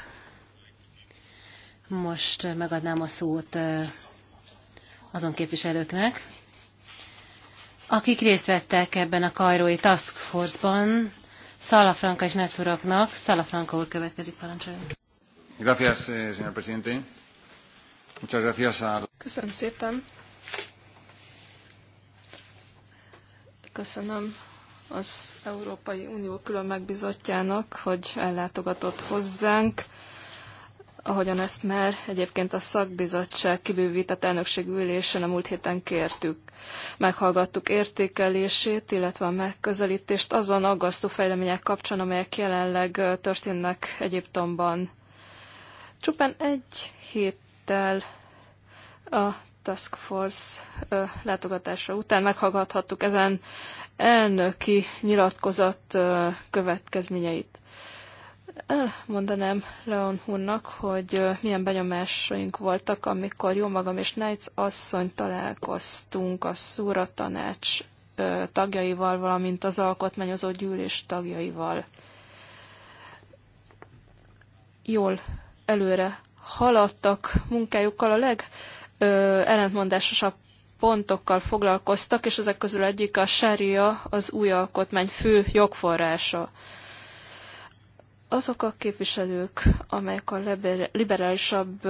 Most eh, megadnám a szót eh, azon képviselőknek, akik részt vettek ebben a kajrói Task Force-ban, Szalafranka és Netzuraknak. Szalafranka úr következik, parancsoljon. Eh, Köszönöm szépen. Köszönöm az Európai Unió külön megbizotjának, hogy ellátogatott hozzánk ahogyan ezt már egyébként a szakbizottság kibővített elnökség ülésen a múlt héten kértük. Meghallgattuk értékelését, illetve a megközelítést azon aggasztó fejlemények kapcsán, amelyek jelenleg történnek Egyiptomban. Csupán egy héttel a Task Force látogatása után meghallgathattuk ezen elnöki nyilatkozat következményeit. Elmondanám Leon Hunnak, hogy milyen benyomásaink voltak, amikor jó magam és Neitz asszony találkoztunk a Szúra tanács tagjaival, valamint az alkotmányozó gyűlés tagjaival. Jól előre haladtak munkájukkal, a leg ellentmondásosabb pontokkal foglalkoztak, és ezek közül egyik a sária, az új alkotmány fő jogforrása azok a képviselők, amelyek a liberálisabb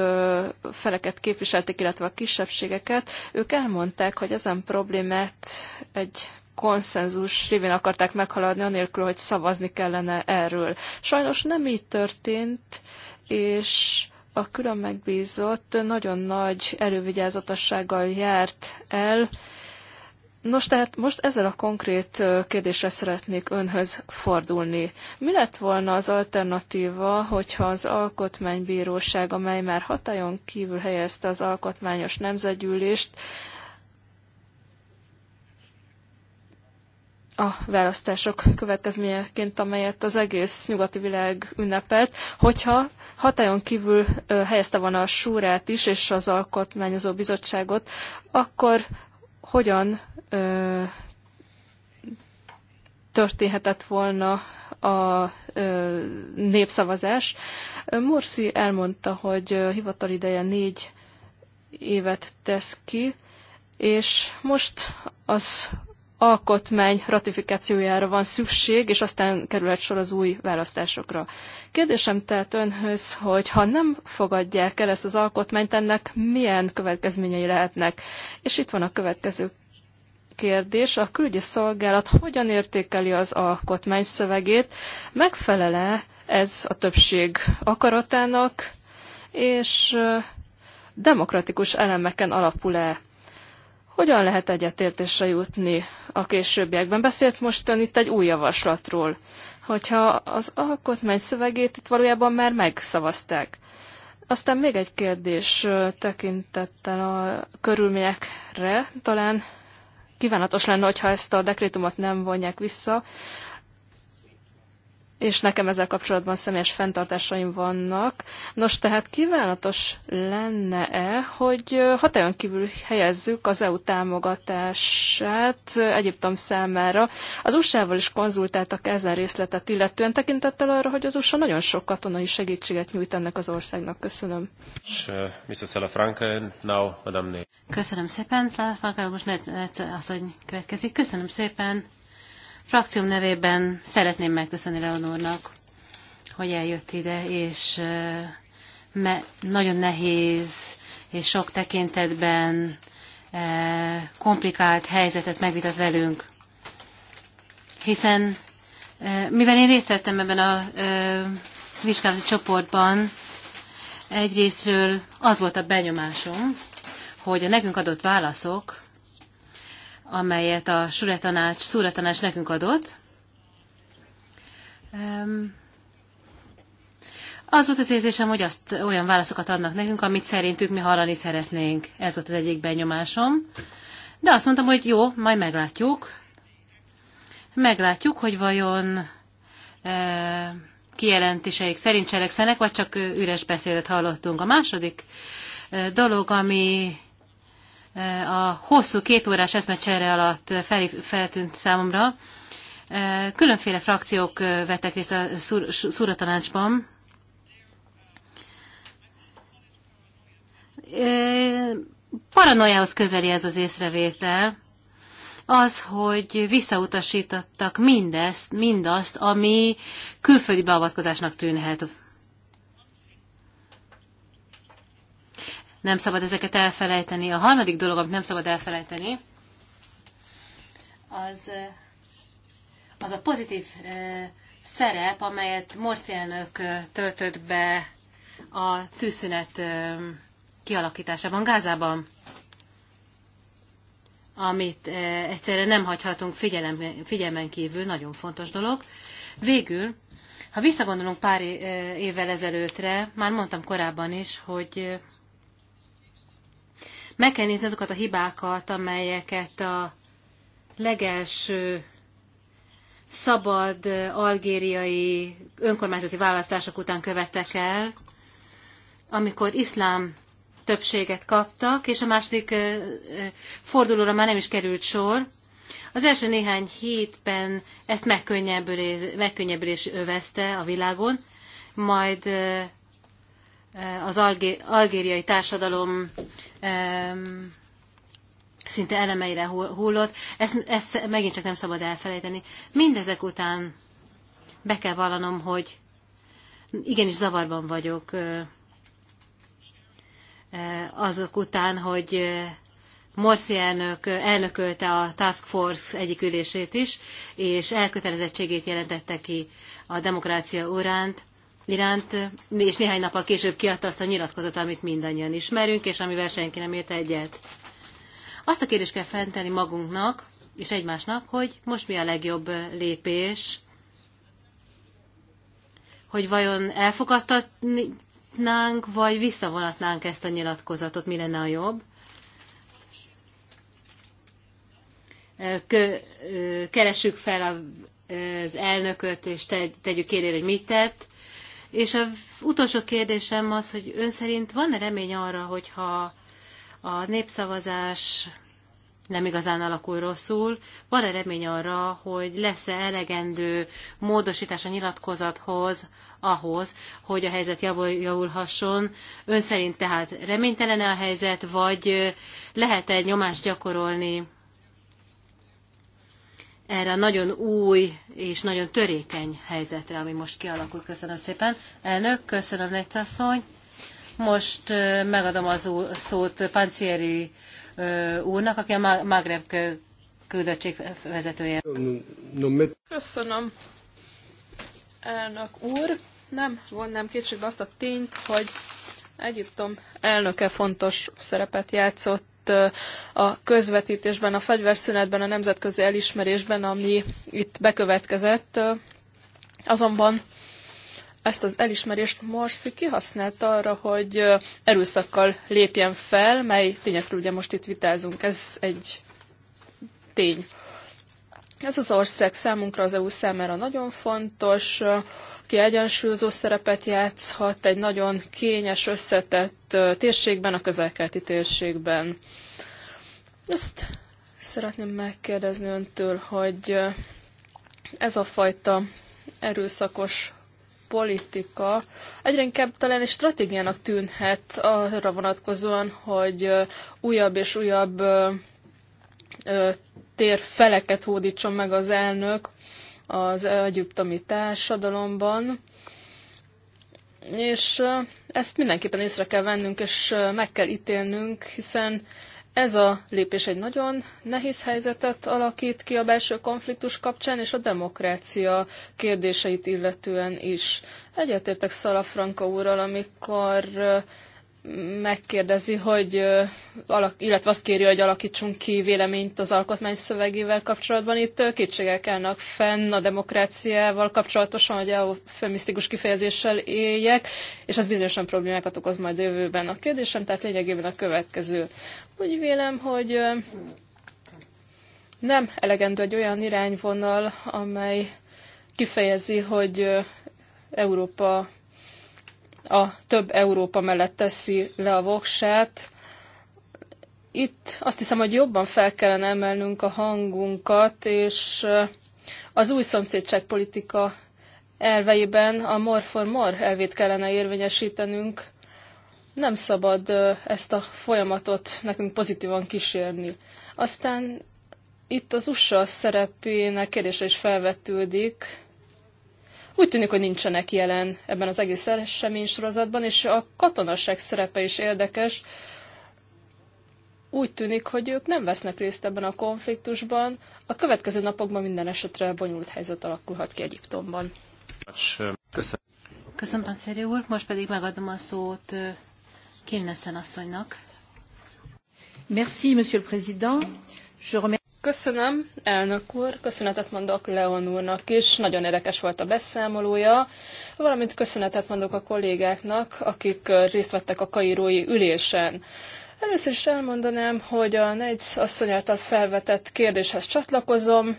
feleket képviselték, illetve a kisebbségeket, ők elmondták, hogy ezen problémát egy konszenzus révén akarták meghaladni, anélkül, hogy szavazni kellene erről. Sajnos nem így történt, és a külön megbízott nagyon nagy elővigyázatossággal járt el, Nos, tehát most ezzel a konkrét kérdésre szeretnék önhöz fordulni. Mi lett volna az alternatíva, hogyha az alkotmánybíróság, amely már hatályon kívül helyezte az alkotmányos nemzetgyűlést, a választások következményeként, amelyet az egész nyugati világ ünnepelt, hogyha hatályon kívül helyezte volna a súrát is, és az alkotmányozó bizottságot, akkor hogyan ö, történhetett volna a ö, népszavazás. Morsi elmondta, hogy hivatal ideje négy évet tesz ki, és most az alkotmány ratifikációjára van szükség, és aztán kerülhet sor az új választásokra. Kérdésem tehát önhöz, hogy ha nem fogadják el ezt az alkotmányt, ennek milyen következményei lehetnek? És itt van a következő kérdés, a külügyi szolgálat hogyan értékeli az alkotmány szövegét, megfelele ez a többség akaratának, és demokratikus elemeken alapul-e? Hogyan lehet egyetértésre jutni a későbbiekben? Beszélt ön itt egy új javaslatról, hogyha az alkotmány szövegét itt valójában már megszavazták. Aztán még egy kérdés tekintettel a körülményekre, talán kívánatos lenne, hogyha ezt a dekrétumot nem vonják vissza, és nekem ezzel kapcsolatban személyes fenntartásaim vannak. Nos, tehát kívánatos lenne-e, hogy hatályon kívül helyezzük az EU támogatását Egyiptom számára. Az USA-val is konzultáltak ezen részletet, illetően tekintettel arra, hogy az USA nagyon sok katonai segítséget nyújt ennek az országnak. Köszönöm. Köszönöm szépen, Franka, most ne, az asszony következik. Köszönöm szépen. Frakcióm nevében szeretném megköszönni Leonornak, hogy eljött ide, és eh, nagyon nehéz és sok tekintetben eh, komplikált helyzetet megvitat velünk. Hiszen eh, mivel én részt vettem ebben a vizsgálati csoportban, egyrésztről az volt a benyomásom, hogy a nekünk adott válaszok amelyet a suratanács, Szúretanács nekünk adott. Az volt az érzésem, hogy azt olyan válaszokat adnak nekünk, amit szerintük mi hallani szeretnénk. Ez volt az egyik benyomásom. De azt mondtam, hogy jó, majd meglátjuk. Meglátjuk, hogy vajon e, kijelentéseik szerint cselekszenek, vagy csak üres beszédet hallottunk. A második e, dolog, ami a hosszú két órás eszmecsere alatt fel, feltűnt számomra. E, különféle frakciók e, vettek részt a szúratanácsban. E, paranoiához közeli ez az észrevétel, az, hogy visszautasítottak mindezt, mindazt, ami külföldi beavatkozásnak tűnhet nem szabad ezeket elfelejteni. A harmadik dolog, amit nem szabad elfelejteni, az, eh, az a pozitív eh, szerep, amelyet Morsi elnök eh, töltött be a tűzszünet kialakításában Gázában, amit egyszerre nem hagyhatunk figyelem, figyelmen kívül, nagyon fontos dolog. Végül, ha visszagondolunk pár évvel ezelőttre, már mondtam korábban is, hogy meg kell nézni azokat a hibákat, amelyeket a legelső szabad algériai önkormányzati választások után követtek el, amikor iszlám többséget kaptak, és a második fordulóra már nem is került sor. Az első néhány hétben ezt megkönnyebbülés, megkönnyebbülés övezte a világon, majd Eh, az algériai társadalom szinte elemeire hullott. Ezt, ezt megint csak nem szabad elfelejteni. Mindezek után be kell vallanom, hogy igenis zavarban vagyok eh, eh, azok után, hogy Morsi elnök elnökölte a Task Force egyik ülését is, és elkötelezettségét jelentette ki a demokrácia uránt, iránt, és néhány nappal később kiadta azt a nyilatkozat, amit mindannyian ismerünk, és amivel senki nem ért egyet. Azt a kérdést kell fentelni magunknak, és egymásnak, hogy most mi a legjobb lépés, hogy vajon elfogadtatnánk, vagy visszavonatnánk ezt a nyilatkozatot, mi lenne a jobb. keressük fel az elnököt, és tegyük kérére, hogy mit tett, és az utolsó kérdésem az, hogy ön szerint van-e remény arra, hogyha a népszavazás nem igazán alakul rosszul, van-e remény arra, hogy lesz-e elegendő módosítás a nyilatkozathoz, ahhoz, hogy a helyzet javulhasson. Ön szerint tehát reménytelen a helyzet, vagy lehet-e nyomást gyakorolni erre a nagyon új és nagyon törékeny helyzetre, ami most kialakult. Köszönöm szépen. Elnök, köszönöm, Neccasszony. Most megadom az szót Pancieri úrnak, aki a Magreb küldöttség vezetője. Köszönöm, elnök úr. Nem vonnám kétségbe azt a tényt, hogy Egyiptom elnöke fontos szerepet játszott a közvetítésben, a fegyverszünetben, a nemzetközi elismerésben, ami itt bekövetkezett. Azonban ezt az elismerést Morsi kihasználta arra, hogy erőszakkal lépjen fel, mely tényekről ugye most itt vitázunk. Ez egy tény. Ez az ország számunkra, az EU számára nagyon fontos, egyensúlyozó szerepet játszhat egy nagyon kényes, összetett térségben, a közelkelti térségben. Ezt szeretném megkérdezni öntől, hogy ez a fajta erőszakos politika egyre inkább talán egy stratégiának tűnhet arra vonatkozóan, hogy újabb és újabb tér feleket hódítson meg az elnök az egyiptomi társadalomban. És ezt mindenképpen észre kell vennünk, és meg kell ítélnünk, hiszen ez a lépés egy nagyon nehéz helyzetet alakít ki a belső konfliktus kapcsán, és a demokrácia kérdéseit illetően is. Egyetértek szala franka úrral, amikor megkérdezi, hogy, illetve azt kéri, hogy alakítsunk ki véleményt az alkotmány szövegével kapcsolatban. Itt kétségek állnak fenn a demokráciával kapcsolatosan, hogy eufemisztikus kifejezéssel éljek, és ez bizonyosan problémákat okoz majd a jövőben. A kérdésem tehát lényegében a következő. Úgy vélem, hogy nem elegendő egy olyan irányvonal, amely kifejezi, hogy Európa a több Európa mellett teszi le a voksát. Itt azt hiszem, hogy jobban fel kellene emelnünk a hangunkat, és eh, az új szomszédságpolitika elveiben a more for more elvét kellene érvényesítenünk. Nem szabad eh, ezt a folyamatot nekünk pozitívan kísérni. Aztán itt az USA szerepének kérdése is felvetődik, úgy tűnik, hogy nincsenek jelen ebben az egész eseménysorozatban, és a katonaság szerepe is érdekes. Úgy tűnik, hogy ők nem vesznek részt ebben a konfliktusban. A következő napokban minden esetre bonyolult helyzet alakulhat ki Egyiptomban. Köszönöm. Köszönöm, Pancéri úr. Most pedig megadom a szót Kilnesen asszonynak. Merci, Monsieur le Président. Je remercie... Köszönöm, elnök úr, köszönetet mondok Leon úrnak is, nagyon érdekes volt a beszámolója, valamint köszönetet mondok a kollégáknak, akik részt vettek a kairói ülésen. Először is elmondanám, hogy a negy asszony által felvetett kérdéshez csatlakozom.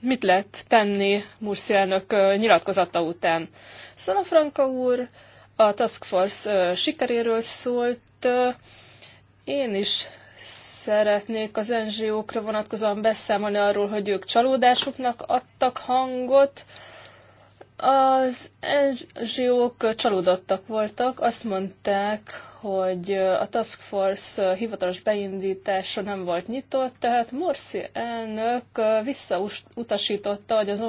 Mit lehet tenni Mursi elnök nyilatkozata után? Szalafranka úr a Task Force sikeréről szólt. Én is szeretnék az NGO-kra vonatkozóan beszámolni arról, hogy ők csalódásuknak adtak hangot, az NGO-k csalódottak voltak, azt mondták, hogy a Task Force hivatalos beindítása nem volt nyitott, tehát Morsi elnök visszautasította, hogy az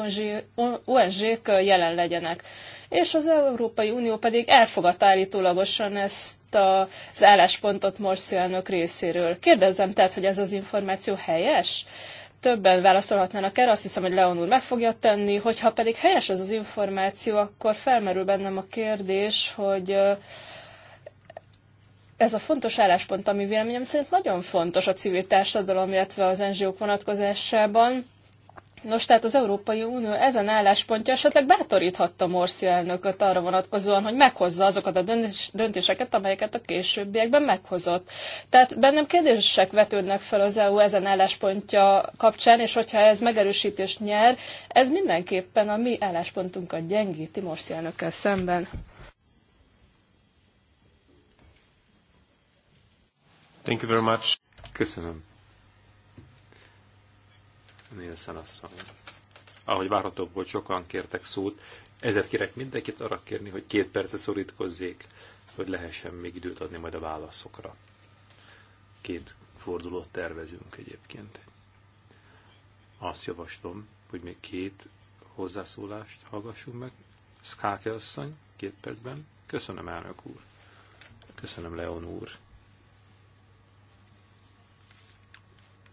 ONG-k jelen legyenek. És az Európai Unió pedig elfogadta állítólagosan ezt az álláspontot Morsi elnök részéről. Kérdezem tehát, hogy ez az információ helyes? többen válaszolhatnának erre, azt hiszem, hogy Leon úr meg fogja tenni, hogyha pedig helyes az az információ, akkor felmerül bennem a kérdés, hogy ez a fontos álláspont, ami véleményem szerint nagyon fontos a civil társadalom, illetve az NGO-k vonatkozásában, Nos, tehát az Európai Unió ezen álláspontja esetleg bátoríthatta Morsi elnököt arra vonatkozóan, hogy meghozza azokat a döntéseket, amelyeket a későbbiekben meghozott. Tehát bennem kérdések vetődnek fel az EU ezen álláspontja kapcsán, és hogyha ez megerősítést nyer, ez mindenképpen a mi álláspontunkat gyengíti Morsi elnökkel szemben. Thank you very much. Köszönöm. Nielsen asszony. Ahogy várható volt, sokan kértek szót, ezért kérek mindenkit arra kérni, hogy két perce szorítkozzék, hogy lehessen még időt adni majd a válaszokra. Két fordulót tervezünk egyébként. Azt javaslom, hogy még két hozzászólást hallgassunk meg. Szkáke asszony, két percben. Köszönöm, elnök úr. Köszönöm, Leon úr.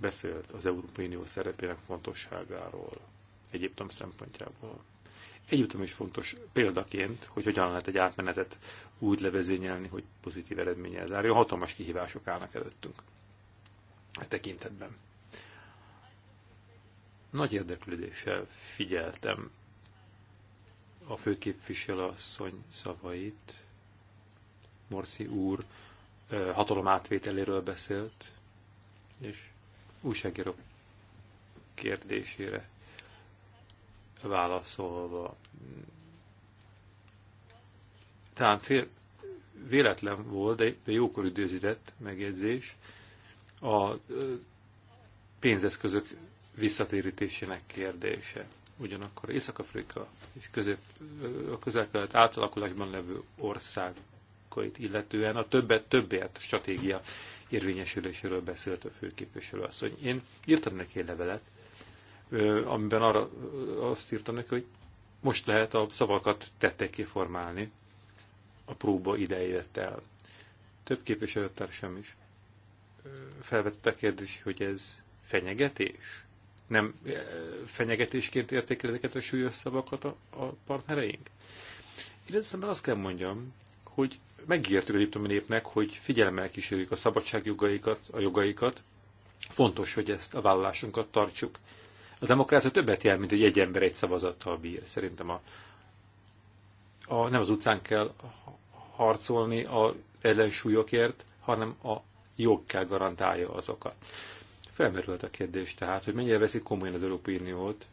beszélt az Európai Unió szerepének fontosságáról, Egyiptom szempontjából. Egyiptom is fontos példaként, hogy hogyan lehet egy átmenetet úgy levezényelni, hogy pozitív eredménye zárjon. Hatalmas kihívások állnak előttünk e tekintetben. Nagy érdeklődéssel figyeltem a asszony szavait. Morsi úr hatalom átvételéről beszélt, és újságírók kérdésére válaszolva. Talán fél, véletlen volt, de jókor időzített megjegyzés a pénzeszközök visszatérítésének kérdése. Ugyanakkor Észak-Afrika és közép, a közel-kelet átalakulásban levő ország százalékait illetően a többet többért stratégia érvényesüléséről beszélt a főképviselő asszony. Én írtam neki egy levelet, amiben arra azt írtam neki, hogy most lehet a szavakat tetteké formálni a próba idejét el. Több képviselőtársam is felvette a kérdés, hogy ez fenyegetés? Nem fenyegetésként értékel ezeket a súlyos szavakat a, a partnereink? Én azt kell mondjam, hogy megígértük a egyiptomi népnek, hogy figyelemmel kísérjük a szabadságjogaikat, a jogaikat. Fontos, hogy ezt a vállalásunkat tartsuk. A demokrácia többet jel, mint hogy egy ember egy szavazattal bír. Szerintem a, a, nem az utcán kell harcolni a ellensúlyokért, hanem a jog kell garantálja azokat. Felmerült a kérdés tehát, hogy mennyire veszik komolyan az Európai Uniót,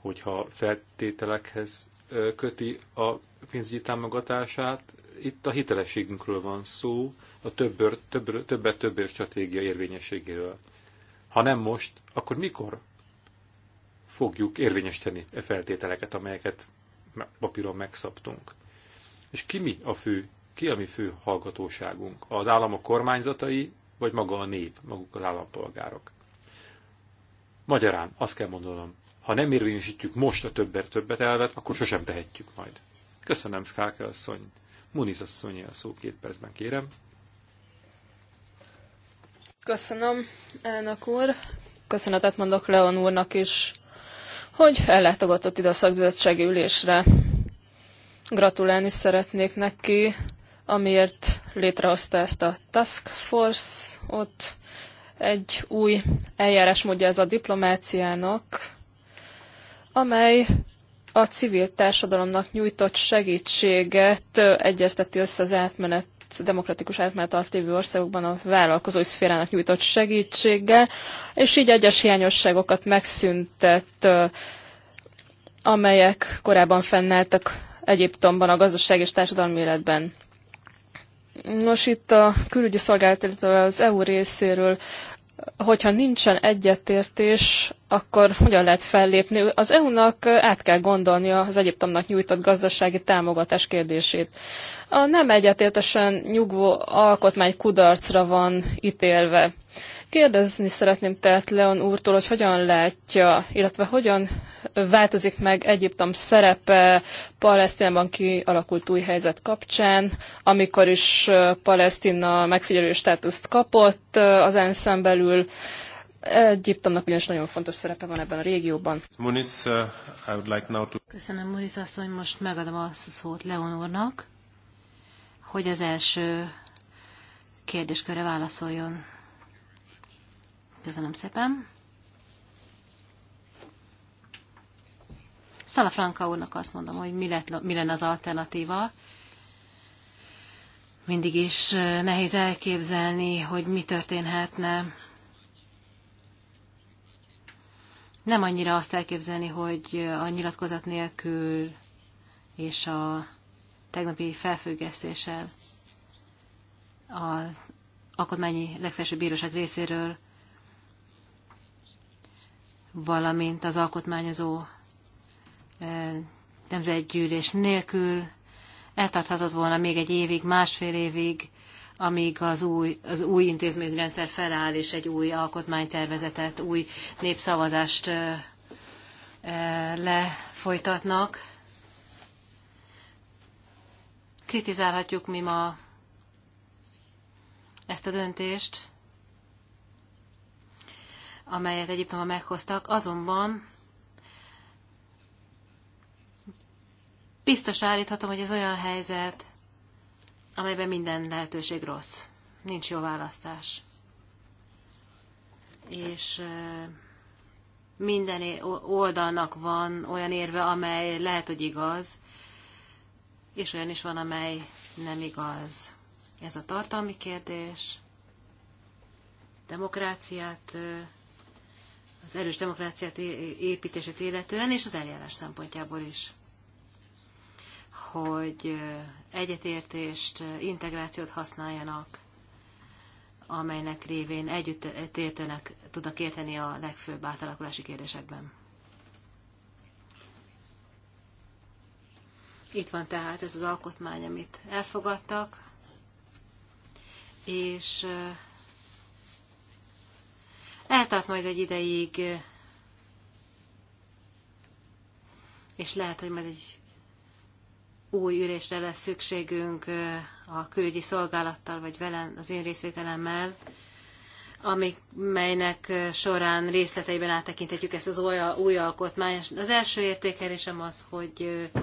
hogyha feltételekhez köti a pénzügyi támogatását. Itt a hitelességünkről van szó, a többör, többör, többet többért stratégia érvényességéről. Ha nem most, akkor mikor fogjuk érvényesíteni e feltételeket, amelyeket papíron megszabtunk? És ki mi a fő, ki a mi fő hallgatóságunk? Az államok kormányzatai, vagy maga a nép, maguk az állampolgárok? Magyarán azt kell mondanom, ha nem érvényesítjük most a többet többet elvet, akkor sosem tehetjük majd. Köszönöm, Skáke asszony. Muniz asszony, a szó két percben kérem. Köszönöm, elnök úr. Köszönetet mondok Leon úrnak is, hogy ellátogatott ide a szakbizottsági ülésre. Gratulálni szeretnék neki, amiért létrehozta ezt a Task Force-ot. Egy új eljárásmódja ez a diplomáciának, amely a civil társadalomnak nyújtott segítséget egyezteti össze az átmenet demokratikus átmenet alatt lévő országokban a vállalkozói szférának nyújtott segítséggel, és így egyes hiányosságokat megszüntett, amelyek korábban fennálltak Egyiptomban a gazdaság és társadalmi életben. Nos, itt a külügyi szolgálat, illetve az EU részéről hogyha nincsen egyetértés, akkor hogyan lehet fellépni? Az EU-nak át kell gondolnia az Egyiptomnak nyújtott gazdasági támogatás kérdését. A nem egyetértesen nyugvó alkotmány kudarcra van ítélve. Kérdezni szeretném tehát Leon úrtól, hogy hogyan látja, illetve hogyan változik meg Egyiptom szerepe Palesztinában kialakult új helyzet kapcsán, amikor is Palesztina megfigyelő státuszt kapott az ensz belül. Egyiptomnak ugyanis nagyon fontos szerepe van ebben a régióban. Muniz, uh, I would like now to... Köszönöm, Muniz asszony, most megadom a szót Leon úrnak, hogy az első kérdéskörre válaszoljon. Köszönöm szépen. Franka úrnak azt mondom, hogy mi, lett, mi lenne az alternatíva. Mindig is nehéz elképzelni, hogy mi történhetne. Nem annyira azt elképzelni, hogy a nyilatkozat nélkül és a tegnapi felfüggesztéssel az alkotmányi legfelsőbb bíróság részéről valamint az alkotmányozó nemzetgyűlés nélkül eltarthatott volna még egy évig, másfél évig, amíg az új, az új intézményrendszer feláll, és egy új alkotmánytervezetet, új népszavazást lefolytatnak. Kritizálhatjuk mi ma ezt a döntést, amelyet Egyiptomban meghoztak, azonban biztos állíthatom, hogy ez olyan helyzet, amelyben minden lehetőség rossz. Nincs jó választás. És minden oldalnak van olyan érve, amely lehet, hogy igaz, és olyan is van, amely nem igaz. Ez a tartalmi kérdés. Demokráciát az erős demokráciát építését illetően, és az eljárás szempontjából is hogy egyetértést, integrációt használjanak, amelynek révén együtt értenek, tudnak érteni a legfőbb átalakulási kérdésekben. Itt van tehát ez az alkotmány, amit elfogadtak, és Eltart majd egy ideig, és lehet, hogy majd egy új ülésre lesz szükségünk eh, a külügyi szolgálattal, vagy velem, az én részvételemmel, amik, melynek eh, során részleteiben áttekinthetjük ezt az új, új alkotmányt. Az első értékelésem az, hogy eh,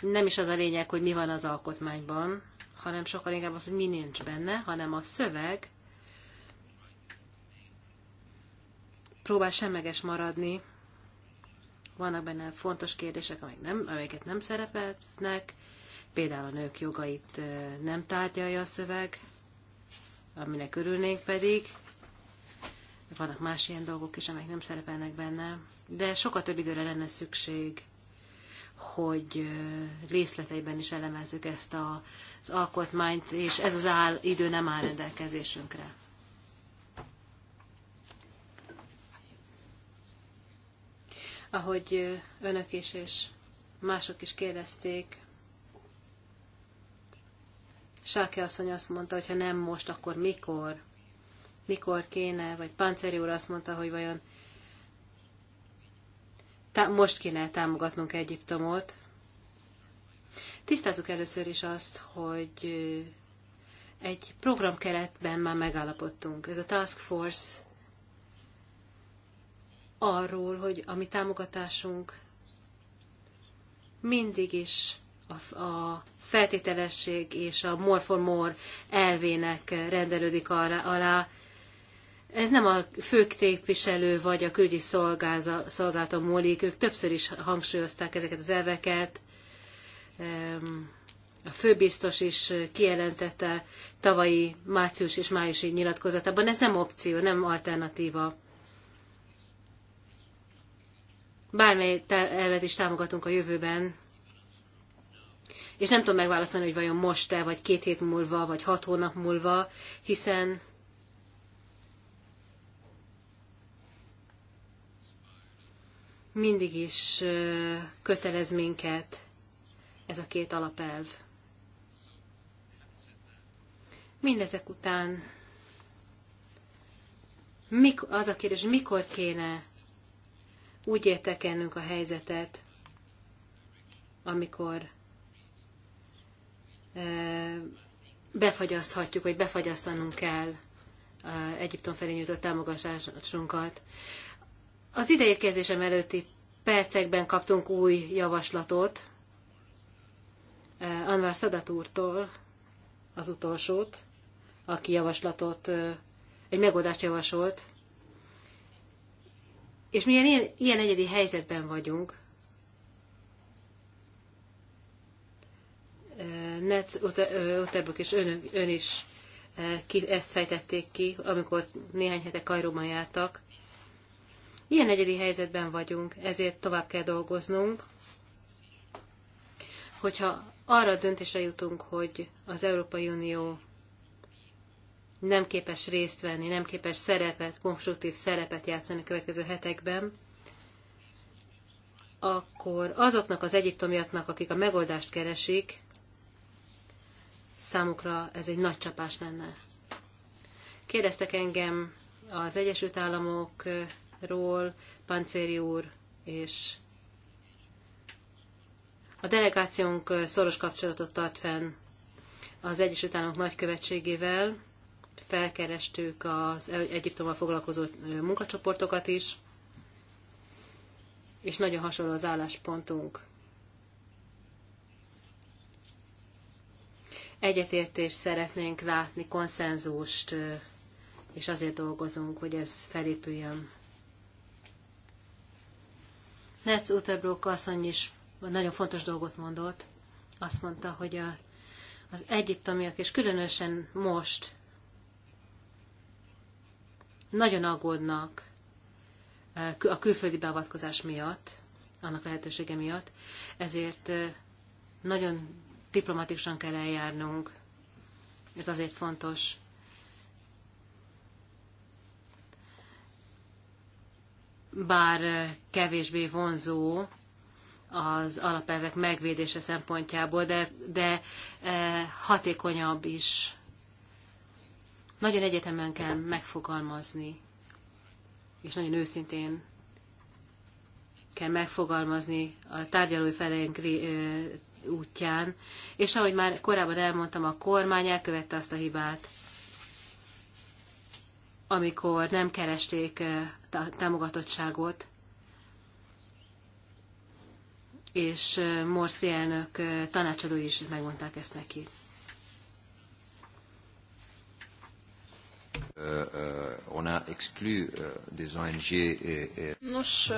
nem is az a lényeg, hogy mi van az alkotmányban, hanem sokkal inkább az, hogy mi nincs benne, hanem a szöveg próbál semleges maradni. Vannak benne fontos kérdések, amelyek nem, amelyeket nem szerepelnek, például a nők jogait nem tárgyalja a szöveg, aminek örülnénk pedig. Vannak más ilyen dolgok is, amelyek nem szerepelnek benne, de sokkal több időre lenne szükség, hogy részleteiben is elemezzük ezt az alkotmányt, és ez az áll, idő nem áll rendelkezésünkre. Ahogy önök is és mások is kérdezték, Sáke asszony azt mondta, hogy ha nem most, akkor mikor? Mikor kéne? Vagy Panceri úr azt mondta, hogy vajon tá- most kéne támogatnunk Egyiptomot. Tisztázzuk először is azt, hogy egy programkeretben már megállapodtunk. Ez a Task Force arról, hogy a mi támogatásunk mindig is a, a feltételesség és a more for more elvének rendelődik alá. Ez nem a főképviselő vagy a külügyi szolgálatom múlik, ők többször is hangsúlyozták ezeket az elveket. A főbiztos is kijelentette tavalyi március és májusi nyilatkozatában. Ez nem opció, nem alternatíva bármely elvet is támogatunk a jövőben, és nem tudom megválaszolni, hogy vajon most-e, vagy két hét múlva, vagy hat hónap múlva, hiszen mindig is kötelez minket ez a két alapelv. Mindezek után mik, az a kérdés, mikor kéne úgy értekelnünk a helyzetet, amikor befagyaszthatjuk, vagy befagyasztanunk kell Egyiptom felé nyújtott támogatásunkat. Az ideérkezésem előtti percekben kaptunk új javaslatot Anwar Szadat úrtól, az utolsót, aki javaslatot, egy megoldást javasolt és milyen ilyen, ilyen egyedi helyzetben vagyunk, Netz Utterbök és ön, ön is ki, ezt fejtették ki, amikor néhány hete Kajróban jártak. Ilyen egyedi helyzetben vagyunk, ezért tovább kell dolgoznunk. Hogyha arra a döntésre jutunk, hogy az Európai Unió nem képes részt venni, nem képes szerepet, konstruktív szerepet játszani a következő hetekben, akkor azoknak az egyiptomiaknak, akik a megoldást keresik, számukra ez egy nagy csapás lenne. Kérdeztek engem az Egyesült Államokról, Pancéri úr, és a delegációnk szoros kapcsolatot tart fenn az Egyesült Államok nagykövetségével, felkerestük az Egyiptommal foglalkozó munkacsoportokat is, és nagyon hasonló az álláspontunk. Egyetértést szeretnénk látni, konszenzust, és azért dolgozunk, hogy ez felépüljön. Netz Uterbrook asszony is nagyon fontos dolgot mondott. Azt mondta, hogy a, az egyiptomiak, és különösen most nagyon aggódnak e, a külföldi beavatkozás miatt, annak lehetősége miatt, ezért e, nagyon diplomatikusan kell eljárnunk. Ez azért fontos. Bár e, kevésbé vonzó az alapelvek megvédése szempontjából, de, de hatékonyabb is nagyon egyetemen kell megfogalmazni, és nagyon őszintén kell megfogalmazni a tárgyalói felénk útján, és ahogy már korábban elmondtam, a kormány elkövette azt a hibát, amikor nem keresték támogatottságot, és Morsi elnök tanácsadói is megmondták ezt neki. Euh, euh, on a exclu euh, des ONG Nos,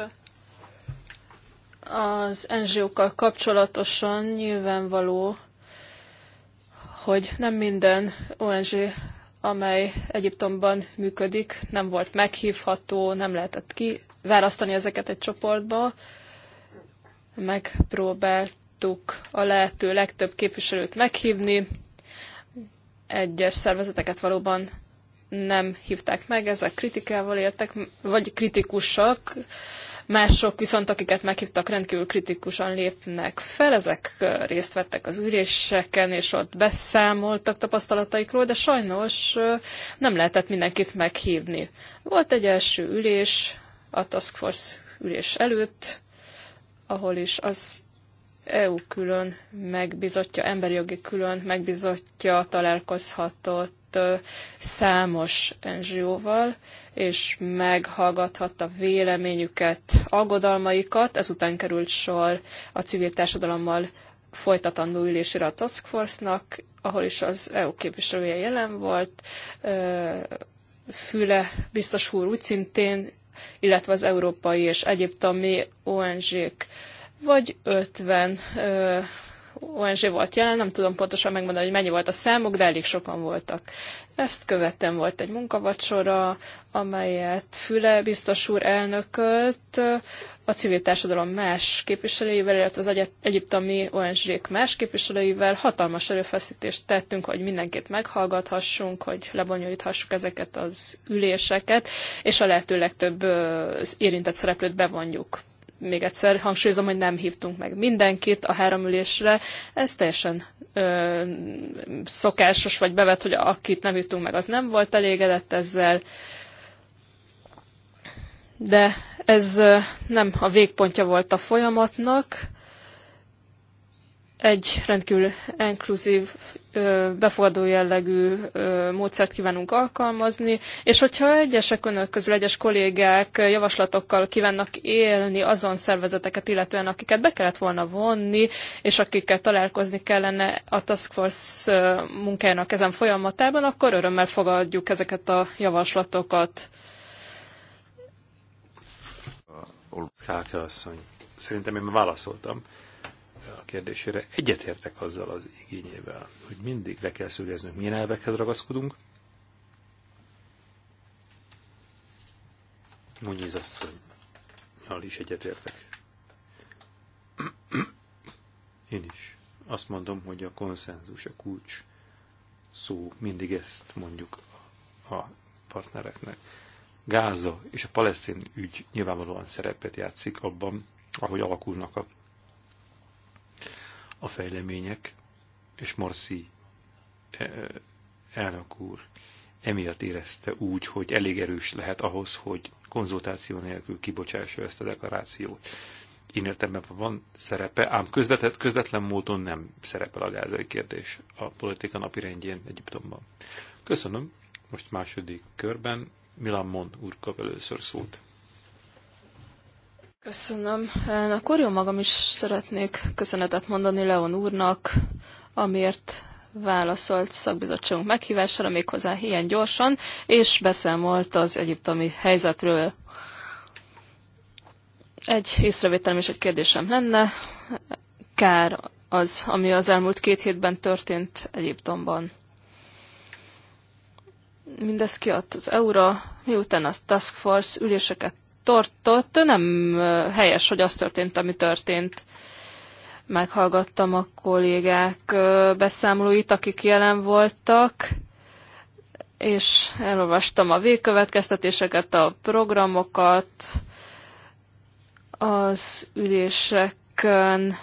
az NGO-kkal kapcsolatosan nyilvánvaló, hogy nem minden ONG, amely Egyiptomban működik, nem volt meghívható, nem lehetett ki választani ezeket egy csoportba. Megpróbáltuk a lehető legtöbb képviselőt meghívni, egyes szervezeteket valóban nem hívták meg, ezek kritikával éltek, vagy kritikusak, mások viszont, akiket meghívtak, rendkívül kritikusan lépnek fel, ezek részt vettek az üléseken, és ott beszámoltak tapasztalataikról, de sajnos nem lehetett mindenkit meghívni. Volt egy első ülés, a Task Force ülés előtt, ahol is az EU külön megbizotja, emberi jogi külön megbizotja találkozhatott együtt számos NGO-val, és meghallgathatta véleményüket, aggodalmaikat. Ezután került sor a civil társadalommal folytatandó ülésére a Task Force-nak, ahol is az EU képviselője jelen volt, Füle biztos úr úgy szintén, illetve az európai és egyiptomi ONG-k, vagy 50 ONG volt jelen, nem tudom pontosan megmondani, hogy mennyi volt a számuk, de elég sokan voltak. Ezt követtem volt egy munkavacsora, amelyet Füle biztos úr elnökölt, a civil társadalom más képviselőivel, illetve az egyiptomi ONG-k más képviselőivel hatalmas erőfeszítést tettünk, hogy mindenkit meghallgathassunk, hogy lebonyolíthassuk ezeket az üléseket, és a lehető legtöbb érintett szereplőt bevonjuk. Még egyszer hangsúlyozom, hogy nem hívtunk meg mindenkit a három ülésre. Ez teljesen ö, szokásos vagy bevet, hogy akit nem hívtunk meg, az nem volt elégedett ezzel. De ez nem a végpontja volt a folyamatnak. Egy rendkívül inkluzív befogadó jellegű módszert kívánunk alkalmazni, és hogyha egyesek önök közül egyes kollégák javaslatokkal kívánnak élni azon szervezeteket, illetően akiket be kellett volna vonni, és akikkel találkozni kellene a Task Force munkájának ezen folyamatában, akkor örömmel fogadjuk ezeket a javaslatokat. Olkáke asszony. Szerintem én válaszoltam kérdésére egyetértek azzal az igényével, hogy mindig le kell szögeznünk, milyen elvekhez ragaszkodunk. Munyiz asszonynal is egyetértek. Én is. Azt mondom, hogy a konszenzus, a kulcs szó, mindig ezt mondjuk a partnereknek. Gáza és a palesztin ügy nyilvánvalóan szerepet játszik abban, ahogy alakulnak a a fejlemények, és Marci e, e, elnök úr emiatt érezte úgy, hogy elég erős lehet ahhoz, hogy konzultáció nélkül kibocsássa ezt a deklarációt. Én értelemben van szerepe, ám közvetett, közvetlen módon nem szerepel a gázai kérdés a politika rendjén Egyiptomban. Köszönöm. Most második körben Milan Mon úr kap először szót. Köszönöm. Akkor jó magam is szeretnék köszönetet mondani Leon úrnak, amiért válaszolt szakbizottságunk meghívására, méghozzá ilyen gyorsan, és beszámolt az egyiptomi helyzetről. Egy észrevételem és egy kérdésem lenne. Kár az, ami az elmúlt két hétben történt Egyiptomban. Mindez kiadt az Eura, miután a Task Force üléseket tartott, nem helyes, hogy az történt, ami történt. Meghallgattam a kollégák beszámolóit, akik jelen voltak, és elolvastam a végkövetkeztetéseket, a programokat, az üléseken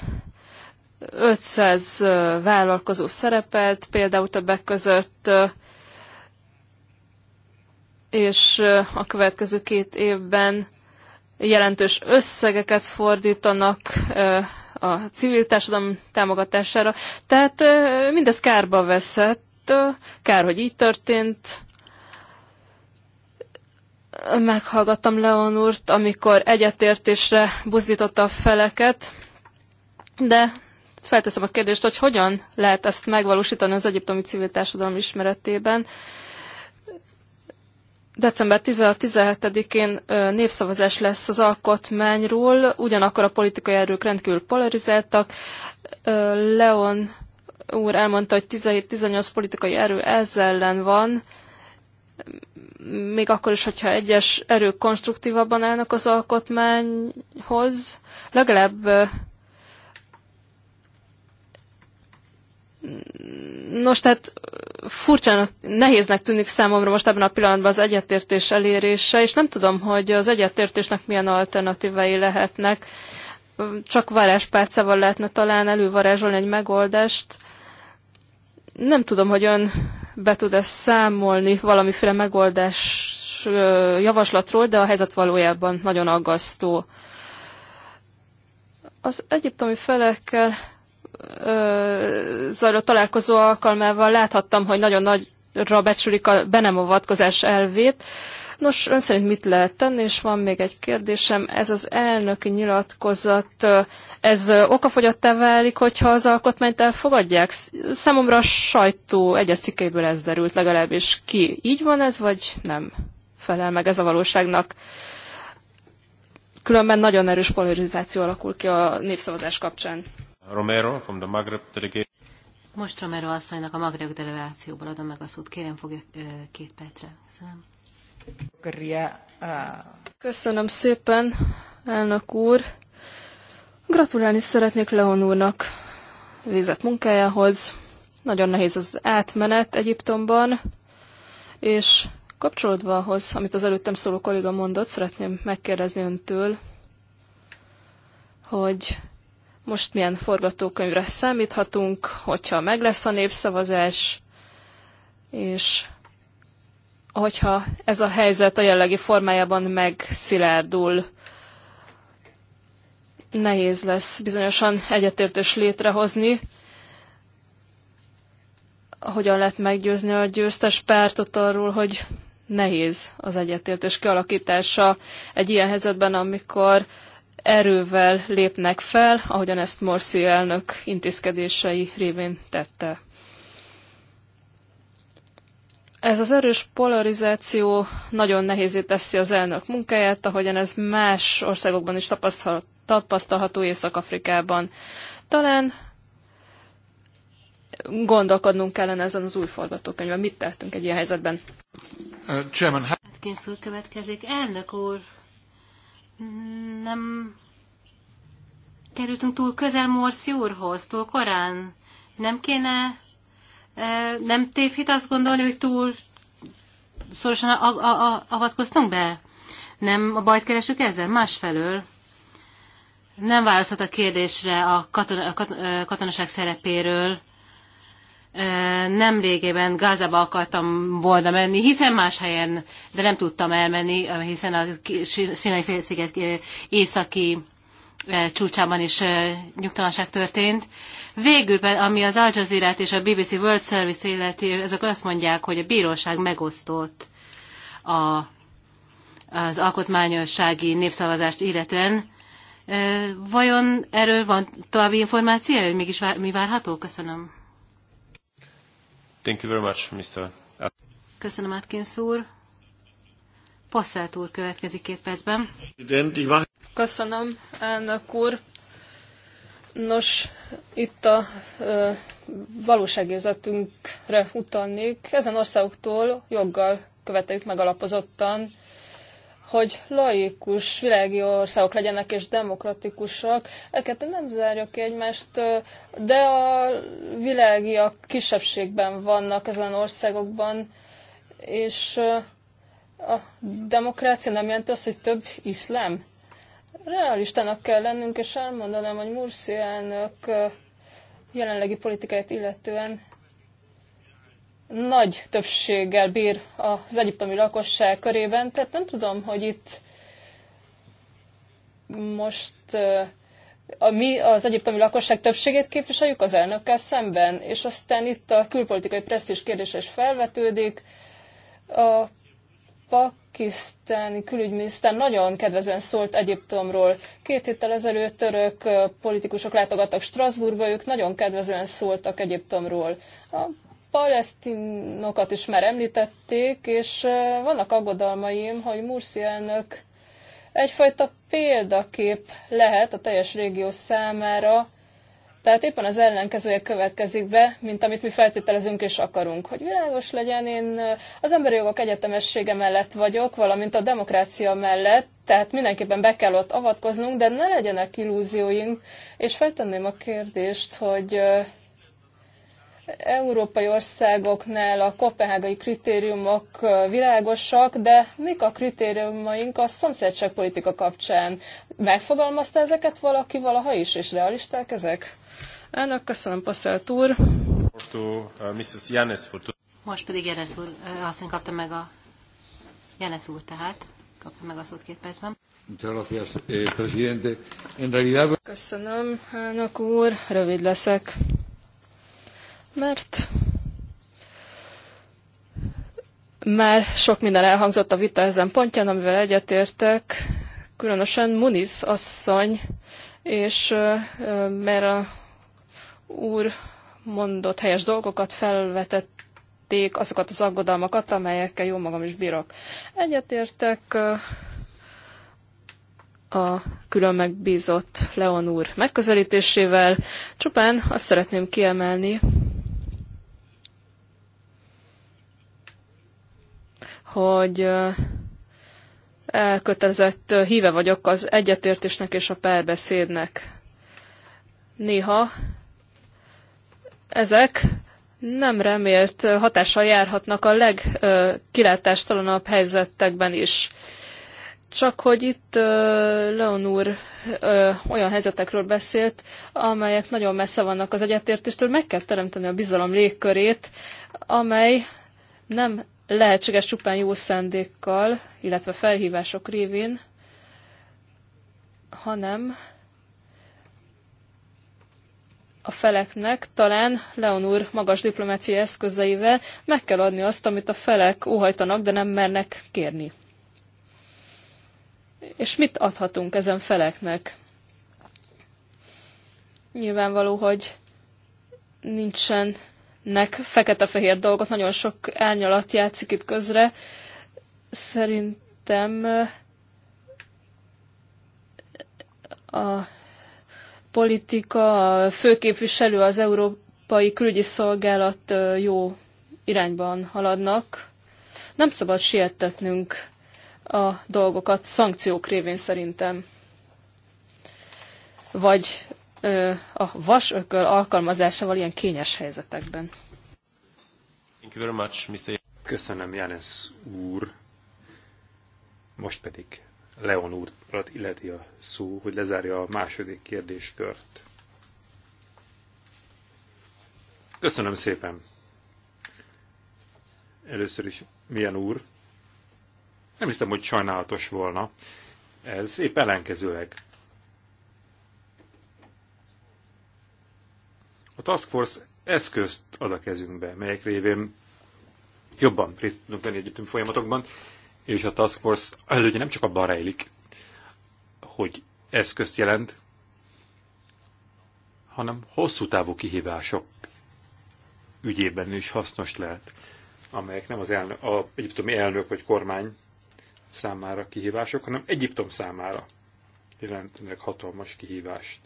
500 vállalkozó szerepelt, például többek között, és a következő két évben jelentős összegeket fordítanak a civil társadalom támogatására. Tehát mindez kárba veszett, kár, hogy így történt. Meghallgattam Leon úrt, amikor egyetértésre buzdította a feleket, de felteszem a kérdést, hogy hogyan lehet ezt megvalósítani az egyiptomi civil társadalom ismeretében december 17-én népszavazás lesz az alkotmányról, ugyanakkor a politikai erők rendkívül polarizáltak. Leon úr elmondta, hogy 17-18 politikai erő ez ellen van, még akkor is, hogyha egyes erők konstruktívabban állnak az alkotmányhoz, legalább Nos, tehát furcsának, nehéznek tűnik számomra most ebben a pillanatban az egyetértés elérése, és nem tudom, hogy az egyetértésnek milyen alternatívai lehetnek. Csak varázspárcával lehetne talán elővarázsolni egy megoldást. Nem tudom, hogy ön be tud-e számolni valamiféle megoldás javaslatról, de a helyzet valójában nagyon aggasztó. Az egyiptomi felekkel ö, zajló találkozó alkalmával láthattam, hogy nagyon nagyra becsülik a be nem avatkozás elvét. Nos, ön szerint mit lehet tenni, és van még egy kérdésem. Ez az elnöki nyilatkozat, ez okafogyottá válik, hogyha az alkotmányt elfogadják? Számomra a sajtó egyes cikkeiből ez derült legalábbis ki. Így van ez, vagy nem felel meg ez a valóságnak? Különben nagyon erős polarizáció alakul ki a népszavazás kapcsán. Romero from the Maghreb delegation. Most Romero asszonynak a Magreb delegációból adom meg a szót. Kérem, fogja két percre. Köszönöm. Köszönöm szépen, elnök úr. Gratulálni szeretnék Leon úrnak végzett munkájához. Nagyon nehéz az átmenet Egyiptomban, és kapcsolódva ahhoz, amit az előttem szóló kolléga mondott, szeretném megkérdezni öntől, hogy most milyen forgatókönyvre számíthatunk, hogyha meg lesz a népszavazás, és hogyha ez a helyzet a jellegi formájában megszilárdul, nehéz lesz bizonyosan egyetértés létrehozni, hogyan lehet meggyőzni a győztes pártot arról, hogy nehéz az egyetértés kialakítása egy ilyen helyzetben, amikor erővel lépnek fel, ahogyan ezt Morsi elnök intézkedései révén tette. Ez az erős polarizáció nagyon nehézé teszi az elnök munkáját, ahogyan ez más országokban is tapasztalható Észak-Afrikában. Talán gondolkodnunk kellene ezen az új forgatókönyvben. Mit tettünk egy ilyen helyzetben? Uh, Chairman, Atkins hát úr következik. Elnök úr, nem kerültünk túl közel Morsi úrhoz, túl korán. Nem kéne, e, nem tévhit azt gondolni, hogy túl szorosan a, a, a, avatkoztunk be? Nem a bajt keresünk ezzel? Másfelől nem válaszolt a kérdésre a, katona, a e, katonaság szerepéről nemrégében Gázába akartam volna menni, hiszen más helyen, de nem tudtam elmenni, hiszen a Sinai félsziget északi csúcsában is nyugtalanság történt. Végül, ami az Al jazeera és a BBC World Service-t illeti, ezek azt mondják, hogy a bíróság megosztott a, az alkotmányossági népszavazást illetően. Vajon erről van további információ, hogy mégis vár, mi várható? Köszönöm. Thank you very much, Mr. Köszönöm, Atkins úr. Passzelt úr következik két percben. Köszönöm, elnök úr. Nos, itt a ö, valóságérzetünkre utalnék. Ezen országoktól joggal követeljük megalapozottan hogy laikus világi országok legyenek és demokratikusak. Eket nem zárja ki egymást, de a világiak kisebbségben vannak ezen országokban, és a demokrácia nem jelenti azt, hogy több iszlám. Realistának kell lennünk, és elmondanám, hogy Mursi elnök jelenlegi politikáját illetően nagy többséggel bír az egyiptomi lakosság körében, tehát nem tudom, hogy itt most eh, a, mi az egyiptomi lakosság többségét képviseljük az elnökkel szemben, és aztán itt a külpolitikai presztis kérdése is felvetődik. A pakisztáni külügyminiszter nagyon kedvezően szólt Egyiptomról. Két héttel ezelőtt török eh, politikusok látogattak Strasbourgba, ők nagyon kedvezően szóltak Egyiptomról. A palesztinokat is már említették, és vannak aggodalmaim, hogy Mursi elnök egyfajta példakép lehet a teljes régió számára, tehát éppen az ellenkezője következik be, mint amit mi feltételezünk és akarunk. Hogy világos legyen, én az emberi jogok egyetemessége mellett vagyok, valamint a demokrácia mellett, tehát mindenképpen be kell ott avatkoznunk, de ne legyenek illúzióink, és feltenném a kérdést, hogy európai országoknál a kopenhágai kritériumok világosak, de mik a kritériumaink a szomszédságpolitika kapcsán? Megfogalmazta ezeket valaki valaha is, és realisták ezek? Elnök, köszönöm, Passzelt úr. Uh, Most pedig Janes úr, uh, azt kapta meg a Janes úr tehát, kapta meg a szót két percben. Eh, köszönöm, elnök úr, rövid leszek mert már sok minden elhangzott a vita ezen pontján, amivel egyetértek, különösen Muniz asszony és mert a úr mondott helyes dolgokat, felvetették azokat az aggodalmakat, amelyekkel jó magam is bírok. Egyetértek a külön megbízott Leon úr megközelítésével. Csupán azt szeretném kiemelni, hogy elkötelezett híve vagyok az egyetértésnek és a párbeszédnek. Néha ezek nem remélt hatással járhatnak a legkilátástalanabb helyzetekben is. Csak hogy itt Leon úr olyan helyzetekről beszélt, amelyek nagyon messze vannak az egyetértéstől, meg kell teremteni a bizalom légkörét, amely nem lehetséges csupán jó szándékkal, illetve felhívások révén, hanem a feleknek talán Leonur magas diplomáciai eszközeivel meg kell adni azt, amit a felek óhajtanak, de nem mernek kérni. És mit adhatunk ezen feleknek? Nyilvánvaló, hogy nincsen nek fekete-fehér dolgot, nagyon sok árnyalat játszik itt közre. Szerintem eh, a politika, a főképviselő, az Európai Külügyi Szolgálat eh, jó irányban haladnak. Nem szabad siettetnünk a dolgokat szankciók révén szerintem. Vagy a vasököl alkalmazásával ilyen kényes helyzetekben. Thank you very much, Mr. Köszönöm, János úr. Most pedig Leon úrat illeti a szó, hogy lezárja a második kérdéskört. Köszönöm szépen. Először is, milyen úr? Nem hiszem, hogy sajnálatos volna. Ez épp ellenkezőleg A Task Force eszközt ad a kezünkbe, melyek révén jobban részt tudunk venni együttünk folyamatokban, és a Task Force elődje nem csak abban rejlik, hogy eszközt jelent, hanem hosszú távú kihívások ügyében is hasznos lehet, amelyek nem az elnök, a egyiptomi elnök vagy kormány számára kihívások, hanem Egyiptom számára jelentenek hatalmas kihívást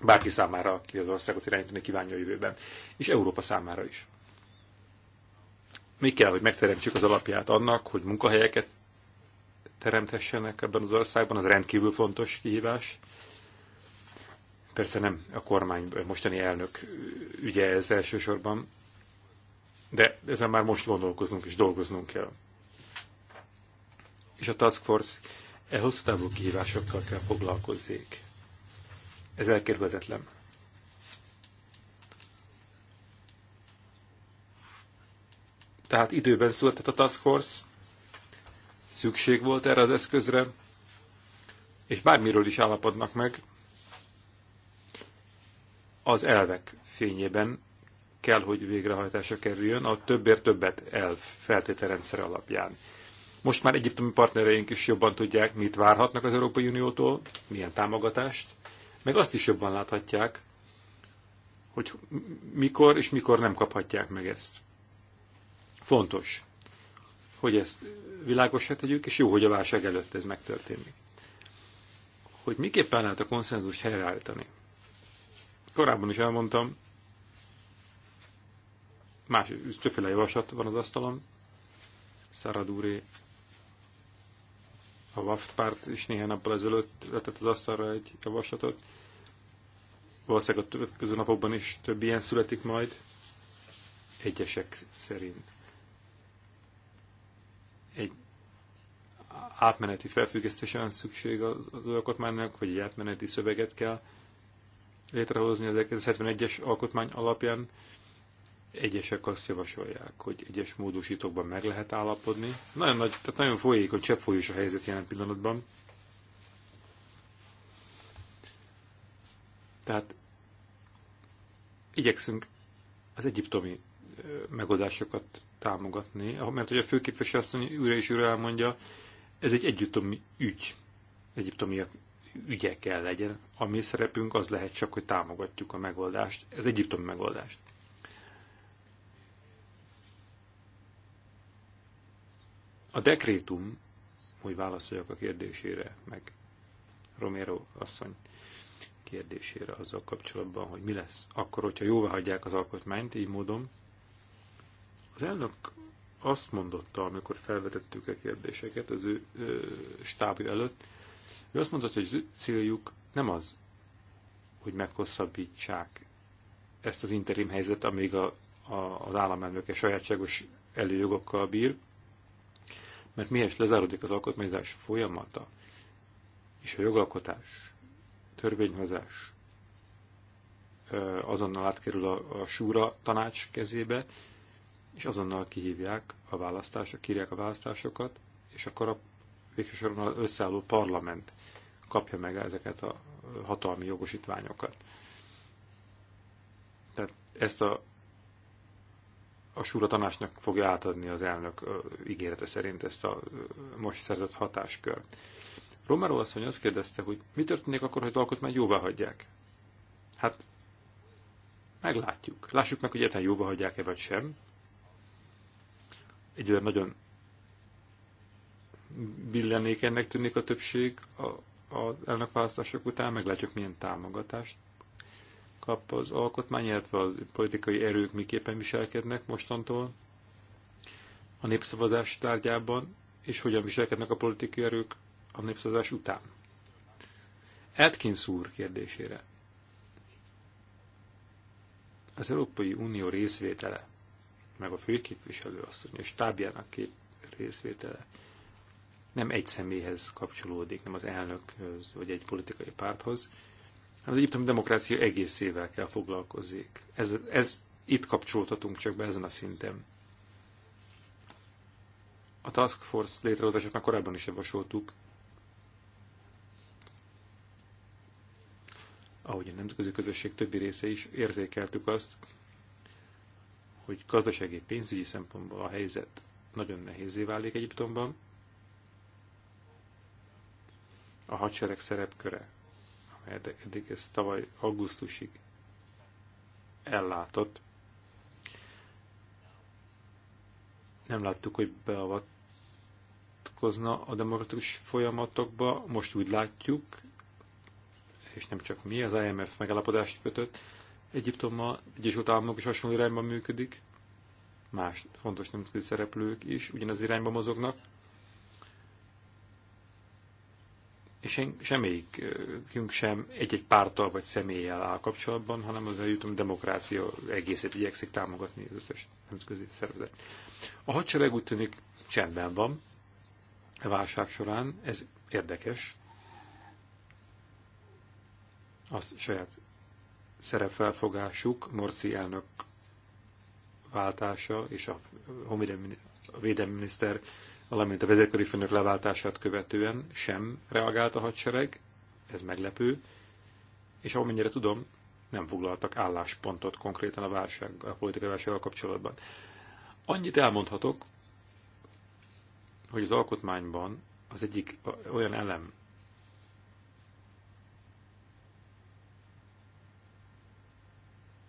bárki számára, aki az országot irányítani kívánja a jövőben, és Európa számára is. Mi kell, hogy megteremtsük az alapját annak, hogy munkahelyeket teremthessenek ebben az országban, az rendkívül fontos kihívás. Persze nem a kormány mostani elnök ügye ez elsősorban, de ezen már most gondolkozunk és dolgoznunk kell. És a Task Force e hosszú távú kihívásokkal kell foglalkozzék ez elkerülhetetlen. Tehát időben született a Task Force, szükség volt erre az eszközre, és bármiről is állapodnak meg, az elvek fényében kell, hogy végrehajtásra kerüljön a többért többet elv feltételrendszer alapján. Most már egyiptomi partnereink is jobban tudják, mit várhatnak az Európai Uniótól, milyen támogatást, meg azt is jobban láthatják, hogy mikor és mikor nem kaphatják meg ezt. Fontos, hogy ezt világosra tegyük, és jó, hogy a válság előtt ez megtörténik. Hogy miképpen lehet a konszenzus helyreállítani. Korábban is elmondtam, más, többféle javaslat van az asztalon, Szárad a WAF párt is néhány nappal ezelőtt letett az asztalra egy javaslatot. Valószínűleg a következő napokban is több ilyen születik majd, egyesek szerint. Egy átmeneti felfüggesztése van szükség az, alkotmánynak, vagy egy átmeneti szöveget kell létrehozni az 71 es alkotmány alapján, Egyesek azt javasolják, hogy egyes módosítókban meg lehet állapodni. Nagyon nagy, tehát nagyon folyékony, cseppfolyós a helyzet jelen pillanatban. Tehát igyekszünk az egyiptomi megoldásokat támogatni, mert hogy a főképviselő asszony újra és újra elmondja, ez egy egyiptomi ügy, egyiptomiak ügye kell legyen. A mi szerepünk az lehet csak, hogy támogatjuk a megoldást, az egyiptomi megoldást. A dekrétum, hogy válaszoljak a kérdésére, meg Romero asszony kérdésére azzal kapcsolatban, hogy mi lesz akkor, hogyha jóvá hagyják az alkotmányt, így módon. Az elnök azt mondotta, amikor felvetettük a kérdéseket az ő stábja előtt, ő azt mondta, hogy az céljuk nem az, hogy meghosszabbítsák ezt az interim helyzet, amíg a, a, az államelnöke sajátságos előjogokkal bír, mert miért lezáródik az alkotmányzás folyamata, és a jogalkotás, törvényhozás azonnal átkerül a, a súra tanács kezébe, és azonnal kihívják a választások, kírják a választásokat, és akkor a végsősorban az összeálló parlament kapja meg ezeket a hatalmi jogosítványokat. Tehát ezt a a súra Tamásnak fogja átadni az elnök ígérete szerint ezt a most szerzett hatáskör. Romero asszony azt kérdezte, hogy mi történik akkor, ha az alkotmányt jóvá hagyják? Hát meglátjuk. Lássuk meg, hogy egyáltalán jóvá hagyják-e vagy sem. Egyébként nagyon billenék ennek tűnik a többség a, a után, meglátjuk milyen támogatást kap az alkotmány, illetve a politikai erők miképpen viselkednek mostantól a népszavazás tárgyában, és hogyan viselkednek a politikai erők a népszavazás után. Atkins úr kérdésére. Az Európai Unió részvétele, meg a főképviselő asszony és tábjának két részvétele nem egy személyhez kapcsolódik, nem az elnökhöz, vagy egy politikai párthoz, az egyiptomi demokrácia egészével kell foglalkozzék. Ez, ez itt kapcsolódhatunk csak be ezen a szinten. A Task Force létrehozását már korábban is javasoltuk, ahogy a nemzetközi közösség többi része is érzékeltük azt, hogy gazdasági pénzügyi szempontból a helyzet nagyon nehézé válik Egyiptomban. A hadsereg szerepköre eddig ez tavaly augusztusig ellátott. Nem láttuk, hogy beavatkozna a demokratikus folyamatokba, most úgy látjuk, és nem csak mi, az IMF megállapodást kötött, Egyiptommal, Egyesült Államok is hasonló irányban működik, más fontos nemzetközi szereplők is ugyanaz irányba mozognak, és semmelyikünk sem egy-egy pártal vagy személlyel áll kapcsolatban, hanem az eljutom demokrácia egészét igyekszik támogatni az összes nemzetközi szervezet. A hadsereg úgy tűnik csendben van a válság során, ez érdekes. Az saját szerepfelfogásuk, Morci elnök váltása és a védelmi miniszter valamint a vezérkari főnök leváltását követően sem reagált a hadsereg, ez meglepő, és amennyire tudom, nem foglaltak álláspontot konkrétan a, válság, a politikai válsággal kapcsolatban. Annyit elmondhatok, hogy az alkotmányban az egyik olyan elem,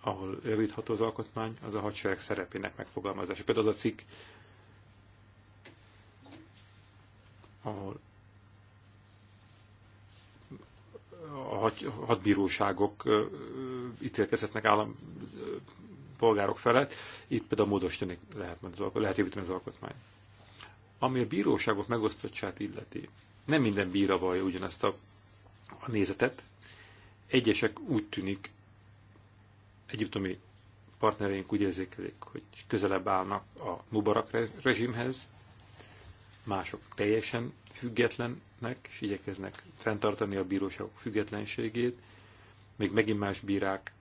ahol javítható az alkotmány, az a hadsereg szerepének megfogalmazása. Például az a cikk, ahol a hadbíróságok ítélkezhetnek állam polgárok felett, itt például módosítani lehet, lehet javítani az alkotmány. Ami a bíróságok megosztottsát illeti, nem minden bíra vallja ugyanezt a, a nézetet. Egyesek úgy tűnik, egyiptomi partnereink úgy érzékelik, hogy közelebb állnak a Mubarak rezsimhez, mások teljesen függetlennek, és igyekeznek fenntartani a bíróságok függetlenségét, még megint más bírák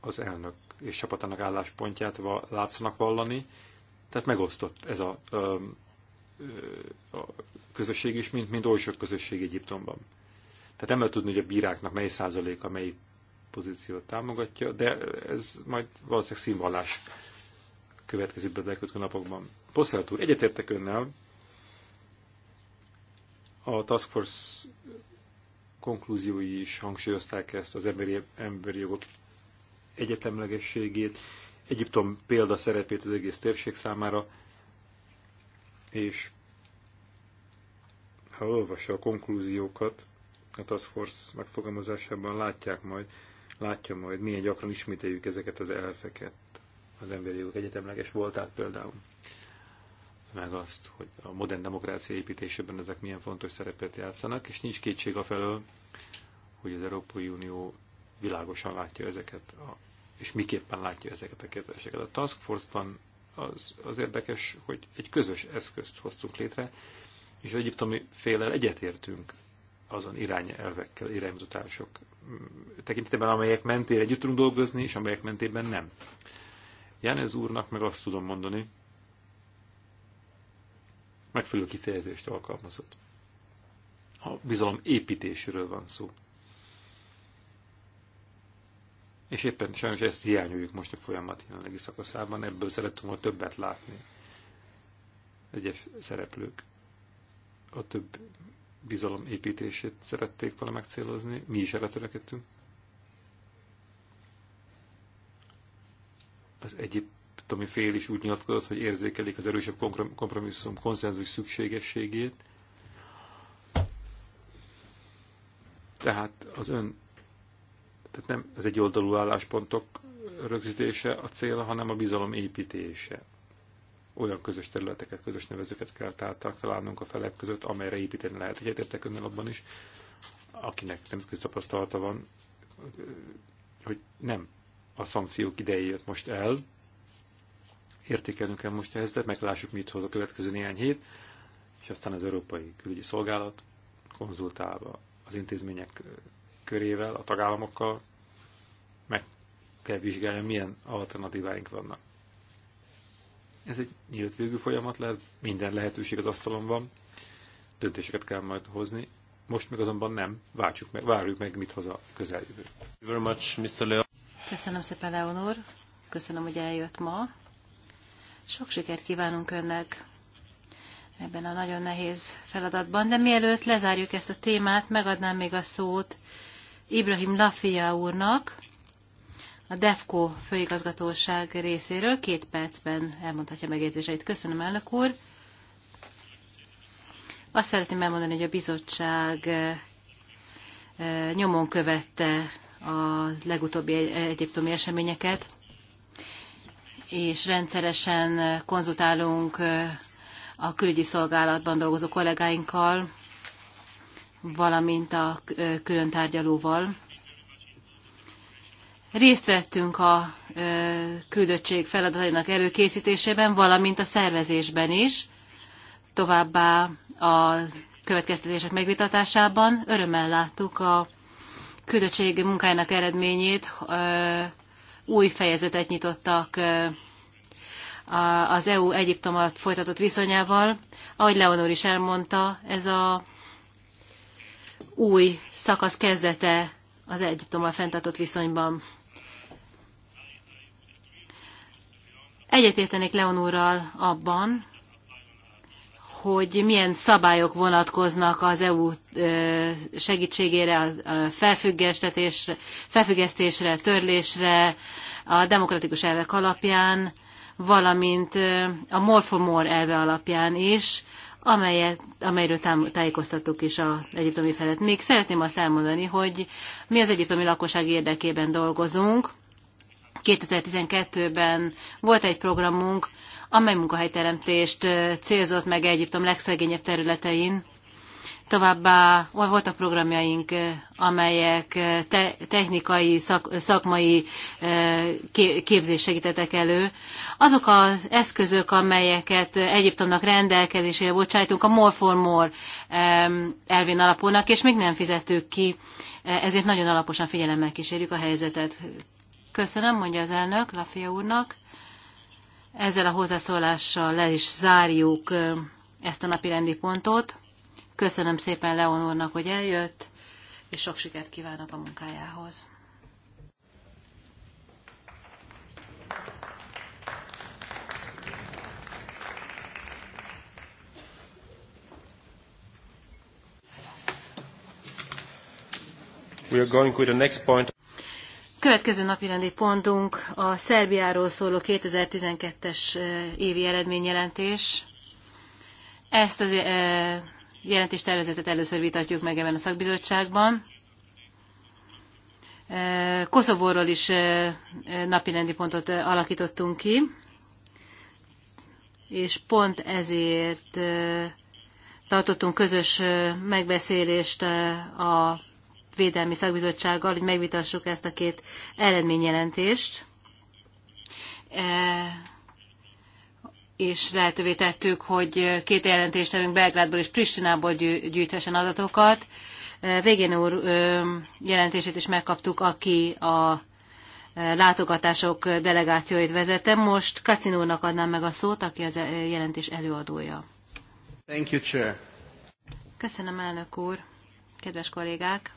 az elnök és csapatának álláspontját látszanak vallani, tehát megosztott ez a, a, a, közösség is, mint, mint oly sok közösség Egyiptomban. Tehát nem lehet tudni, hogy a bíráknak mely a mely pozíciót támogatja, de ez majd valószínűleg színvallás következik be a napokban. Poszelt úr, egyetértek önnel, a Task Force konklúziói is hangsúlyozták ezt az emberi, emberi jogok egyetemlegességét, Egyiptom példa szerepét az egész térség számára, és ha olvassa a konklúziókat, a Task Force megfogalmazásában látják majd, látja majd, milyen gyakran ismételjük ezeket az elfeket, az emberi jogok egyetemleges voltát például meg azt, hogy a modern demokrácia építésében ezek milyen fontos szerepet játszanak, és nincs kétség a felől, hogy az Európai Unió világosan látja ezeket, a, és miképpen látja ezeket a kérdéseket. A Task Force-ban az, az érdekes, hogy egy közös eszközt hoztunk létre, és egyiptomi félel egyetértünk azon irányelvekkel, iránymutatások mm, tekintetében, amelyek mentén együtt tudunk dolgozni, és amelyek mentében nem. Jánez úrnak meg azt tudom mondani, megfelelő kifejezést alkalmazott. A bizalom építéséről van szó. És éppen sajnos ezt hiányoljuk most a folyamat jelenlegi szakaszában, ebből szerettünk volna többet látni. Egyes szereplők a több bizalom építését szerették volna megcélozni, mi is erre törekedtünk. Az egyéb lettami fél is úgy nyilatkozott, hogy érzékelik az erősebb kompromisszum konszenzus szükségességét. Tehát az ön, tehát nem az oldalú álláspontok rögzítése a cél, hanem a bizalom építése. Olyan közös területeket, közös nevezőket kell tártak találnunk a felek között, amelyre építeni lehet. Egyetértek önnel abban is, akinek nemzetközi tapasztalata van, hogy nem a szankciók ideje jött most el, értékelünk el most ezt, de meglássuk, mit hoz a következő néhány hét, és aztán az Európai Külügyi Szolgálat konzultálva az intézmények körével, a tagállamokkal meg kell vizsgálni, milyen alternatíváink vannak. Ez egy nyílt végű folyamat lehet, minden lehetőség az asztalon van, döntéseket kell majd hozni, most még azonban nem, Várjuk meg, várjuk meg, mit hoz a közeljövő. Köszönöm szépen, Leonor. Köszönöm, hogy eljött ma. Sok sikert kívánunk önnek ebben a nagyon nehéz feladatban, de mielőtt lezárjuk ezt a témát, megadnám még a szót Ibrahim Lafia úrnak, a DEFCO főigazgatóság részéről két percben elmondhatja megjegyzéseit. Köszönöm, elnök úr. Azt szeretném elmondani, hogy a bizottság eh, eh, nyomon követte a legutóbbi egyiptomi eseményeket és rendszeresen konzultálunk a külügyi szolgálatban dolgozó kollégáinkkal, valamint a külön tárgyalóval. Részt vettünk a küldöttség feladatainak előkészítésében, valamint a szervezésben is, továbbá a következtetések megvitatásában. Örömmel láttuk a küldöttség munkájának eredményét, új fejezetet nyitottak az EU Egyiptomat folytatott viszonyával. Ahogy Leonor is elmondta, ez a új szakasz kezdete az Egyiptommal fenntartott viszonyban. Egyetértenék Leonorral abban, hogy milyen szabályok vonatkoznak az EU segítségére, a felfüggesztésre, törlésre, a demokratikus elvek alapján, valamint a More for More elve alapján is, amelyet, amelyről tájékoztattuk is az egyiptomi felett. Még szeretném azt elmondani, hogy mi az egyiptomi lakosság érdekében dolgozunk. 2012-ben volt egy programunk, amely munkahelyteremtést célzott meg Egyiptom legszegényebb területein. Továbbá voltak programjaink, amelyek te, technikai, szak, szakmai képzés segítettek elő. Azok az eszközök, amelyeket Egyiptomnak rendelkezésére bocsájtunk, a More for More elvén alapulnak, és még nem fizettük ki, ezért nagyon alaposan figyelemmel kísérjük a helyzetet. Köszönöm, mondja az elnök Lafia úrnak. Ezzel a hozzászólással le is zárjuk ezt a napi rendi pontot. Köszönöm szépen Leonornak, hogy eljött, és sok sikert kívánok a munkájához. We are going with the next point. Következő napi rendi pontunk a Szerbiáról szóló 2012-es évi eredményjelentés. Ezt az tervezetet először vitatjuk meg ebben a szakbizottságban. Koszovóról is napi rendi pontot alakítottunk ki, és pont ezért tartottunk közös megbeszélést a Védelmi Szakbizottsággal, hogy megvitassuk ezt a két eredményjelentést. E, és lehetővé tettük, hogy két jelentést jelentéstevünk Belgrádból és Pristinából gyűjthessen adatokat. E, Végén úr jelentését is megkaptuk, aki a e, látogatások delegációit vezette. Most Kacin úrnak adnám meg a szót, aki az jelentés előadója. Thank you, Chair. Köszönöm, elnök úr, kedves kollégák!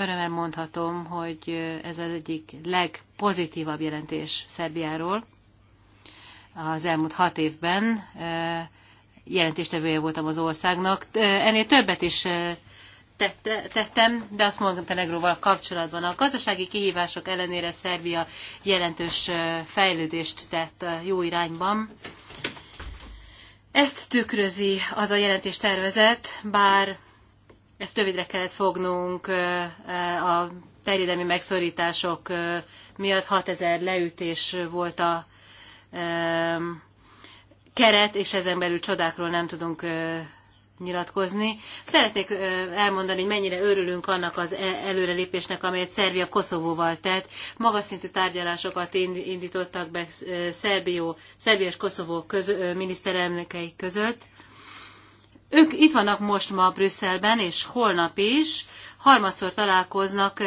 Örömmel mondhatom, hogy ez az egyik legpozitívabb jelentés Szerbiáról az elmúlt hat évben. Jelentéstevője voltam az országnak. Ennél többet is tettem, de azt mondom Tenegróval kapcsolatban. A gazdasági kihívások ellenére Szerbia jelentős fejlődést tett jó irányban. Ezt tükrözi az a jelentéstervezet, bár ezt rövidre kellett fognunk a terjedelmi megszorítások miatt 6000 leütés volt a keret, és ezen belül csodákról nem tudunk nyilatkozni. Szeretnék elmondani, hogy mennyire örülünk annak az e- előrelépésnek, amelyet Szerbia Koszovóval tett. Magas szintű tárgyalásokat indítottak be Szerbió, Szerbia és Koszovó köz, miniszterelnökei között ők itt vannak most ma Brüsszelben, és holnap is. Harmadszor találkoznak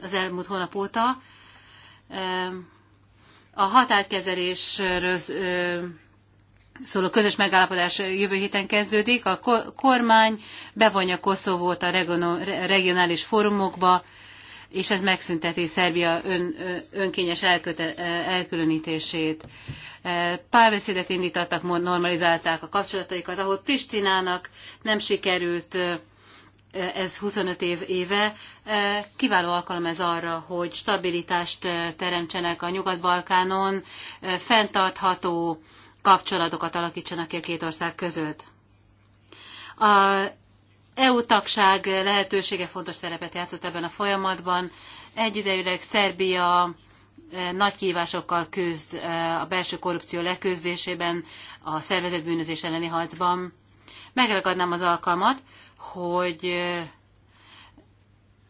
az elmúlt hónap óta. A határkezelésről szóló közös megállapodás jövő héten kezdődik. A kormány bevonja Koszovót a regionális fórumokba, és ez megszünteti Szerbia ön, önkényes elköte, elkülönítését. Párbeszédet indítottak, normalizálták a kapcsolataikat, ahol Pristinának nem sikerült ez 25 év éve, kiváló alkalom ez arra, hogy stabilitást teremtsenek a Nyugat-Balkánon, fenntartható kapcsolatokat alakítsanak ki a két ország között. A EU tagság lehetősége fontos szerepet játszott ebben a folyamatban. Egyidejűleg Szerbia e, nagy kihívásokkal küzd e, a belső korrupció leküzdésében, a szervezett bűnözés elleni harcban. Megragadnám az alkalmat, hogy e,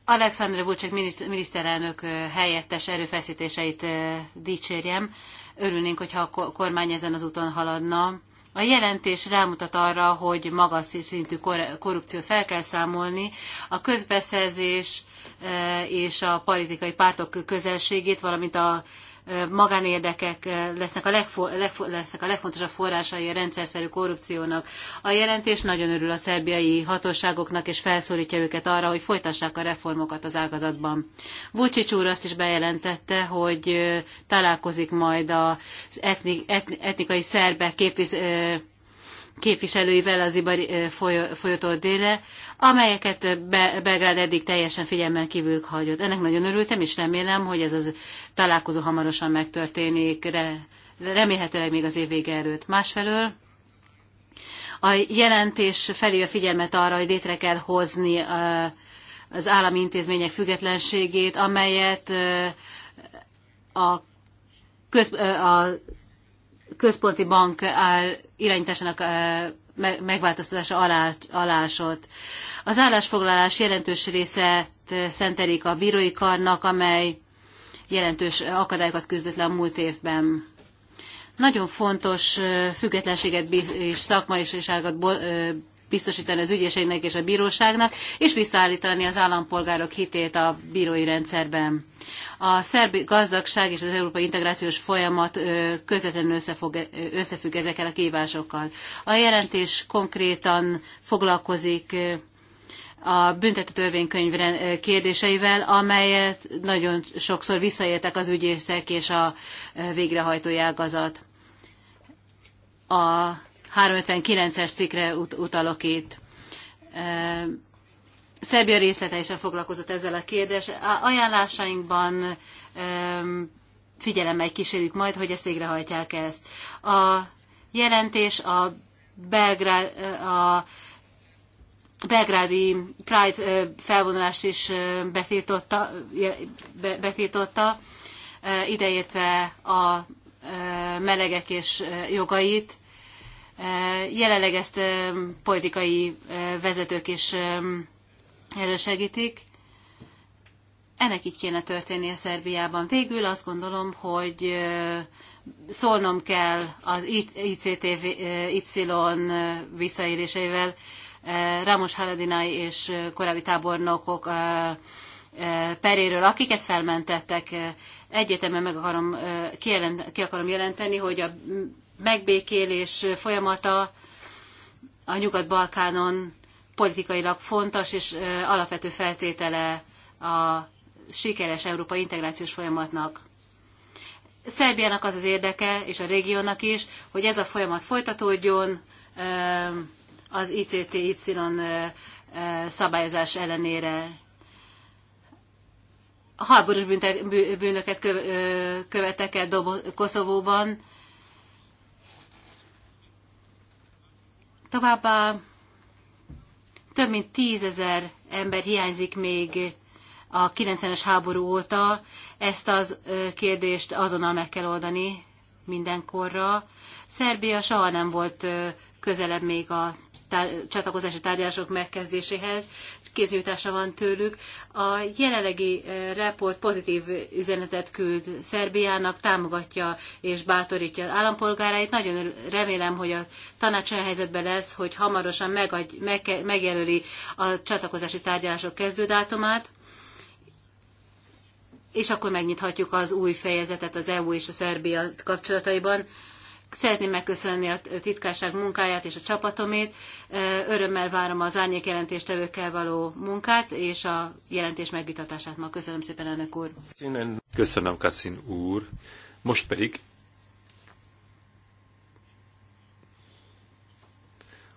Alexandre Vucsek miniszterelnök helyettes erőfeszítéseit dicsérjem. Örülnénk, hogyha a kormány ezen az úton haladna a jelentés rámutat arra, hogy magas szintű korrupciót fel kell számolni, a közbeszerzés eh, és a politikai pártok közelségét, valamint a magánérdekek lesznek a, legfo- legfo- lesznek a legfontosabb forrásai a rendszerszerű korrupciónak. A jelentés nagyon örül a szerbiai hatóságoknak, és felszólítja őket arra, hogy folytassák a reformokat az ágazatban. Vucic úr azt is bejelentette, hogy találkozik majd az etni- etnikai szerbek képviselői képviselőivel az Ibari folyótól délre, amelyeket Belgrád eddig teljesen figyelmen kívül hagyott. Ennek nagyon örültem, és remélem, hogy ez az találkozó hamarosan megtörténik, de remélhetőleg még az év vége előtt. Másfelől a jelentés felé a figyelmet arra, hogy létre kell hozni az állami intézmények függetlenségét, amelyet a köz, a központi bank áll irányításának megváltoztatása alá, alásot. Az állásfoglalás jelentős része szentelik a bírói karnak, amely jelentős akadályokat küzdött le a múlt évben. Nagyon fontos függetlenséget és szakmai és biztosítani az ügyészségnek és a bíróságnak, és visszaállítani az állampolgárok hitét a bírói rendszerben. A szerb gazdagság és az európai integrációs folyamat közvetlenül összefog, összefügg ezekkel a kívásokkal. A jelentés konkrétan foglalkozik a büntető törvénykönyv kérdéseivel, amelyet nagyon sokszor visszaéltek az ügyészek és a végrehajtói ágazat. A 359-es cikkre ut- utalok itt. Szerbia részletesen foglalkozott ezzel a kérdés. A Ajánlásainkban figyelemmel kísérjük majd, hogy ezt végrehajtják ezt. A jelentés a, Belgrá- a belgrádi Pride felvonulást is betiltotta, betiltotta ideértve a melegek és jogait. Eh, jelenleg ezt eh, politikai eh, vezetők is elősegítik. Ennek így kéne történnie Szerbiában. Végül azt gondolom, hogy szólnom kell az ICTY visszaéléseivel. Ramos Haladinai és korábbi tábornokok peréről, akiket felmentettek. Egyetemen meg akarom, ki akarom jelenteni, hogy a megbékélés folyamata a Nyugat-Balkánon politikailag fontos és alapvető feltétele a sikeres európai integrációs folyamatnak. Szerbiának az az érdeke, és a régiónak is, hogy ez a folyamat folytatódjon az ICTY szabályozás ellenére. Háborús bűnöket követek el Koszovóban, Továbbá több mint tízezer ember hiányzik még a 90-es háború óta. Ezt az kérdést azonnal meg kell oldani mindenkorra. Szerbia soha nem volt közelebb még a csatlakozási tárgyalások megkezdéséhez, kéznyújtásra van tőlük. A jelenlegi eh, report pozitív üzenetet küld Szerbiának, támogatja és bátorítja az állampolgárait. Nagyon remélem, hogy a tanács olyan helyzetben lesz, hogy hamarosan megadj, meg, megjelöli a csatlakozási tárgyalások kezdődátumát és akkor megnyithatjuk az új fejezetet az EU és a Szerbia kapcsolataiban. Szeretném megköszönni a titkárság munkáját és a csapatomét. Örömmel várom az árnyék jelentéstevőkkel való munkát és a jelentés megvitatását ma. Köszönöm szépen, elnök úr. Köszönöm, Kacin úr. Most pedig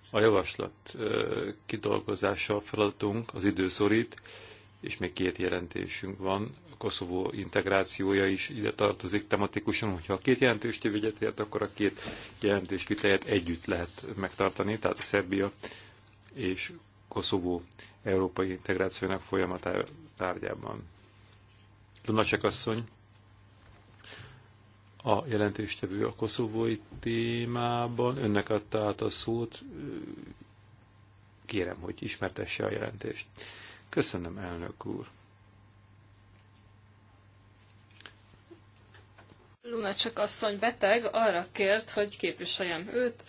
a javaslat kidolgozása a feladatunk, az időszorít, és még két jelentésünk van, Koszovó integrációja is ide tartozik tematikusan, hogyha a két jelentést tévügyet ért, akkor a két jelentés vitáját együtt lehet megtartani, tehát a Szerbia és Koszovó európai integrációnak folyamatá tárgyában. Lunacek asszony, a jelentéstevő a koszovói témában, önnek adta át a szót, kérem, hogy ismertesse a jelentést. Köszönöm, elnök úr. Lunacek asszony beteg, arra kért, hogy képviseljem őt,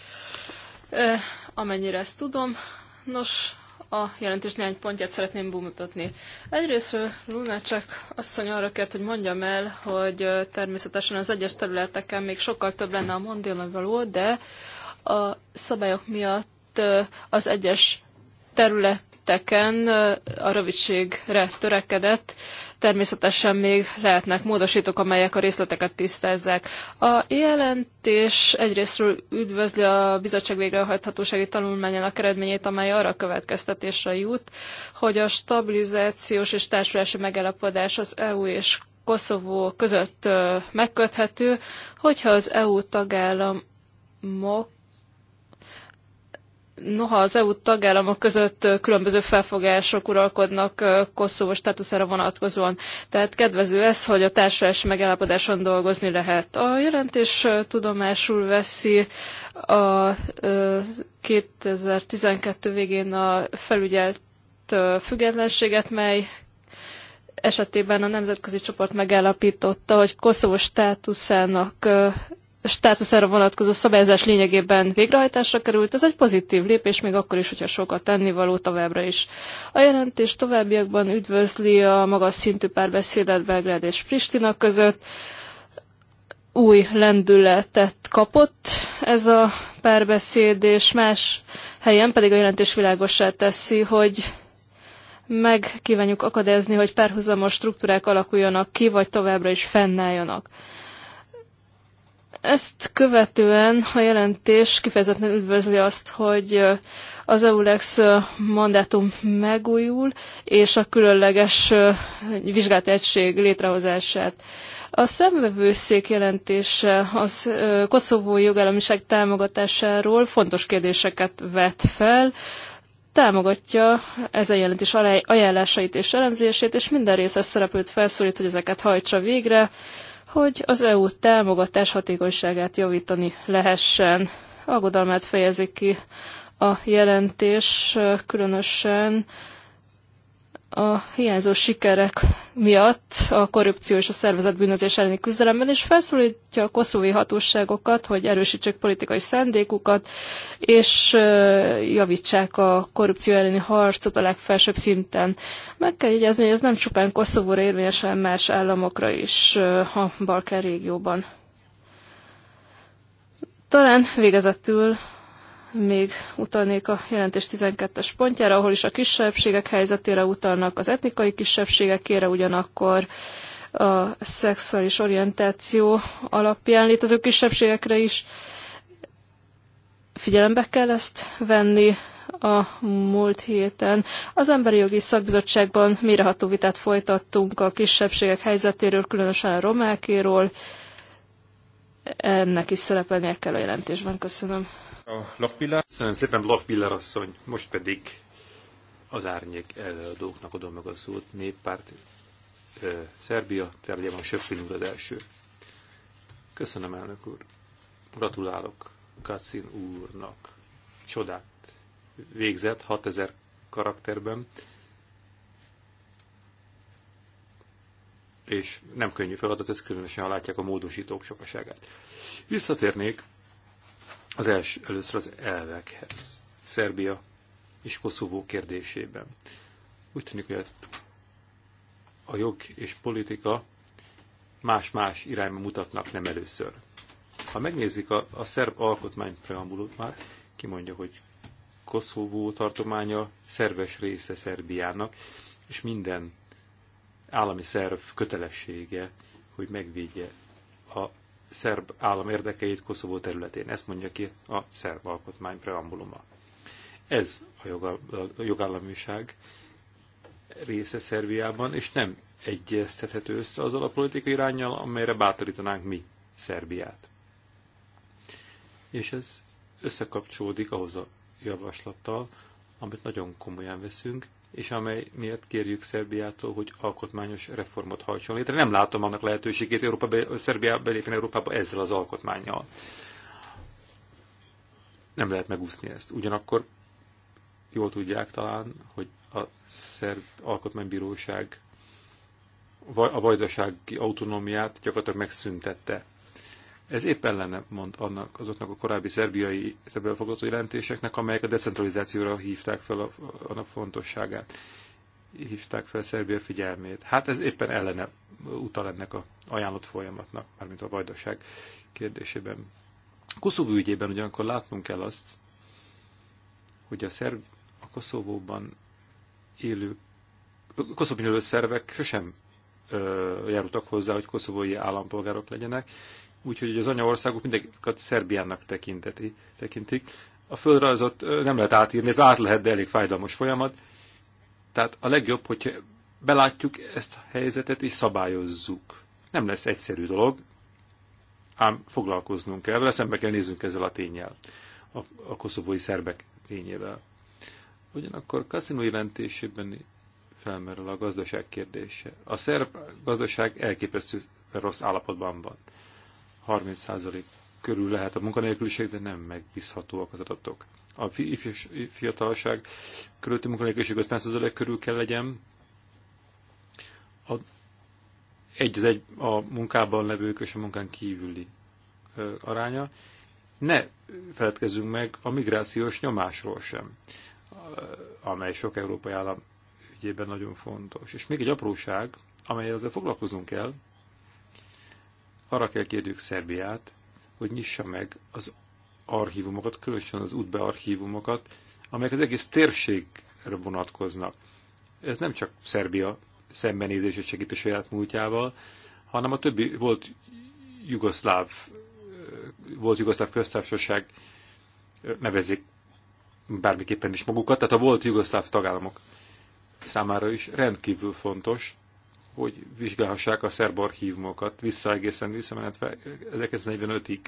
amennyire ezt tudom. Nos, a jelentés néhány pontját szeretném bemutatni. Egyrészt Lunacek asszony arra kért, hogy mondjam el, hogy természetesen az egyes területeken még sokkal több lenne a mondélni való, de a szabályok miatt az egyes területeken a rövidségre törekedett, Természetesen még lehetnek módosítók, amelyek a részleteket tisztázzák. A jelentés egyrésztről üdvözli a bizottság végrehajthatósági tanulmányának eredményét, amely arra a következtetésre jut, hogy a stabilizációs és társulási megállapodás az EU és Koszovó között megköthető, hogyha az EU tagállamok Noha az EU tagállamok között különböző felfogások uralkodnak Koszovó státuszára vonatkozóan, tehát kedvező ez, hogy a társulási megállapodáson dolgozni lehet. A jelentés tudomásul veszi a 2012 végén a felügyelt függetlenséget, mely esetében a nemzetközi csoport megállapította, hogy Koszovó státuszának státuszára vonatkozó szabályozás lényegében végrehajtásra került. Ez egy pozitív lépés, még akkor is, hogyha sokat tennivaló továbbra is. A jelentés továbbiakban üdvözli a magas szintű párbeszédet Belgrád és Pristina között. Új lendületet kapott ez a párbeszéd, és más helyen pedig a jelentés világosá teszi, hogy meg kívánjuk akadályozni, hogy párhuzamos struktúrák alakuljanak ki, vagy továbbra is fennálljanak. Ezt követően a jelentés kifejezetten üdvözli azt, hogy az EULEX mandátum megújul, és a különleges vizsgált egység létrehozását. A szemvevőszék jelentése az koszovói jogállamiság támogatásáról fontos kérdéseket vet fel, támogatja ezen jelentés ajánlásait és elemzését, és minden részes szereplőt felszólít, hogy ezeket hajtsa végre, hogy az EU támogatás hatékonyságát javítani lehessen. Aggodalmát fejezik ki a jelentés, különösen a hiányzó sikerek miatt a korrupció és a szervezett bűnözés elleni küzdelemben, és felszólítja a koszovói hatóságokat, hogy erősítsék politikai szándékukat, és javítsák a korrupció elleni harcot a legfelsőbb szinten. Meg kell jegyezni, hogy ez nem csupán Koszovóra érvényes, hanem más államokra is a Balkán régióban. Talán végezetül még utalnék a jelentés 12-es pontjára, ahol is a kisebbségek helyzetére utalnak, az etnikai kisebbségekére ugyanakkor a szexuális orientáció alapján létező kisebbségekre is. Figyelembe kell ezt venni a múlt héten. Az Emberi Jogi Szakbizottságban méreható vitát folytattunk a kisebbségek helyzetéről, különösen a romákéról. Ennek is szerepelnie kell a jelentésben. Köszönöm. A Lockpiller. Köszönöm szépen, Lockpiller asszony. Most pedig az árnyék előadóknak adom meg a szót. Néppárt, eh, Szerbia, tárgyában Söpfin úr az első. Köszönöm, elnök úr. Gratulálok Kacin úrnak. Csodát végzett 6000 karakterben. és nem könnyű feladat, ez különösen, ha látják a módosítók sokaságát. Visszatérnék az első, először az elvekhez. Szerbia és Koszovó kérdésében. Úgy tűnik, hogy a jog és politika más-más irányba mutatnak, nem először. Ha megnézik a, a szerb alkotmány preambulót már, kimondja, hogy Koszovó tartománya szerves része Szerbiának, és minden állami szerv kötelessége, hogy megvédje a szerb állam érdekeit Koszovó területén. Ezt mondja ki a szerb alkotmány preambuluma. Ez a jogállamiság része Szerbiában, és nem egyeztethető össze azzal a politikai irányjal, amelyre bátorítanánk mi Szerbiát. És ez összekapcsolódik ahhoz a javaslattal, amit nagyon komolyan veszünk, és amely miatt kérjük Szerbiától, hogy alkotmányos reformot hajtson létre. Nem látom annak lehetőségét, Európa be, Szerbia belépjen Európába ezzel az alkotmányjal. Nem lehet megúszni ezt. Ugyanakkor jól tudják talán, hogy a Szerb Alkotmánybíróság a vajdasági autonómiát gyakorlatilag megszüntette ez épp ellene mond annak, azoknak a korábbi szerbiai elfogadó jelentéseknek, amelyek a decentralizációra hívták fel a, annak fontosságát, hívták fel Szerbia figyelmét. Hát ez éppen ellene utal ennek a ajánlott folyamatnak, mármint a vajdaság kérdésében. Koszovó ügyében ugyanakkor látnunk kell azt, hogy a, szerb, a Koszovóban élő koszovói szervek sosem ö, járultak hozzá, hogy koszovói állampolgárok legyenek, úgyhogy az anyaországok mindegyiket Szerbiának tekinteti, tekintik. A földrajzot nem lehet átírni, ez át lehet, de elég fájdalmas folyamat. Tehát a legjobb, hogyha belátjuk ezt a helyzetet és szabályozzuk. Nem lesz egyszerű dolog, ám foglalkoznunk kell, vele szembe kell néznünk ezzel a tényel, a, a koszovói szerbek tényével. Ugyanakkor Kaszinó jelentésében felmerül a gazdaság kérdése. A szerb gazdaság elképesztő rossz állapotban van. 30% körül lehet a munkanélküliség, de nem megbízhatóak az adatok. A fiatalság körülötti munkanélküliség 50% körül kell legyen. A, egy az egy a munkában levők és a munkán kívüli ö, aránya. Ne feledkezzünk meg a migrációs nyomásról sem, amely sok európai állam ügyében nagyon fontos. És még egy apróság, amelyel azért foglalkozunk kell, arra kell kérjük Szerbiát, hogy nyissa meg az archívumokat, különösen az útbe archívumokat, amelyek az egész térségre vonatkoznak. Ez nem csak Szerbia szembenézése segít a saját múltjával, hanem a többi volt jugoszláv, volt jugoszláv köztársaság nevezik bármiképpen is magukat, tehát a volt jugoszláv tagállamok számára is rendkívül fontos, hogy vizsgálhassák a szerb archívumokat vissza egészen visszamenetve 1945-ig.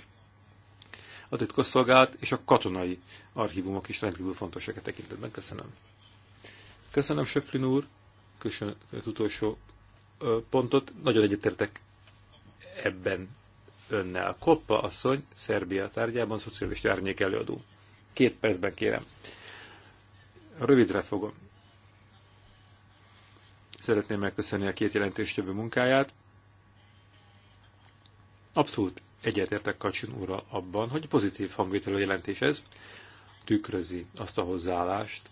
A titkosszolgált és a katonai archívumok is rendkívül fontosak a e tekintetben. Köszönöm. Köszönöm, Söflin úr. Köszönöm az utolsó pontot. Nagyon egyetértek ebben önnel. Koppa asszony, Szerbia tárgyában, szocialista árnyék előadó. Két percben kérem. Rövidre fogom. Szeretném megköszönni a két jelentéstevő munkáját. Abszolút egyetértek Kacsin úrral abban, hogy pozitív hangvételő jelentés ez, tükrözi azt a hozzáállást,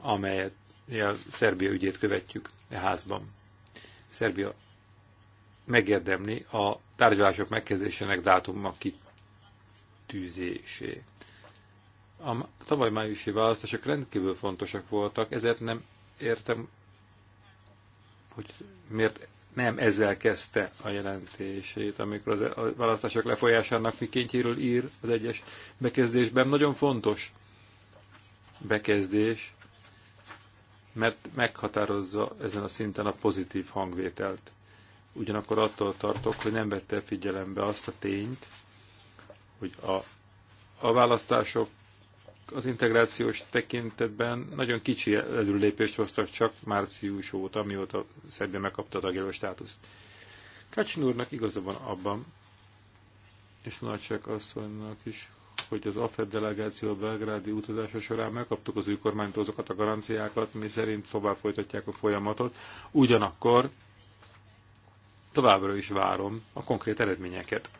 amelyet a Szerbia ügyét követjük e házban. Szerbia megérdemli a tárgyalások megkezdésének dátumnak kitűzésé. a tavaly májusi választások rendkívül fontosak voltak, ezért nem értem hogy miért nem ezzel kezdte a jelentését, amikor a választások lefolyásának mikéntjéről ír az egyes bekezdésben. Nagyon fontos bekezdés, mert meghatározza ezen a szinten a pozitív hangvételt. Ugyanakkor attól tartok, hogy nem vette figyelembe azt a tényt, hogy a, a választások az integrációs tekintetben nagyon kicsi előlépést hoztak csak március óta, mióta Szerbia megkapta a tagjelölt státuszt. Kacsin úrnak igaza van abban, és Nagyság asszonynak is, hogy az AFED delegáció a belgrádi utazása során megkaptuk az ő kormánytól azokat a garanciákat, mi szerint tovább folytatják a folyamatot. Ugyanakkor továbbra is várom a konkrét eredményeket.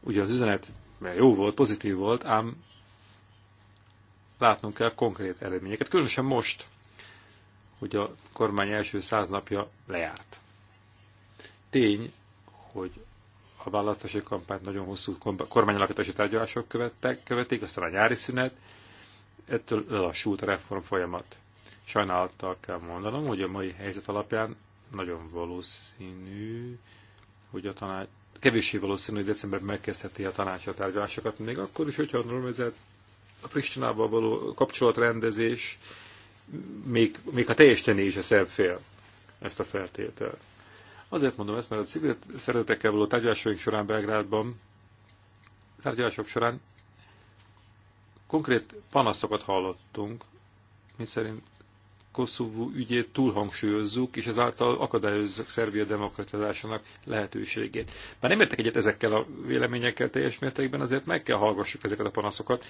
Ugye az üzenet mert jó volt, pozitív volt, ám látnunk kell konkrét eredményeket, különösen most, hogy a kormány első száz napja lejárt. Tény, hogy a választási kampányt nagyon hosszú kormányalakítási tárgyalások követtek, követik, aztán a nyári szünet, ettől lassult a reform folyamat. Sajnálattal kell mondanom, hogy a mai helyzet alapján nagyon valószínű, hogy a tanács, kevéssé valószínű, hogy decemberben megkezdheti a tanács a tárgyalásokat, még akkor is, hogyha a normalizált a Pristinával való kapcsolatrendezés, még, még ha teljesíteni is a szerb fél ezt a feltételt. Azért mondom ezt, mert a civil szeretetekkel való tárgyalásaink során Belgrádban, tárgyalások során konkrét panaszokat hallottunk, miszerint Koszovó ügyét túlhangsúlyozzuk, és ezáltal akadályozzuk Szerbia demokratizásának lehetőségét. Már nem értek egyet ezekkel a véleményekkel teljes mértékben, azért meg kell hallgassuk ezeket a panaszokat,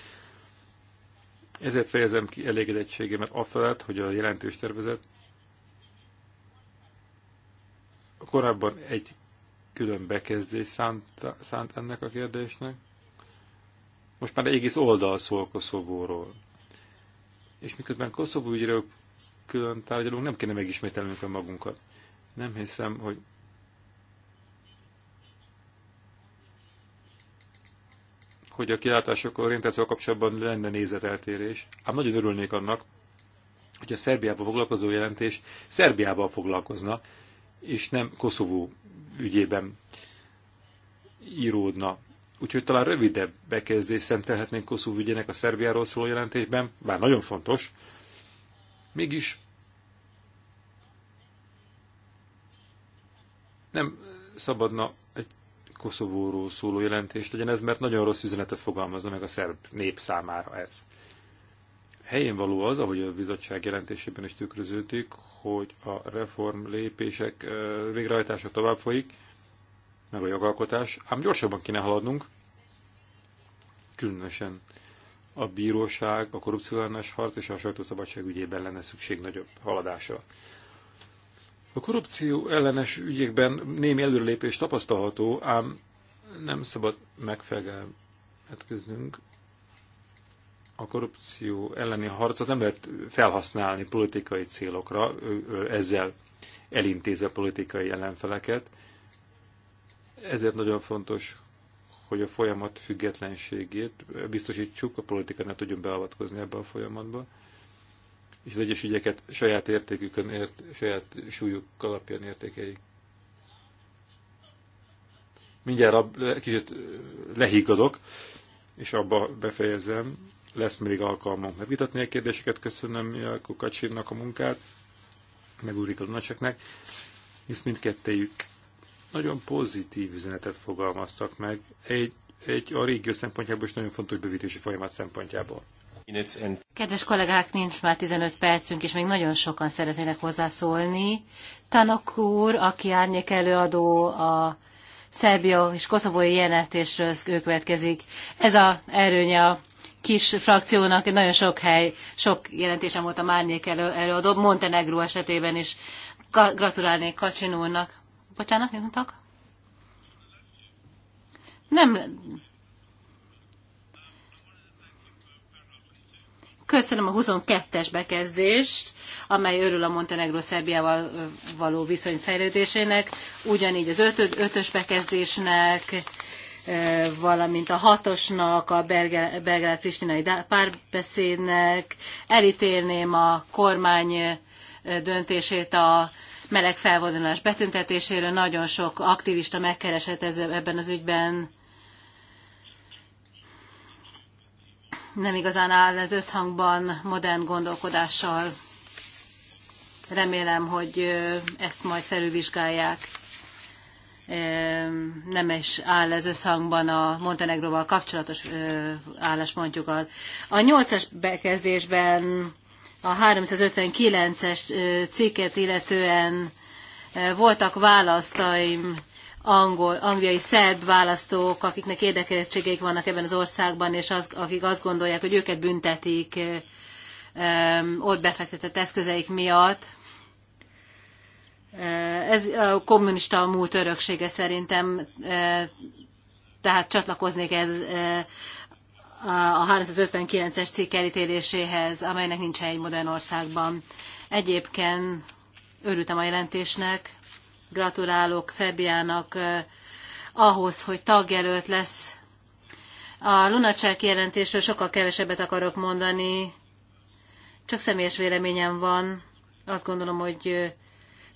ezért fejezem ki elégedettségemet afelett, hogy a jelentős tervezet korábban egy külön bekezdés szánt, szánt ennek a kérdésnek. Most már egész oldal szól Koszovóról. És miközben Koszovó ügyről külön tárgyalunk, nem kéne megismételnünk a magunkat. Nem hiszem, hogy hogy a kilátásokkal orientációval kapcsolatban lenne nézeteltérés, ám nagyon örülnék annak, hogy a Szerbiában foglalkozó jelentés Szerbiával foglalkozna, és nem Koszovó ügyében íródna. Úgyhogy talán rövidebb bekezdést szentelhetnénk Koszovó ügyének a Szerbiáról szóló jelentésben, bár nagyon fontos. Mégis nem szabadna Koszovóról szóló jelentést legyen ez, mert nagyon rossz üzenetet fogalmazna meg a szerb nép számára ez. Helyén való az, ahogy a bizottság jelentésében is tükröződik, hogy a reform lépések végrehajtása tovább folyik, meg a jogalkotás, ám gyorsabban kéne haladnunk, különösen a bíróság, a korrupcióellenes harc és a sajtószabadság ügyében lenne szükség nagyobb haladásra. A korrupció ellenes ügyekben némi előrelépés tapasztalható, ám nem szabad megfelelkeznünk. A korrupció elleni harcot nem lehet felhasználni politikai célokra, ezzel elintézve politikai ellenfeleket. Ezért nagyon fontos, hogy a folyamat függetlenségét biztosítsuk, a politika ne tudjon beavatkozni ebbe a folyamatba és az egyes ügyeket saját értékükön, ért, saját súlyuk alapján értékeljék. Mindjárt ab, kicsit lehiggadok, és abba befejezem. Lesz még alkalmunk megvitatni a kérdéseket. Köszönöm a Kacsinnak a munkát, meg Ulrika Lunacseknek, hisz mindkettejük nagyon pozitív üzenetet fogalmaztak meg, egy, egy a régió szempontjából is nagyon fontos bővítési folyamat szempontjából. Kedves kollégák, nincs már 15 percünk, és még nagyon sokan szeretnének hozzászólni. Tanok úr, aki árnyék előadó a Szerbia és koszovói jelentésről ő következik. Ez a erőnye a kis frakciónak, nagyon sok hely, sok jelentésem volt a Márnyék elő, előadó, Montenegro esetében is. Gratulálnék Kacsin úrnak. Bocsánat, mit mondtak? Nem, Köszönöm a 22-es bekezdést, amely örül a Montenegró Szerbiával való viszony fejlődésének, ugyanígy az 5-ös bekezdésnek, valamint a hatosnak, a Belgrád-Pristinai párbeszédnek. Elítélném a kormány döntését a meleg felvonulás betüntetéséről. Nagyon sok aktivista megkeresett ez, ebben az ügyben nem igazán áll ez összhangban modern gondolkodással. Remélem, hogy ezt majd felülvizsgálják. Nem is áll ez összhangban a Montenegróval kapcsolatos álláspontjukat. A nyolcas bekezdésben a 359-es cikket illetően voltak választaim angol, angliai szerb választók, akiknek érdekeltségeik vannak ebben az országban, és az, akik azt gondolják, hogy őket büntetik ott befektetett eszközeik miatt. Ez a kommunista múlt öröksége szerintem, tehát csatlakoznék ez a 359-es cikk elítéléséhez, amelynek nincs hely modern országban. Egyébként örültem a jelentésnek, Gratulálok Szerbiának eh, ahhoz, hogy tagjelölt lesz. A Lunacsák jelentésről sokkal kevesebbet akarok mondani, csak személyes véleményem van. Azt gondolom, hogy eh,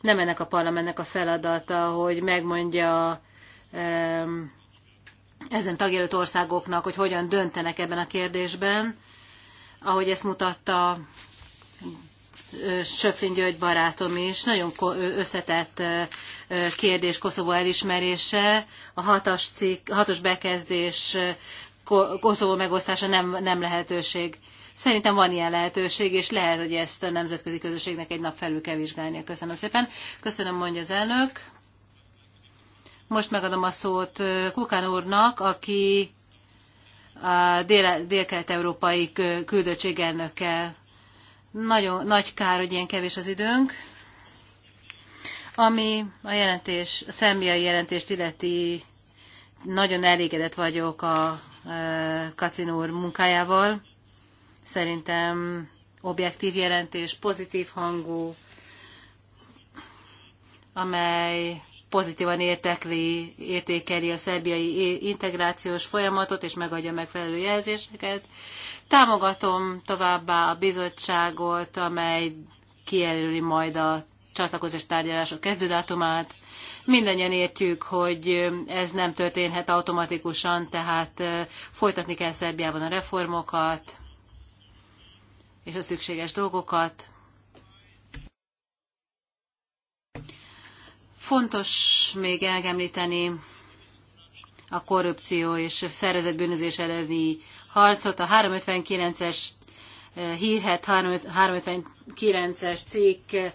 nem ennek a parlamentnek a feladata, hogy megmondja ezen tagjelölt országoknak, hogy hogyan döntenek ebben a kérdésben. Ahogy ezt mutatta Söflin György barátom is. Nagyon összetett kérdés Koszovó elismerése. A hatos, cikk, hatos bekezdés Koszovó megosztása nem, nem lehetőség. Szerintem van ilyen lehetőség, és lehet, hogy ezt a nemzetközi közösségnek egy nap felül kell vizsgálnia. Köszönöm szépen. Köszönöm, mondja az elnök. Most megadom a szót Kukán úrnak, aki a dél-kelet-európai küldöttségelnökkel nagyon nagy kár, hogy ilyen kevés az időnk. Ami a jelentés, a szembiai jelentést illeti, nagyon elégedett vagyok a e, Kacin úr munkájával. Szerintem objektív jelentés, pozitív hangú, amely pozitívan értekli, értékeli a szerbiai integrációs folyamatot, és megadja megfelelő jelzéseket. Támogatom továbbá a bizottságot, amely kijelöli majd a csatlakozás tárgyalások kezdődátumát. Mindannyian értjük, hogy ez nem történhet automatikusan, tehát folytatni kell Szerbiában a reformokat és a szükséges dolgokat. Fontos még elgemlíteni a korrupció és szervezett bűnözés elleni harcot a 359-es eh, hírhet 359-es cikkről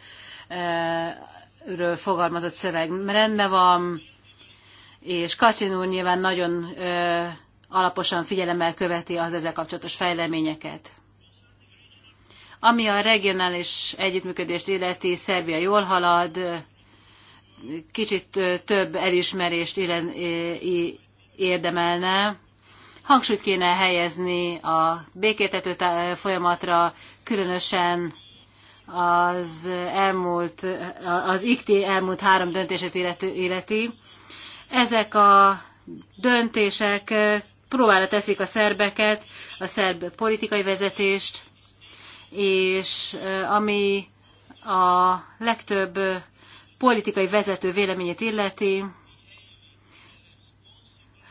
eh, fogalmazott szöveg rendben van, és Kacsin úr nyilván nagyon eh, alaposan figyelemmel követi az ezzel kapcsolatos fejleményeket. Ami a regionális együttműködést illeti, Szerbia jól halad, kicsit több elismerést érdemelne Hangsúlyt kéne helyezni a békétető folyamatra, különösen az elmúlt, az IKTI elmúlt három döntését illeti. Ezek a döntések próbára teszik a szerbeket, a szerb politikai vezetést, és ami a legtöbb politikai vezető véleményét illeti,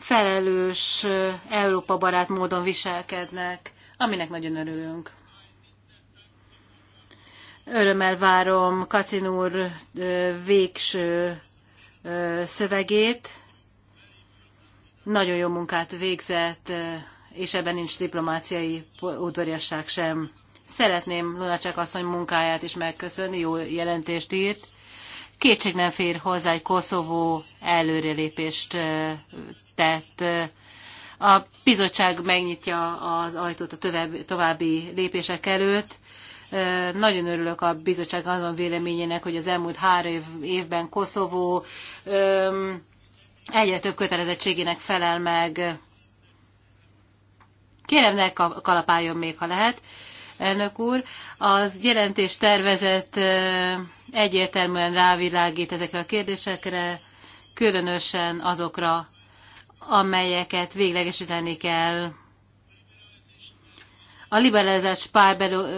felelős, Európa barát módon viselkednek, aminek nagyon örülünk. Örömmel várom Kacin úr végső szövegét. Nagyon jó munkát végzett, és ebben nincs diplomáciai udvariasság sem. Szeretném Lunacek asszony munkáját is megköszönni, jó jelentést írt. Kétség nem fér hozzá, egy Koszovó előrelépést tett. A bizottság megnyitja az ajtót a további lépések előtt. Nagyon örülök a bizottság azon véleményének, hogy az elmúlt három évben Koszovó egyre több kötelezettségének felel meg. Kérem, ne kalapáljon még, ha lehet elnök úr. Az jelentés tervezet egyértelműen rávilágít ezekre a kérdésekre, különösen azokra, amelyeket véglegesíteni kell. A liberalizált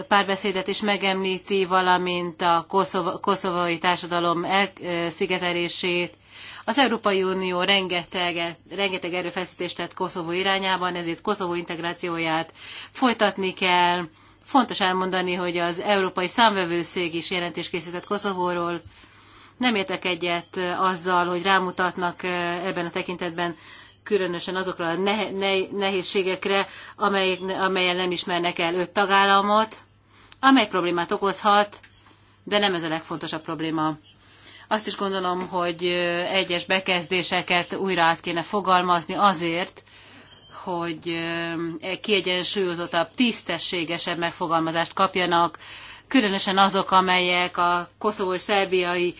párbeszédet is megemlíti, valamint a koszova, koszovói társadalom elszigetelését. Az Európai Unió rengeteg, rengeteg erőfeszítést tett Koszovó irányában, ezért Koszovó integrációját folytatni kell. Fontos elmondani, hogy az Európai Számvevőszék is jelentést készített Koszovóról. Nem értek egyet azzal, hogy rámutatnak eh, ebben a tekintetben különösen azokra a ne- ne- nehézségekre, amelyek, amelyen nem ismernek el öt tagállamot, amely problémát okozhat, de nem ez a legfontosabb probléma. Azt is gondolom, hogy egyes bekezdéseket újra át kéne fogalmazni azért, hogy e kiegyensúlyozottabb, tisztességesebb megfogalmazást kapjanak, különösen azok, amelyek a koszovói-szerbiai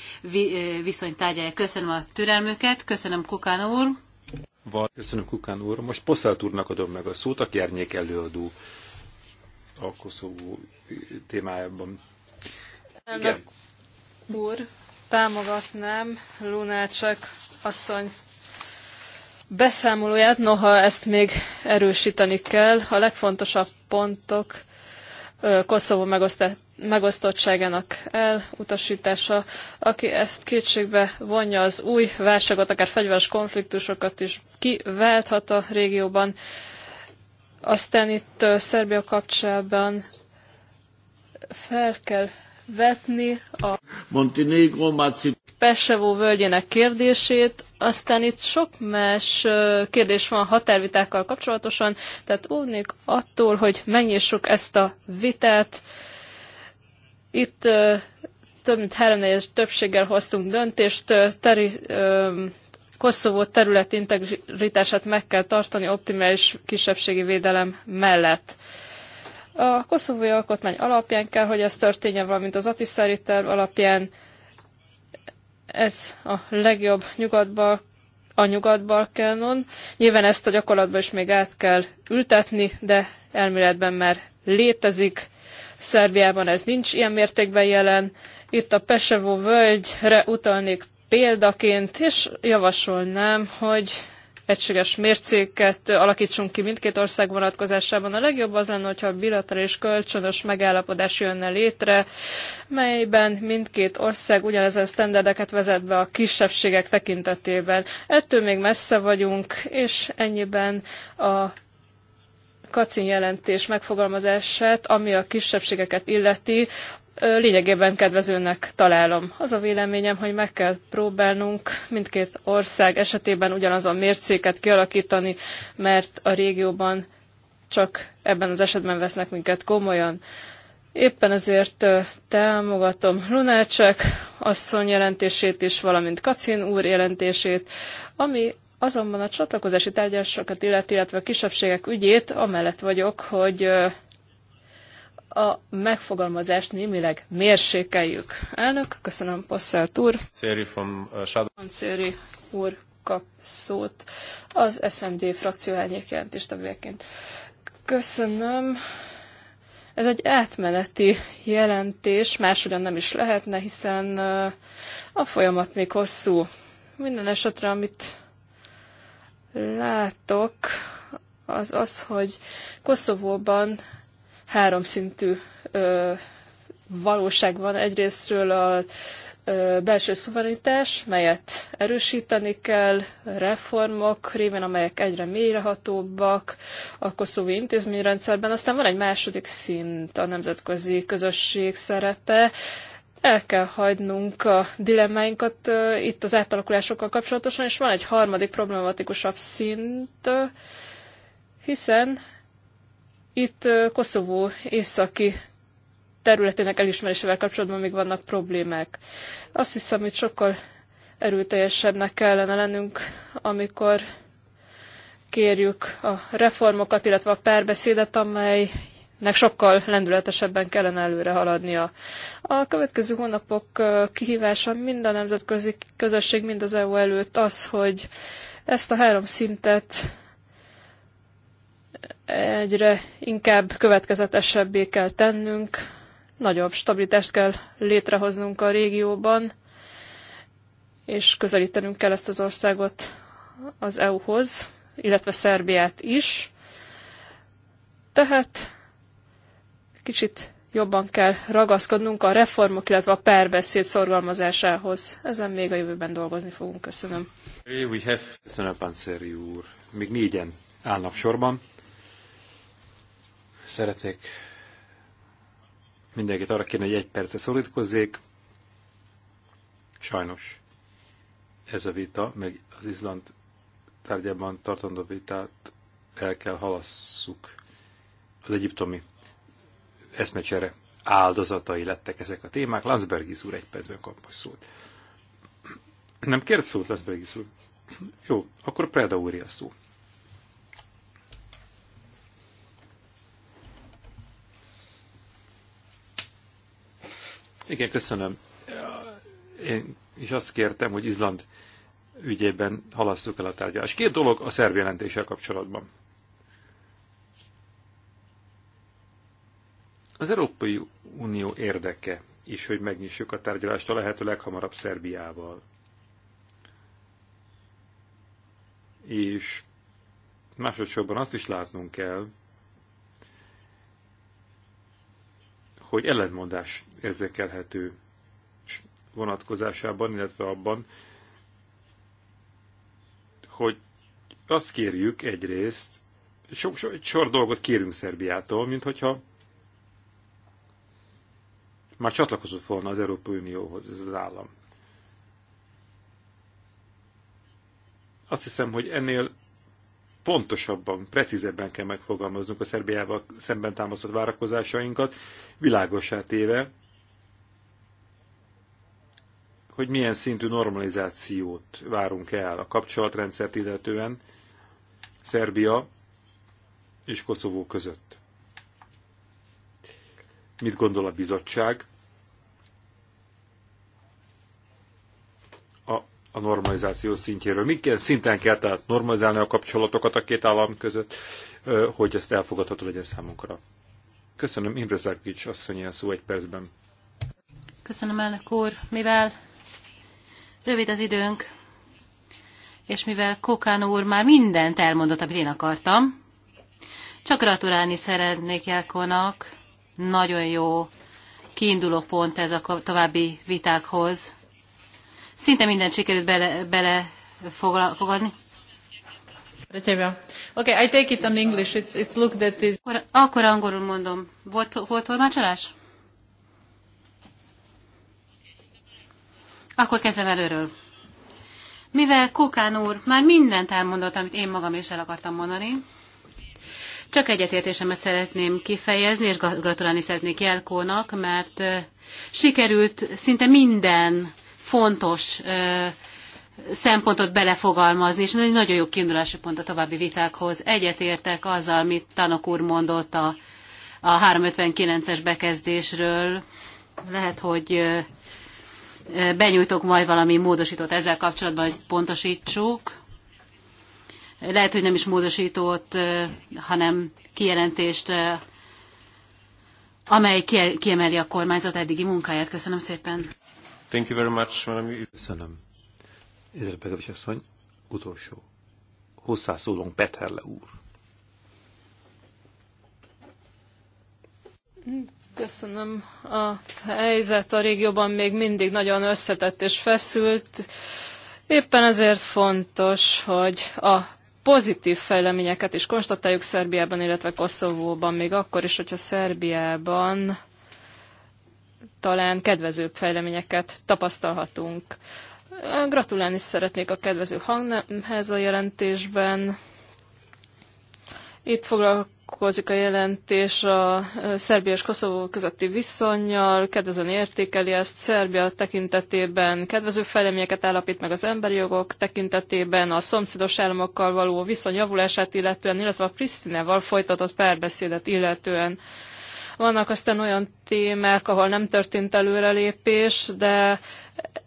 viszonyt tárgyalják. Köszönöm a türelmüket, köszönöm Kukán úr. Val Köszönöm, Kukán úr. Most Posszát úrnak adom meg a szót, a kérnyék előadó a Koszovó témájában. Igen. úr, támogatnám Lunácsak asszony beszámolóját, noha ezt még erősíteni kell. A legfontosabb pontok Koszovó megosztás megosztottságának elutasítása, aki ezt kétségbe vonja az új válságot, akár fegyveres konfliktusokat is kiválthat a régióban. Aztán itt Szerbia kapcsolatban fel kell vetni a Montenegro, Pesevó völgyének kérdését, aztán itt sok más kérdés van a határvitákkal kapcsolatosan, tehát óvnék attól, hogy megnyissuk ezt a vitát, itt több mint háromnegyes többséggel hoztunk döntést, teri, Koszovó terület integritását meg kell tartani optimális kisebbségi védelem mellett. A koszovói alkotmány alapján kell, hogy ez történjen, valamint az Atiszári terv alapján. Ez a legjobb nyugatba, a nyugat-balkánon. Nyilván ezt a gyakorlatban is még át kell ültetni, de elméletben már létezik. Szerbiában ez nincs ilyen mértékben jelen. Itt a Pesevo völgyre utalnék példaként, és javasolnám, hogy egységes mércéket alakítsunk ki mindkét ország vonatkozásában. A legjobb az lenne, hogyha bilaterális kölcsönös megállapodás jönne létre, melyben mindkét ország ugyanezen sztenderdeket vezet be a kisebbségek tekintetében. Ettől még messze vagyunk, és ennyiben a Kacin jelentés megfogalmazását, ami a kisebbségeket illeti, lényegében kedvezőnek találom. Az a véleményem, hogy meg kell próbálnunk mindkét ország esetében ugyanazon mércéket kialakítani, mert a régióban csak ebben az esetben vesznek minket komolyan. Éppen ezért támogatom Lunácsek asszony jelentését is, valamint Kacin úr jelentését, ami Azonban a csatlakozási tárgyalásokat illet, illetve a kisebbségek ügyét amellett vagyok, hogy a megfogalmazást némileg mérsékeljük. Elnök, köszönöm Passzelt úr. Széri from Shadow. Széri úr kap szót az SMD frakció elnyékjelentéstevőjeként. Köszönöm. Ez egy átmeneti jelentés, máshogyan nem is lehetne, hiszen a folyamat még hosszú. Minden esetre, amit látok, az az, hogy Koszovóban háromszintű ö, valóság van. Egyrésztről a ö, belső szuverenitás, melyet erősíteni kell, reformok révén, amelyek egyre mélyrehatóbbak a koszovói intézményrendszerben. Aztán van egy második szint, a nemzetközi közösség szerepe, el kell hagynunk a dilemmáinkat itt az átalakulásokkal kapcsolatosan, és van egy harmadik problematikusabb szint, hiszen itt Koszovó északi területének elismerésével kapcsolatban még vannak problémák. Azt hiszem, hogy sokkal erőteljesebbnek kellene lennünk, amikor kérjük a reformokat, illetve a párbeszédet, amely nek sokkal lendületesebben kellene előre haladnia. A következő hónapok kihívása mind a nemzetközi közösség, mind az EU előtt az, hogy ezt a három szintet egyre inkább következetesebbé kell tennünk, nagyobb stabilitást kell létrehoznunk a régióban, és közelítenünk kell ezt az országot az EU-hoz, illetve Szerbiát is. Tehát Kicsit jobban kell ragaszkodnunk a reformok, illetve a párbeszéd szorgalmazásához. Ezen még a jövőben dolgozni fogunk. Köszönöm. We have... Köszönöm, Panszeri úr. Még négyen állnak sorban. Szeretnék mindenkit arra kérni, hogy egy percre szorítkozzék. Sajnos ez a vita, meg az Izland tárgyában tartandó vitát el kell halasszuk az egyiptomi eszmecsere áldozatai lettek ezek a témák. Landsbergis úr egy percben kap most szót. Nem kért szót Landsbergis úr? Jó, akkor Preda úr a szó. Igen, köszönöm. Én is azt kértem, hogy Izland ügyében halasszuk el a tárgyalást. Két dolog a szerv jelentéssel kapcsolatban. Az Európai Unió érdeke is, hogy megnyissuk a tárgyalást a lehető leghamarabb Szerbiával. És másodszorban azt is látnunk kell, hogy ellentmondás érzékelhető vonatkozásában, illetve abban, hogy azt kérjük egyrészt, sok, sok, sor dolgot kérünk Szerbiától, mint hogyha már csatlakozott volna az Európai Unióhoz ez az állam. Azt hiszem, hogy ennél pontosabban, precízebben kell megfogalmaznunk a Szerbiával szemben támasztott várakozásainkat, világosá téve, hogy milyen szintű normalizációt várunk el a kapcsolatrendszert illetően Szerbia és Koszovó között. Mit gondol a bizottság a normalizáció szintjéről. milyen szinten kell tehát normalizálni a kapcsolatokat a két állam között, hogy ezt elfogadható legyen számunkra. Köszönöm, Imre Zárkics asszony, ilyen szó egy percben. Köszönöm, elnök úr. Mivel rövid az időnk, és mivel Kokán úr már mindent elmondott, amit én akartam, csak gratulálni szeretnék Jelkonak. Nagyon jó kiinduló pont ez a további vitákhoz Szinte minden sikerült bele, bele fogadni. Okay, I take it on English. It's, it's look that is... Akkor, akkor angolul mondom. Volt, volt tolmácsolás? Akkor kezdem előről. Mivel Kukán úr már mindent elmondott, amit én magam is el akartam mondani, csak egyetértésemet szeretném kifejezni, és gratulálni szeretnék Jelkónak, mert sikerült szinte minden fontos szempontot belefogalmazni, és nagyon jó kiindulási pont a további vitákhoz. Egyetértek azzal, amit Tanok úr mondott a, a 359-es bekezdésről. Lehet, hogy benyújtok majd valami módosítót ezzel kapcsolatban, hogy pontosítsuk. Lehet, hogy nem is módosítót, hanem kijelentést, amely kiemeli a kormányzat eddigi munkáját. Köszönöm szépen. Thank you very much, madam. Köszönöm. Ezzel Begovics asszony, utolsó. Hozzászólónk Peterle úr. Köszönöm. A helyzet a régióban még mindig nagyon összetett és feszült. Éppen ezért fontos, hogy a pozitív fejleményeket is konstatáljuk Szerbiában, illetve Koszovóban, még akkor is, hogyha Szerbiában talán kedvezőbb fejleményeket tapasztalhatunk. Gratulálni szeretnék a kedvező hanghez a jelentésben. Itt foglalkozik a jelentés a Szerbia és Koszovó közötti viszonyjal, kedvezően értékeli ezt Szerbia tekintetében, kedvező fejleményeket állapít meg az emberi jogok tekintetében, a szomszédos államokkal való viszony javulását illetően, illetve a Prisztinával folytatott párbeszédet illetően. Vannak aztán olyan témák, ahol nem történt előrelépés, de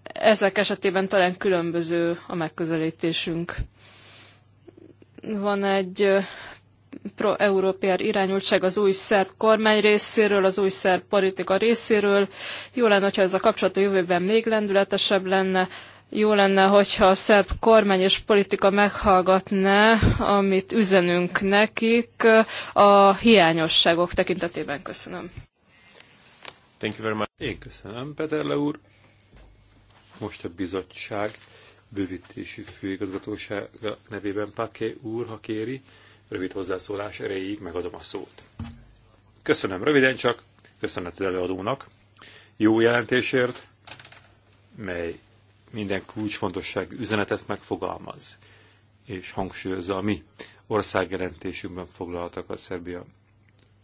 ezek esetében talán különböző a megközelítésünk. Van egy pro-európér irányultság az új szerb kormány részéről, az új szerb politika részéről. Jó lenne, hogyha ez a kapcsolat a jövőben még lendületesebb lenne. Jó lenne, hogyha a szerb kormány és politika meghallgatná, amit üzenünk nekik a hiányosságok tekintetében. Köszönöm. Thank you very much. Én köszönöm, Peterle úr. Most a bizottság bővítési főigazgatósága nevében Paké úr, ha kéri, rövid hozzászólás erejéig megadom a szót. Köszönöm röviden csak, köszönet az előadónak, jó jelentésért, mely minden kulcsfontosság üzenetet megfogalmaz, és hangsúlyozza a mi országjelentésünkben foglaltak a Szerbia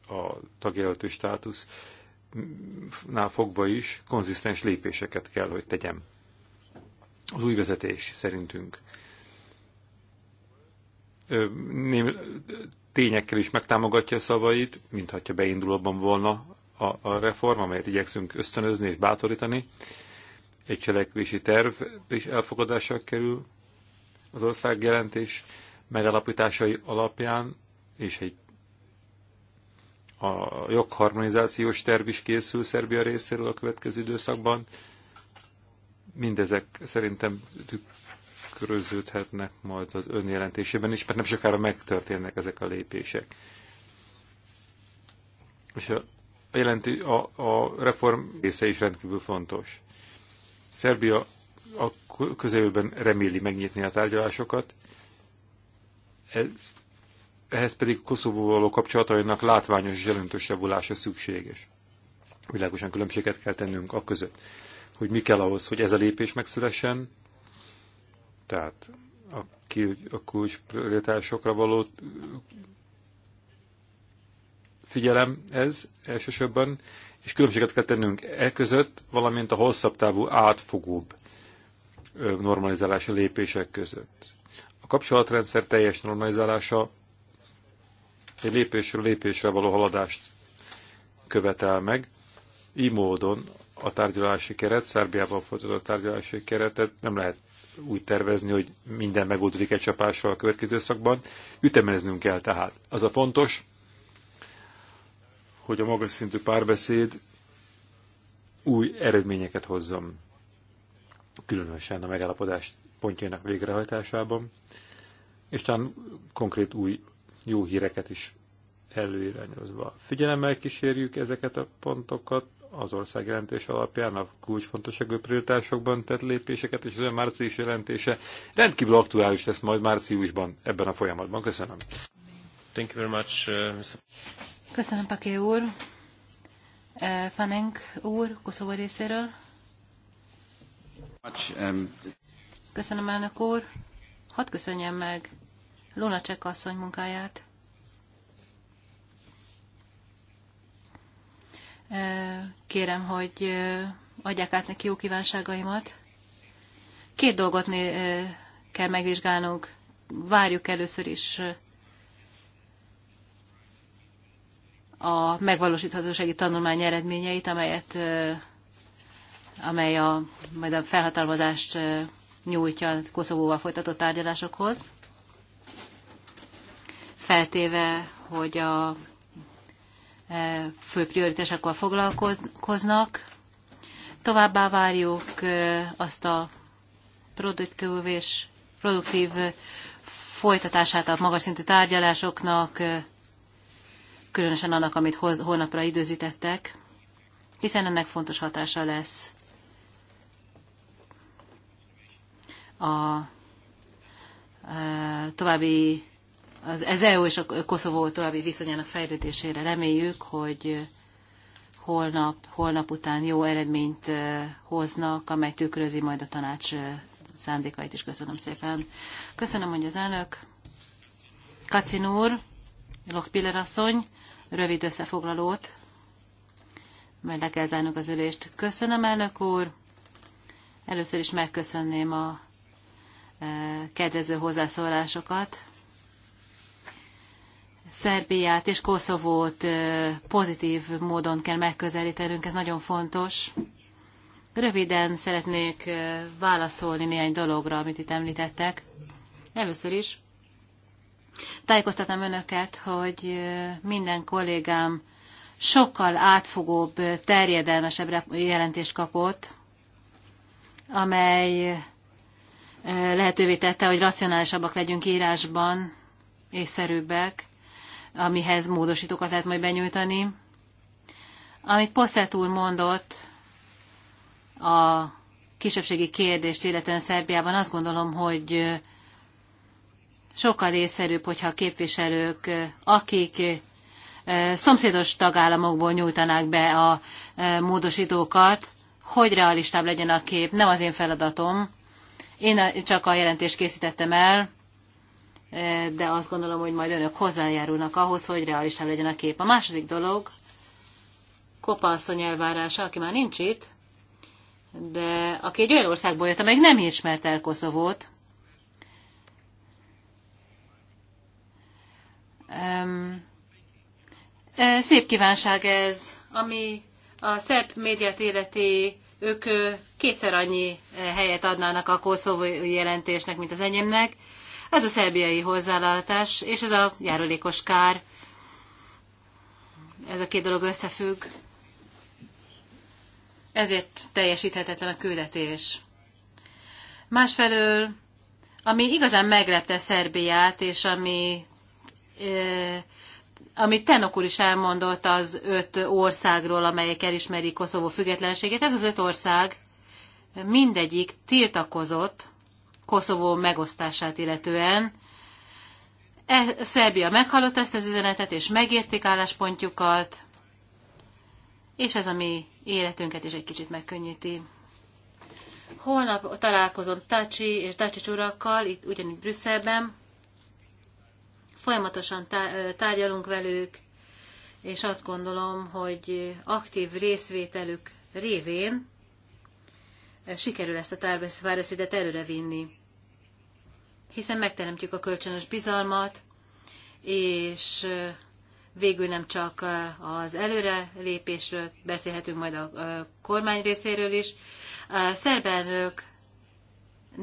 a tagjelöltő státusznál fogva is konzisztens lépéseket kell, hogy tegyem. Az új vezetés szerintünk ném, tényekkel is megtámogatja szavait, mintha beindulóban volna a, a reform, amelyet igyekszünk ösztönözni és bátorítani egy cselekvési terv is elfogadásra kerül az ország jelentés megalapításai alapján, és egy a jogharmonizációs terv is készül Szerbia részéről a következő időszakban. Mindezek szerintem tükröződhetnek majd az önjelentésében is, mert nem sokára megtörténnek ezek a lépések. És a, jelenti, a, a reform része is rendkívül fontos. Szerbia a közelőben reméli megnyitni a tárgyalásokat, ez, ehhez pedig Koszovóval való kapcsolatainak látványos és jelentős javulása szükséges. Világosan különbséget kell tennünk a között, hogy mi kell ahhoz, hogy ez a lépés megszülessen, tehát a, a kulcsprioritásokra való figyelem ez elsősorban, és különbséget kell tennünk e között, valamint a hosszabb távú átfogóbb normalizálási lépések között. A kapcsolatrendszer teljes normalizálása egy lépésről lépésre való haladást követel meg, így módon a tárgyalási keret, Szerbiában folytatott tárgyalási keretet nem lehet úgy tervezni, hogy minden megoldódik egy csapásra a következő szakban. Ütemeznünk kell tehát. Az a fontos, hogy a magas szintű párbeszéd új eredményeket hozzon, különösen a megállapodás pontjainak végrehajtásában, és talán konkrét új jó híreket is előirányozva. Figyelemmel kísérjük ezeket a pontokat az ország jelentés alapján, a kulcsfontosságú prioritásokban tett lépéseket, és az ön március jelentése rendkívül aktuális lesz majd márciusban ebben a folyamatban. Köszönöm. Thank you very much, uh, Mr. Köszönöm, Paké úr. Eh, Fanenk úr, Koszovó részéről. Köszönöm, elnök úr. Hadd köszönjem meg Luna Csek asszony munkáját. Eh, kérem, hogy eh, adják át neki jó kívánságaimat. Két dolgot kell megvizsgálnunk. Várjuk először is a megvalósíthatósági tanulmány eredményeit, amelyet, amely a, majd a felhatalmazást nyújtja Koszovóval folytatott tárgyalásokhoz, feltéve, hogy a fő prioritásokkal foglalkoznak. Továbbá várjuk azt a produktív és produktív folytatását a magas szintű tárgyalásoknak különösen annak, amit holnapra időzítettek, hiszen ennek fontos hatása lesz a e, további az, az EU és a Koszovó további viszonyának fejlődésére. Reméljük, hogy holnap, holnap után jó eredményt e, hoznak, amely tükrözi majd a tanács e, szándékait is. Köszönöm szépen. Köszönöm, hogy az elnök. Kacin úr, Lokpiller asszony, rövid összefoglalót, majd le kell zárnunk az ülést. Köszönöm, elnök úr! Először is megköszönném a e, kedvező hozzászólásokat. Szerbiát és Koszovót e, pozitív módon kell megközelítenünk, ez nagyon fontos. Röviden szeretnék e, válaszolni néhány dologra, amit itt említettek. Először is Tájékoztatom önöket, hogy minden kollégám sokkal átfogóbb, terjedelmesebb jelentést kapott, amely lehetővé tette, hogy racionálisabbak legyünk írásban, észszerűbbek, amihez módosítókat lehet majd benyújtani. Amit Posszett úr mondott a kisebbségi kérdést, illetően Szerbiában, azt gondolom, hogy sokkal észszerűbb, hogyha a képviselők, eh, akik eh, szomszédos tagállamokból nyújtanák be a eh, módosítókat, hogy realistább legyen a kép. Nem az én feladatom. Én csak a jelentést készítettem el, de azt gondolom, hogy majd önök hozzájárulnak ahhoz, hogy realistább legyen a kép. A második dolog, kopalszony elvárása, aki már nincs itt, de aki egy olyan országból jött, amelyik nem ismert el Koszovót, E, szép kívánság ez, ami a szerb médiát életé, ők kétszer annyi e, helyet adnának a koszovói jelentésnek, mint az enyémnek. Ez a szerbiai hozzáállás, és ez a járulékos kár. Ez a két dolog összefügg. Ezért teljesíthetetlen a küldetés. Másfelől, ami igazán meglepte Szerbiát, és ami amit Tenok úr is elmondott az öt országról, amelyek elismerik Koszovó függetlenségét, ez az öt ország mindegyik tiltakozott Koszovó megosztását illetően. E, Szerbia meghallott ezt az üzenetet, és megértik álláspontjukat, és ez a mi életünket is egy kicsit megkönnyíti. Holnap találkozom Tacsi és Tacsi urakkal, itt ugyanígy Brüsszelben, Folyamatosan tárgyalunk velük, és azt gondolom, hogy aktív részvételük révén sikerül ezt a tárbeszédet előre vinni, hiszen megteremtjük a kölcsönös bizalmat, és végül nem csak az előre lépésről, beszélhetünk majd a kormány részéről is. Szerbenök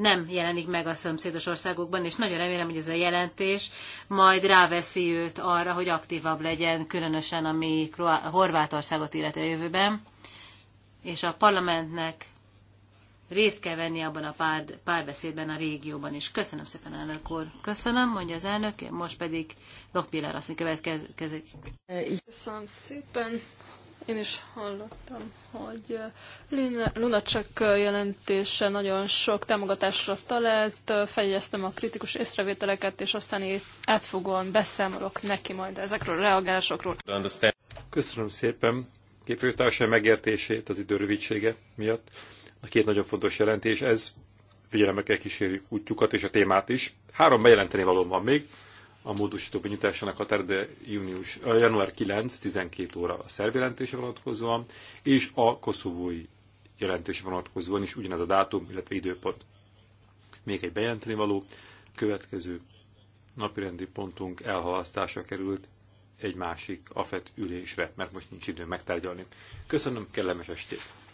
nem jelenik meg a szomszédos országokban, és nagyon remélem, hogy ez a jelentés majd ráveszi őt arra, hogy aktívabb legyen, különösen ami Horvátországot illeti jövőben, és a parlamentnek részt kell venni abban a pár, párbeszédben a régióban is. Köszönöm szépen, elnök úr. Köszönöm, mondja az elnök, most pedig Lokpillár azt következik. Köszönöm szépen, én is hallottam, hogy eh, luna csak eh, jelentése nagyon sok támogatásra talált, eh, fejeztem a kritikus észrevételeket, és aztán átfogóan beszámolok neki majd ezekről a reagálásokról. Köszönöm szépen képviselőtársai megértését az idő rövidsége miatt. A két nagyon fontos jelentés ez, figyelemekkel kell kísérjük útjukat és a témát is. Három bejelenteni való van még a módosító benyújtásának határ, de június, január 9-12 óra a szerb jelentése vonatkozóan, és a koszovói jelentése vonatkozóan is ugyanez a dátum, illetve időpont. Még egy bejelenteni való, következő napirendi pontunk elhalasztása került egy másik AFET ülésre, mert most nincs idő megtárgyalni. Köszönöm, kellemes estét!